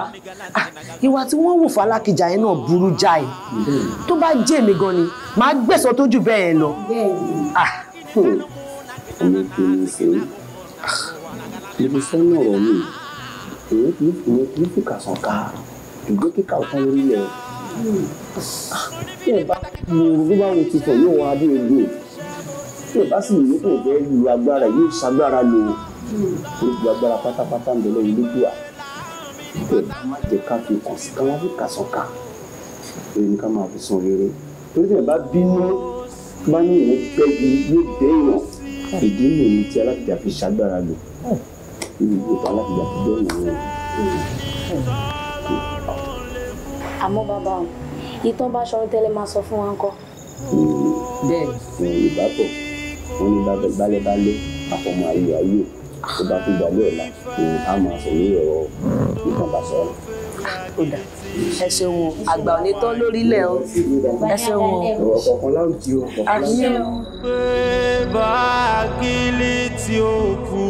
ìwà tí wọ́n wò fún alákìjà yẹn náà burú jáì tó bá jẹ́ èmi gan ni màá gbẹ̀sọ̀ tó jù bẹ́ẹ̀ lọ. ọmọ hmm. ìpinnu ṣe ibi sẹ́nu ọ̀rọ̀ mi èyí kì í fi yẹn kì í fi kà sàn ká ìgbé kíkà ọ̀tán lórí ẹ̀ bí ẹ bá mo rú bá wo ti sọ yóò wá bí egbò tí o bá sì ní kò fẹ́ lu agbára yóò ṣagbára lò ó ó lu agbára pátápátá ń bẹ̀rẹ̀ olódùà bẹ́ẹ̀ ká má jẹ́ ká fi kàn sí ká má fi kà sọ́ka èyí ni ká máa fi san rere torí tí o bá bínú bá ní ìwọ bẹ́gi yóò bẹ́ èèyàn ìdí nìyí tí alákìjà fi ṣagbára lò nínú ìgbésẹ̀ alákìjà fi bẹ́ èèyàn àmọ́ bàbá ìtàn bá ṣọ̀rọ̀ tẹ́lẹ̀ máa sọ fún wa ńkọ́. bẹ́ẹ̀ ni ìbátọ̀ wọn ní balẹ̀ balẹ̀ àfọmọ ayé ayé tó bá tó gbalẹ̀ ọ̀la èyí á máa sọ ní ọ̀rọ̀ ìkànnì sọ̀rọ̀. ó ẹ ṣeun àgbà ò ní tán lórílẹ̀ o ẹ ṣeun o. ọ̀kọ̀ọ̀kan láwùjọ ọ̀kọ̀ọ̀kan láwùjọ. pé bá a kílí tí ó kú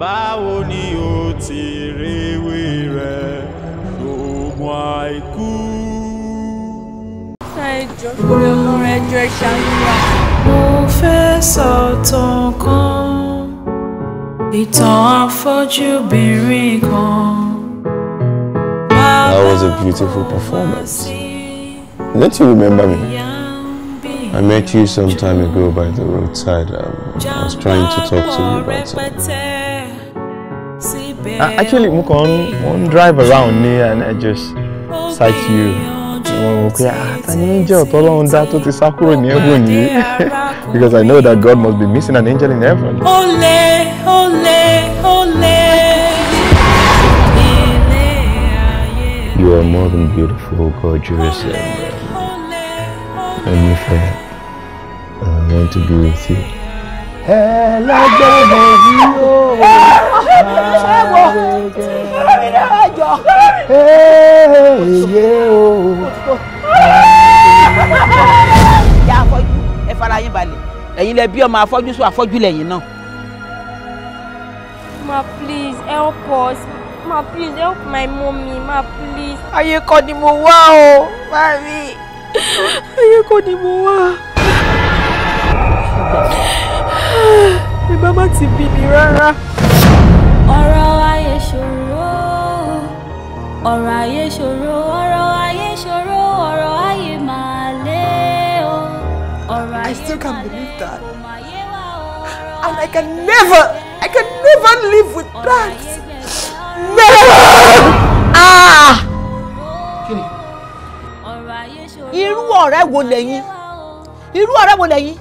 báwo ni o ti rewé rẹ lóògùn àìkú.
ṣáà ẹjọ́ lórí ọmọ rẹ jọ ẹ
ṣàlùwà fẹ́ sọ̀tàn kan ìtàn àfọ́júbìnrin kan. That was a beautiful performance. Don't you remember me? I met you some time ago by the roadside. Um, I was trying to talk to you about something. Uh, actually, mo kàn ń drive around here and I just sight you. Mo rò pé àtàníjẹ́ ah, ọ̀tọ́ lọ́run dá tó ti sá kúrò ní [laughs] because I know that God must be missing an angel in heaven.
Ole, ole, ole. You are more than beautiful, God, Jerusalem. And if I, I want to be with you. oh.
fara yín balẹ̀ ẹ̀yin lẹ bí ọmọ afọ́jú sọ afọ́jú lẹ́yìn náà. ma please help us ma please help my mommy ma please. ayé kọ́ ni mo wá o mami ayé kọ́ ni mo wá. ẹ bá má ti bí mi rárá. ọ̀rọ̀ ayé ṣòro ọ̀rọ̀ ayé ṣòro ọ̀rọ̀ ayé ṣòro. I still can't believe that. And I can never, I can never live with that. Never! Ah! Kí
ni? Irú ọ̀rẹ́ wo lẹ́yìn?
Irú ọ̀rẹ́ wo lẹ́yìn?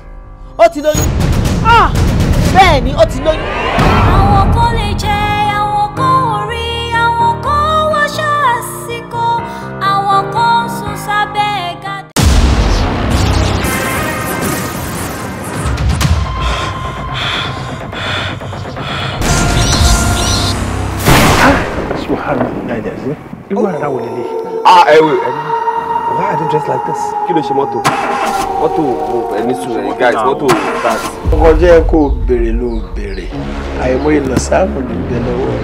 Ó ti lóyún. Ah! Bẹ́ẹ̀ ni, ti lóyún. Àwọn
kò lè jẹ́.
irú àrà wò lélẹ̀. ẹ wò ẹ ní. why are they dressed like this. kí ló ṣe mọ́tò mọ́tò ẹni sùn ẹ̀yìn guys mọ́tò that. ọkọ jẹ́ kó o béèrè ló o béèrè àìmọ̀ ìlọ̀sáàmù ló ń bẹ to? rẹ̀.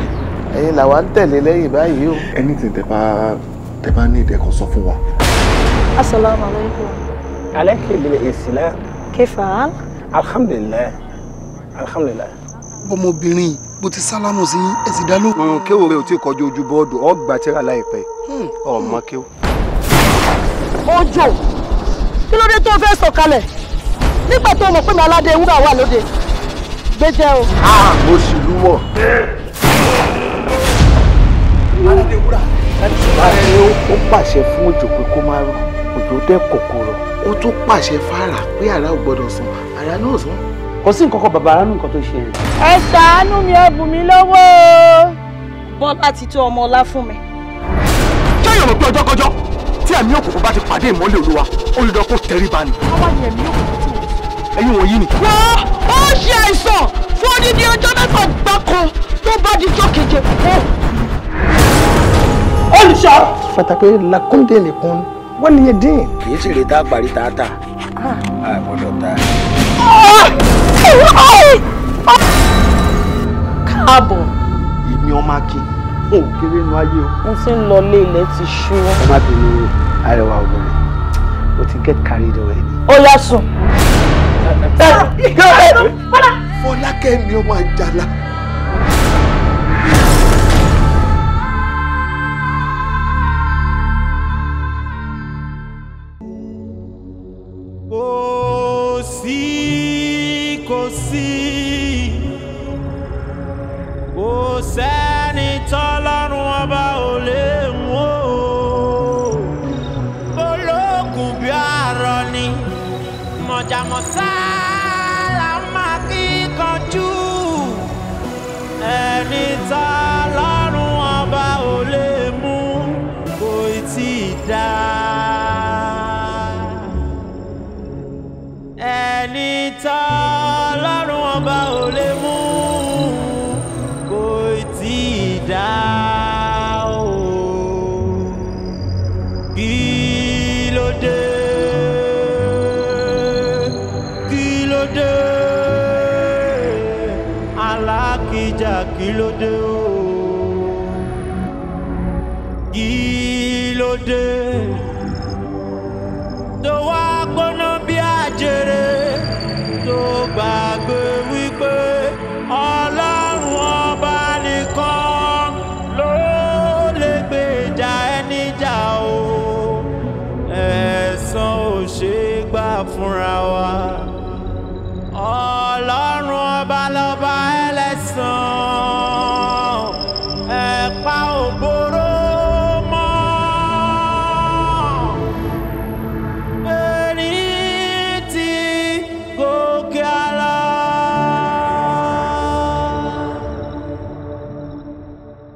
ẹ̀yin làwa ń tẹ̀lé lẹ́yìn báyìí o. anything tẹ bá tẹ bá ní ìdẹ́kọ̀ sọ fún wa.
asalaamu alaykum.
aleke bil islam. kefaal. alhamdulilayi alhamdulilayi. ọmọbìnrin yìí mo ti sálámù sí ẹ sì mm, kéwò rẹ ò tí kọjú ojú bọ́ọ̀dù ọ gbà tíra hmm. ọmọ kéwò. ojo kí ló dé tó fẹ́ sọ̀kalẹ̀ nígbà tó mọ̀ pé mi aládé ewúrà wà lóde gbé jẹ́ o. Ah, mo sì lú wọ̀. aládé ewúrà láti ṣe ó pàṣẹ fún òjò pé kó má rọ òjò dẹ́ kòkòrò ó tún pàṣẹ fáàrà pé àrà ò gbọ́dọ̀ sùn àrà náà sùn kò sí nǹkan kan bàbá aránú nǹkan tó ṣe rẹ̀. ẹ ṣàánú mi ẹ bù mí lówó. bọ́lá ti tó ọmọ ọlá fún mi. kéèyàn mọ̀ pé ọjọ́ kọjọ́ tí ẹ̀mí òkùnkùn bá ti pàdé ìmọ́lẹ̀ olúwa olùdókòó tẹríba ni. ọwọ́ ni ẹ̀mí òkùnkùn ti wọ̀. ẹ̀yin wọ̀nyí ni. wọ́n ó ṣe àìsàn fún odidi ọjọ́ mẹ́fà gbáko tó bá di jọ́ keje. olùṣọ́. pàtàkì lakúndé nìkan wọ́n ní yẹn dín. kì í sì lè tá a tààtà. Ah. a gbọ́dọ̀ káàbọ̀. ìmí ọmọ akin ò kéré inú ayé o. mo ti ń lọ lé ilẹ̀ ti ṣú. ọmọ abìnrin arẹwà obìnrin o ti get carried away. ó yá sùn. Ah, ah, ah. fọlákẹ́ mi ọmọ àjàlá.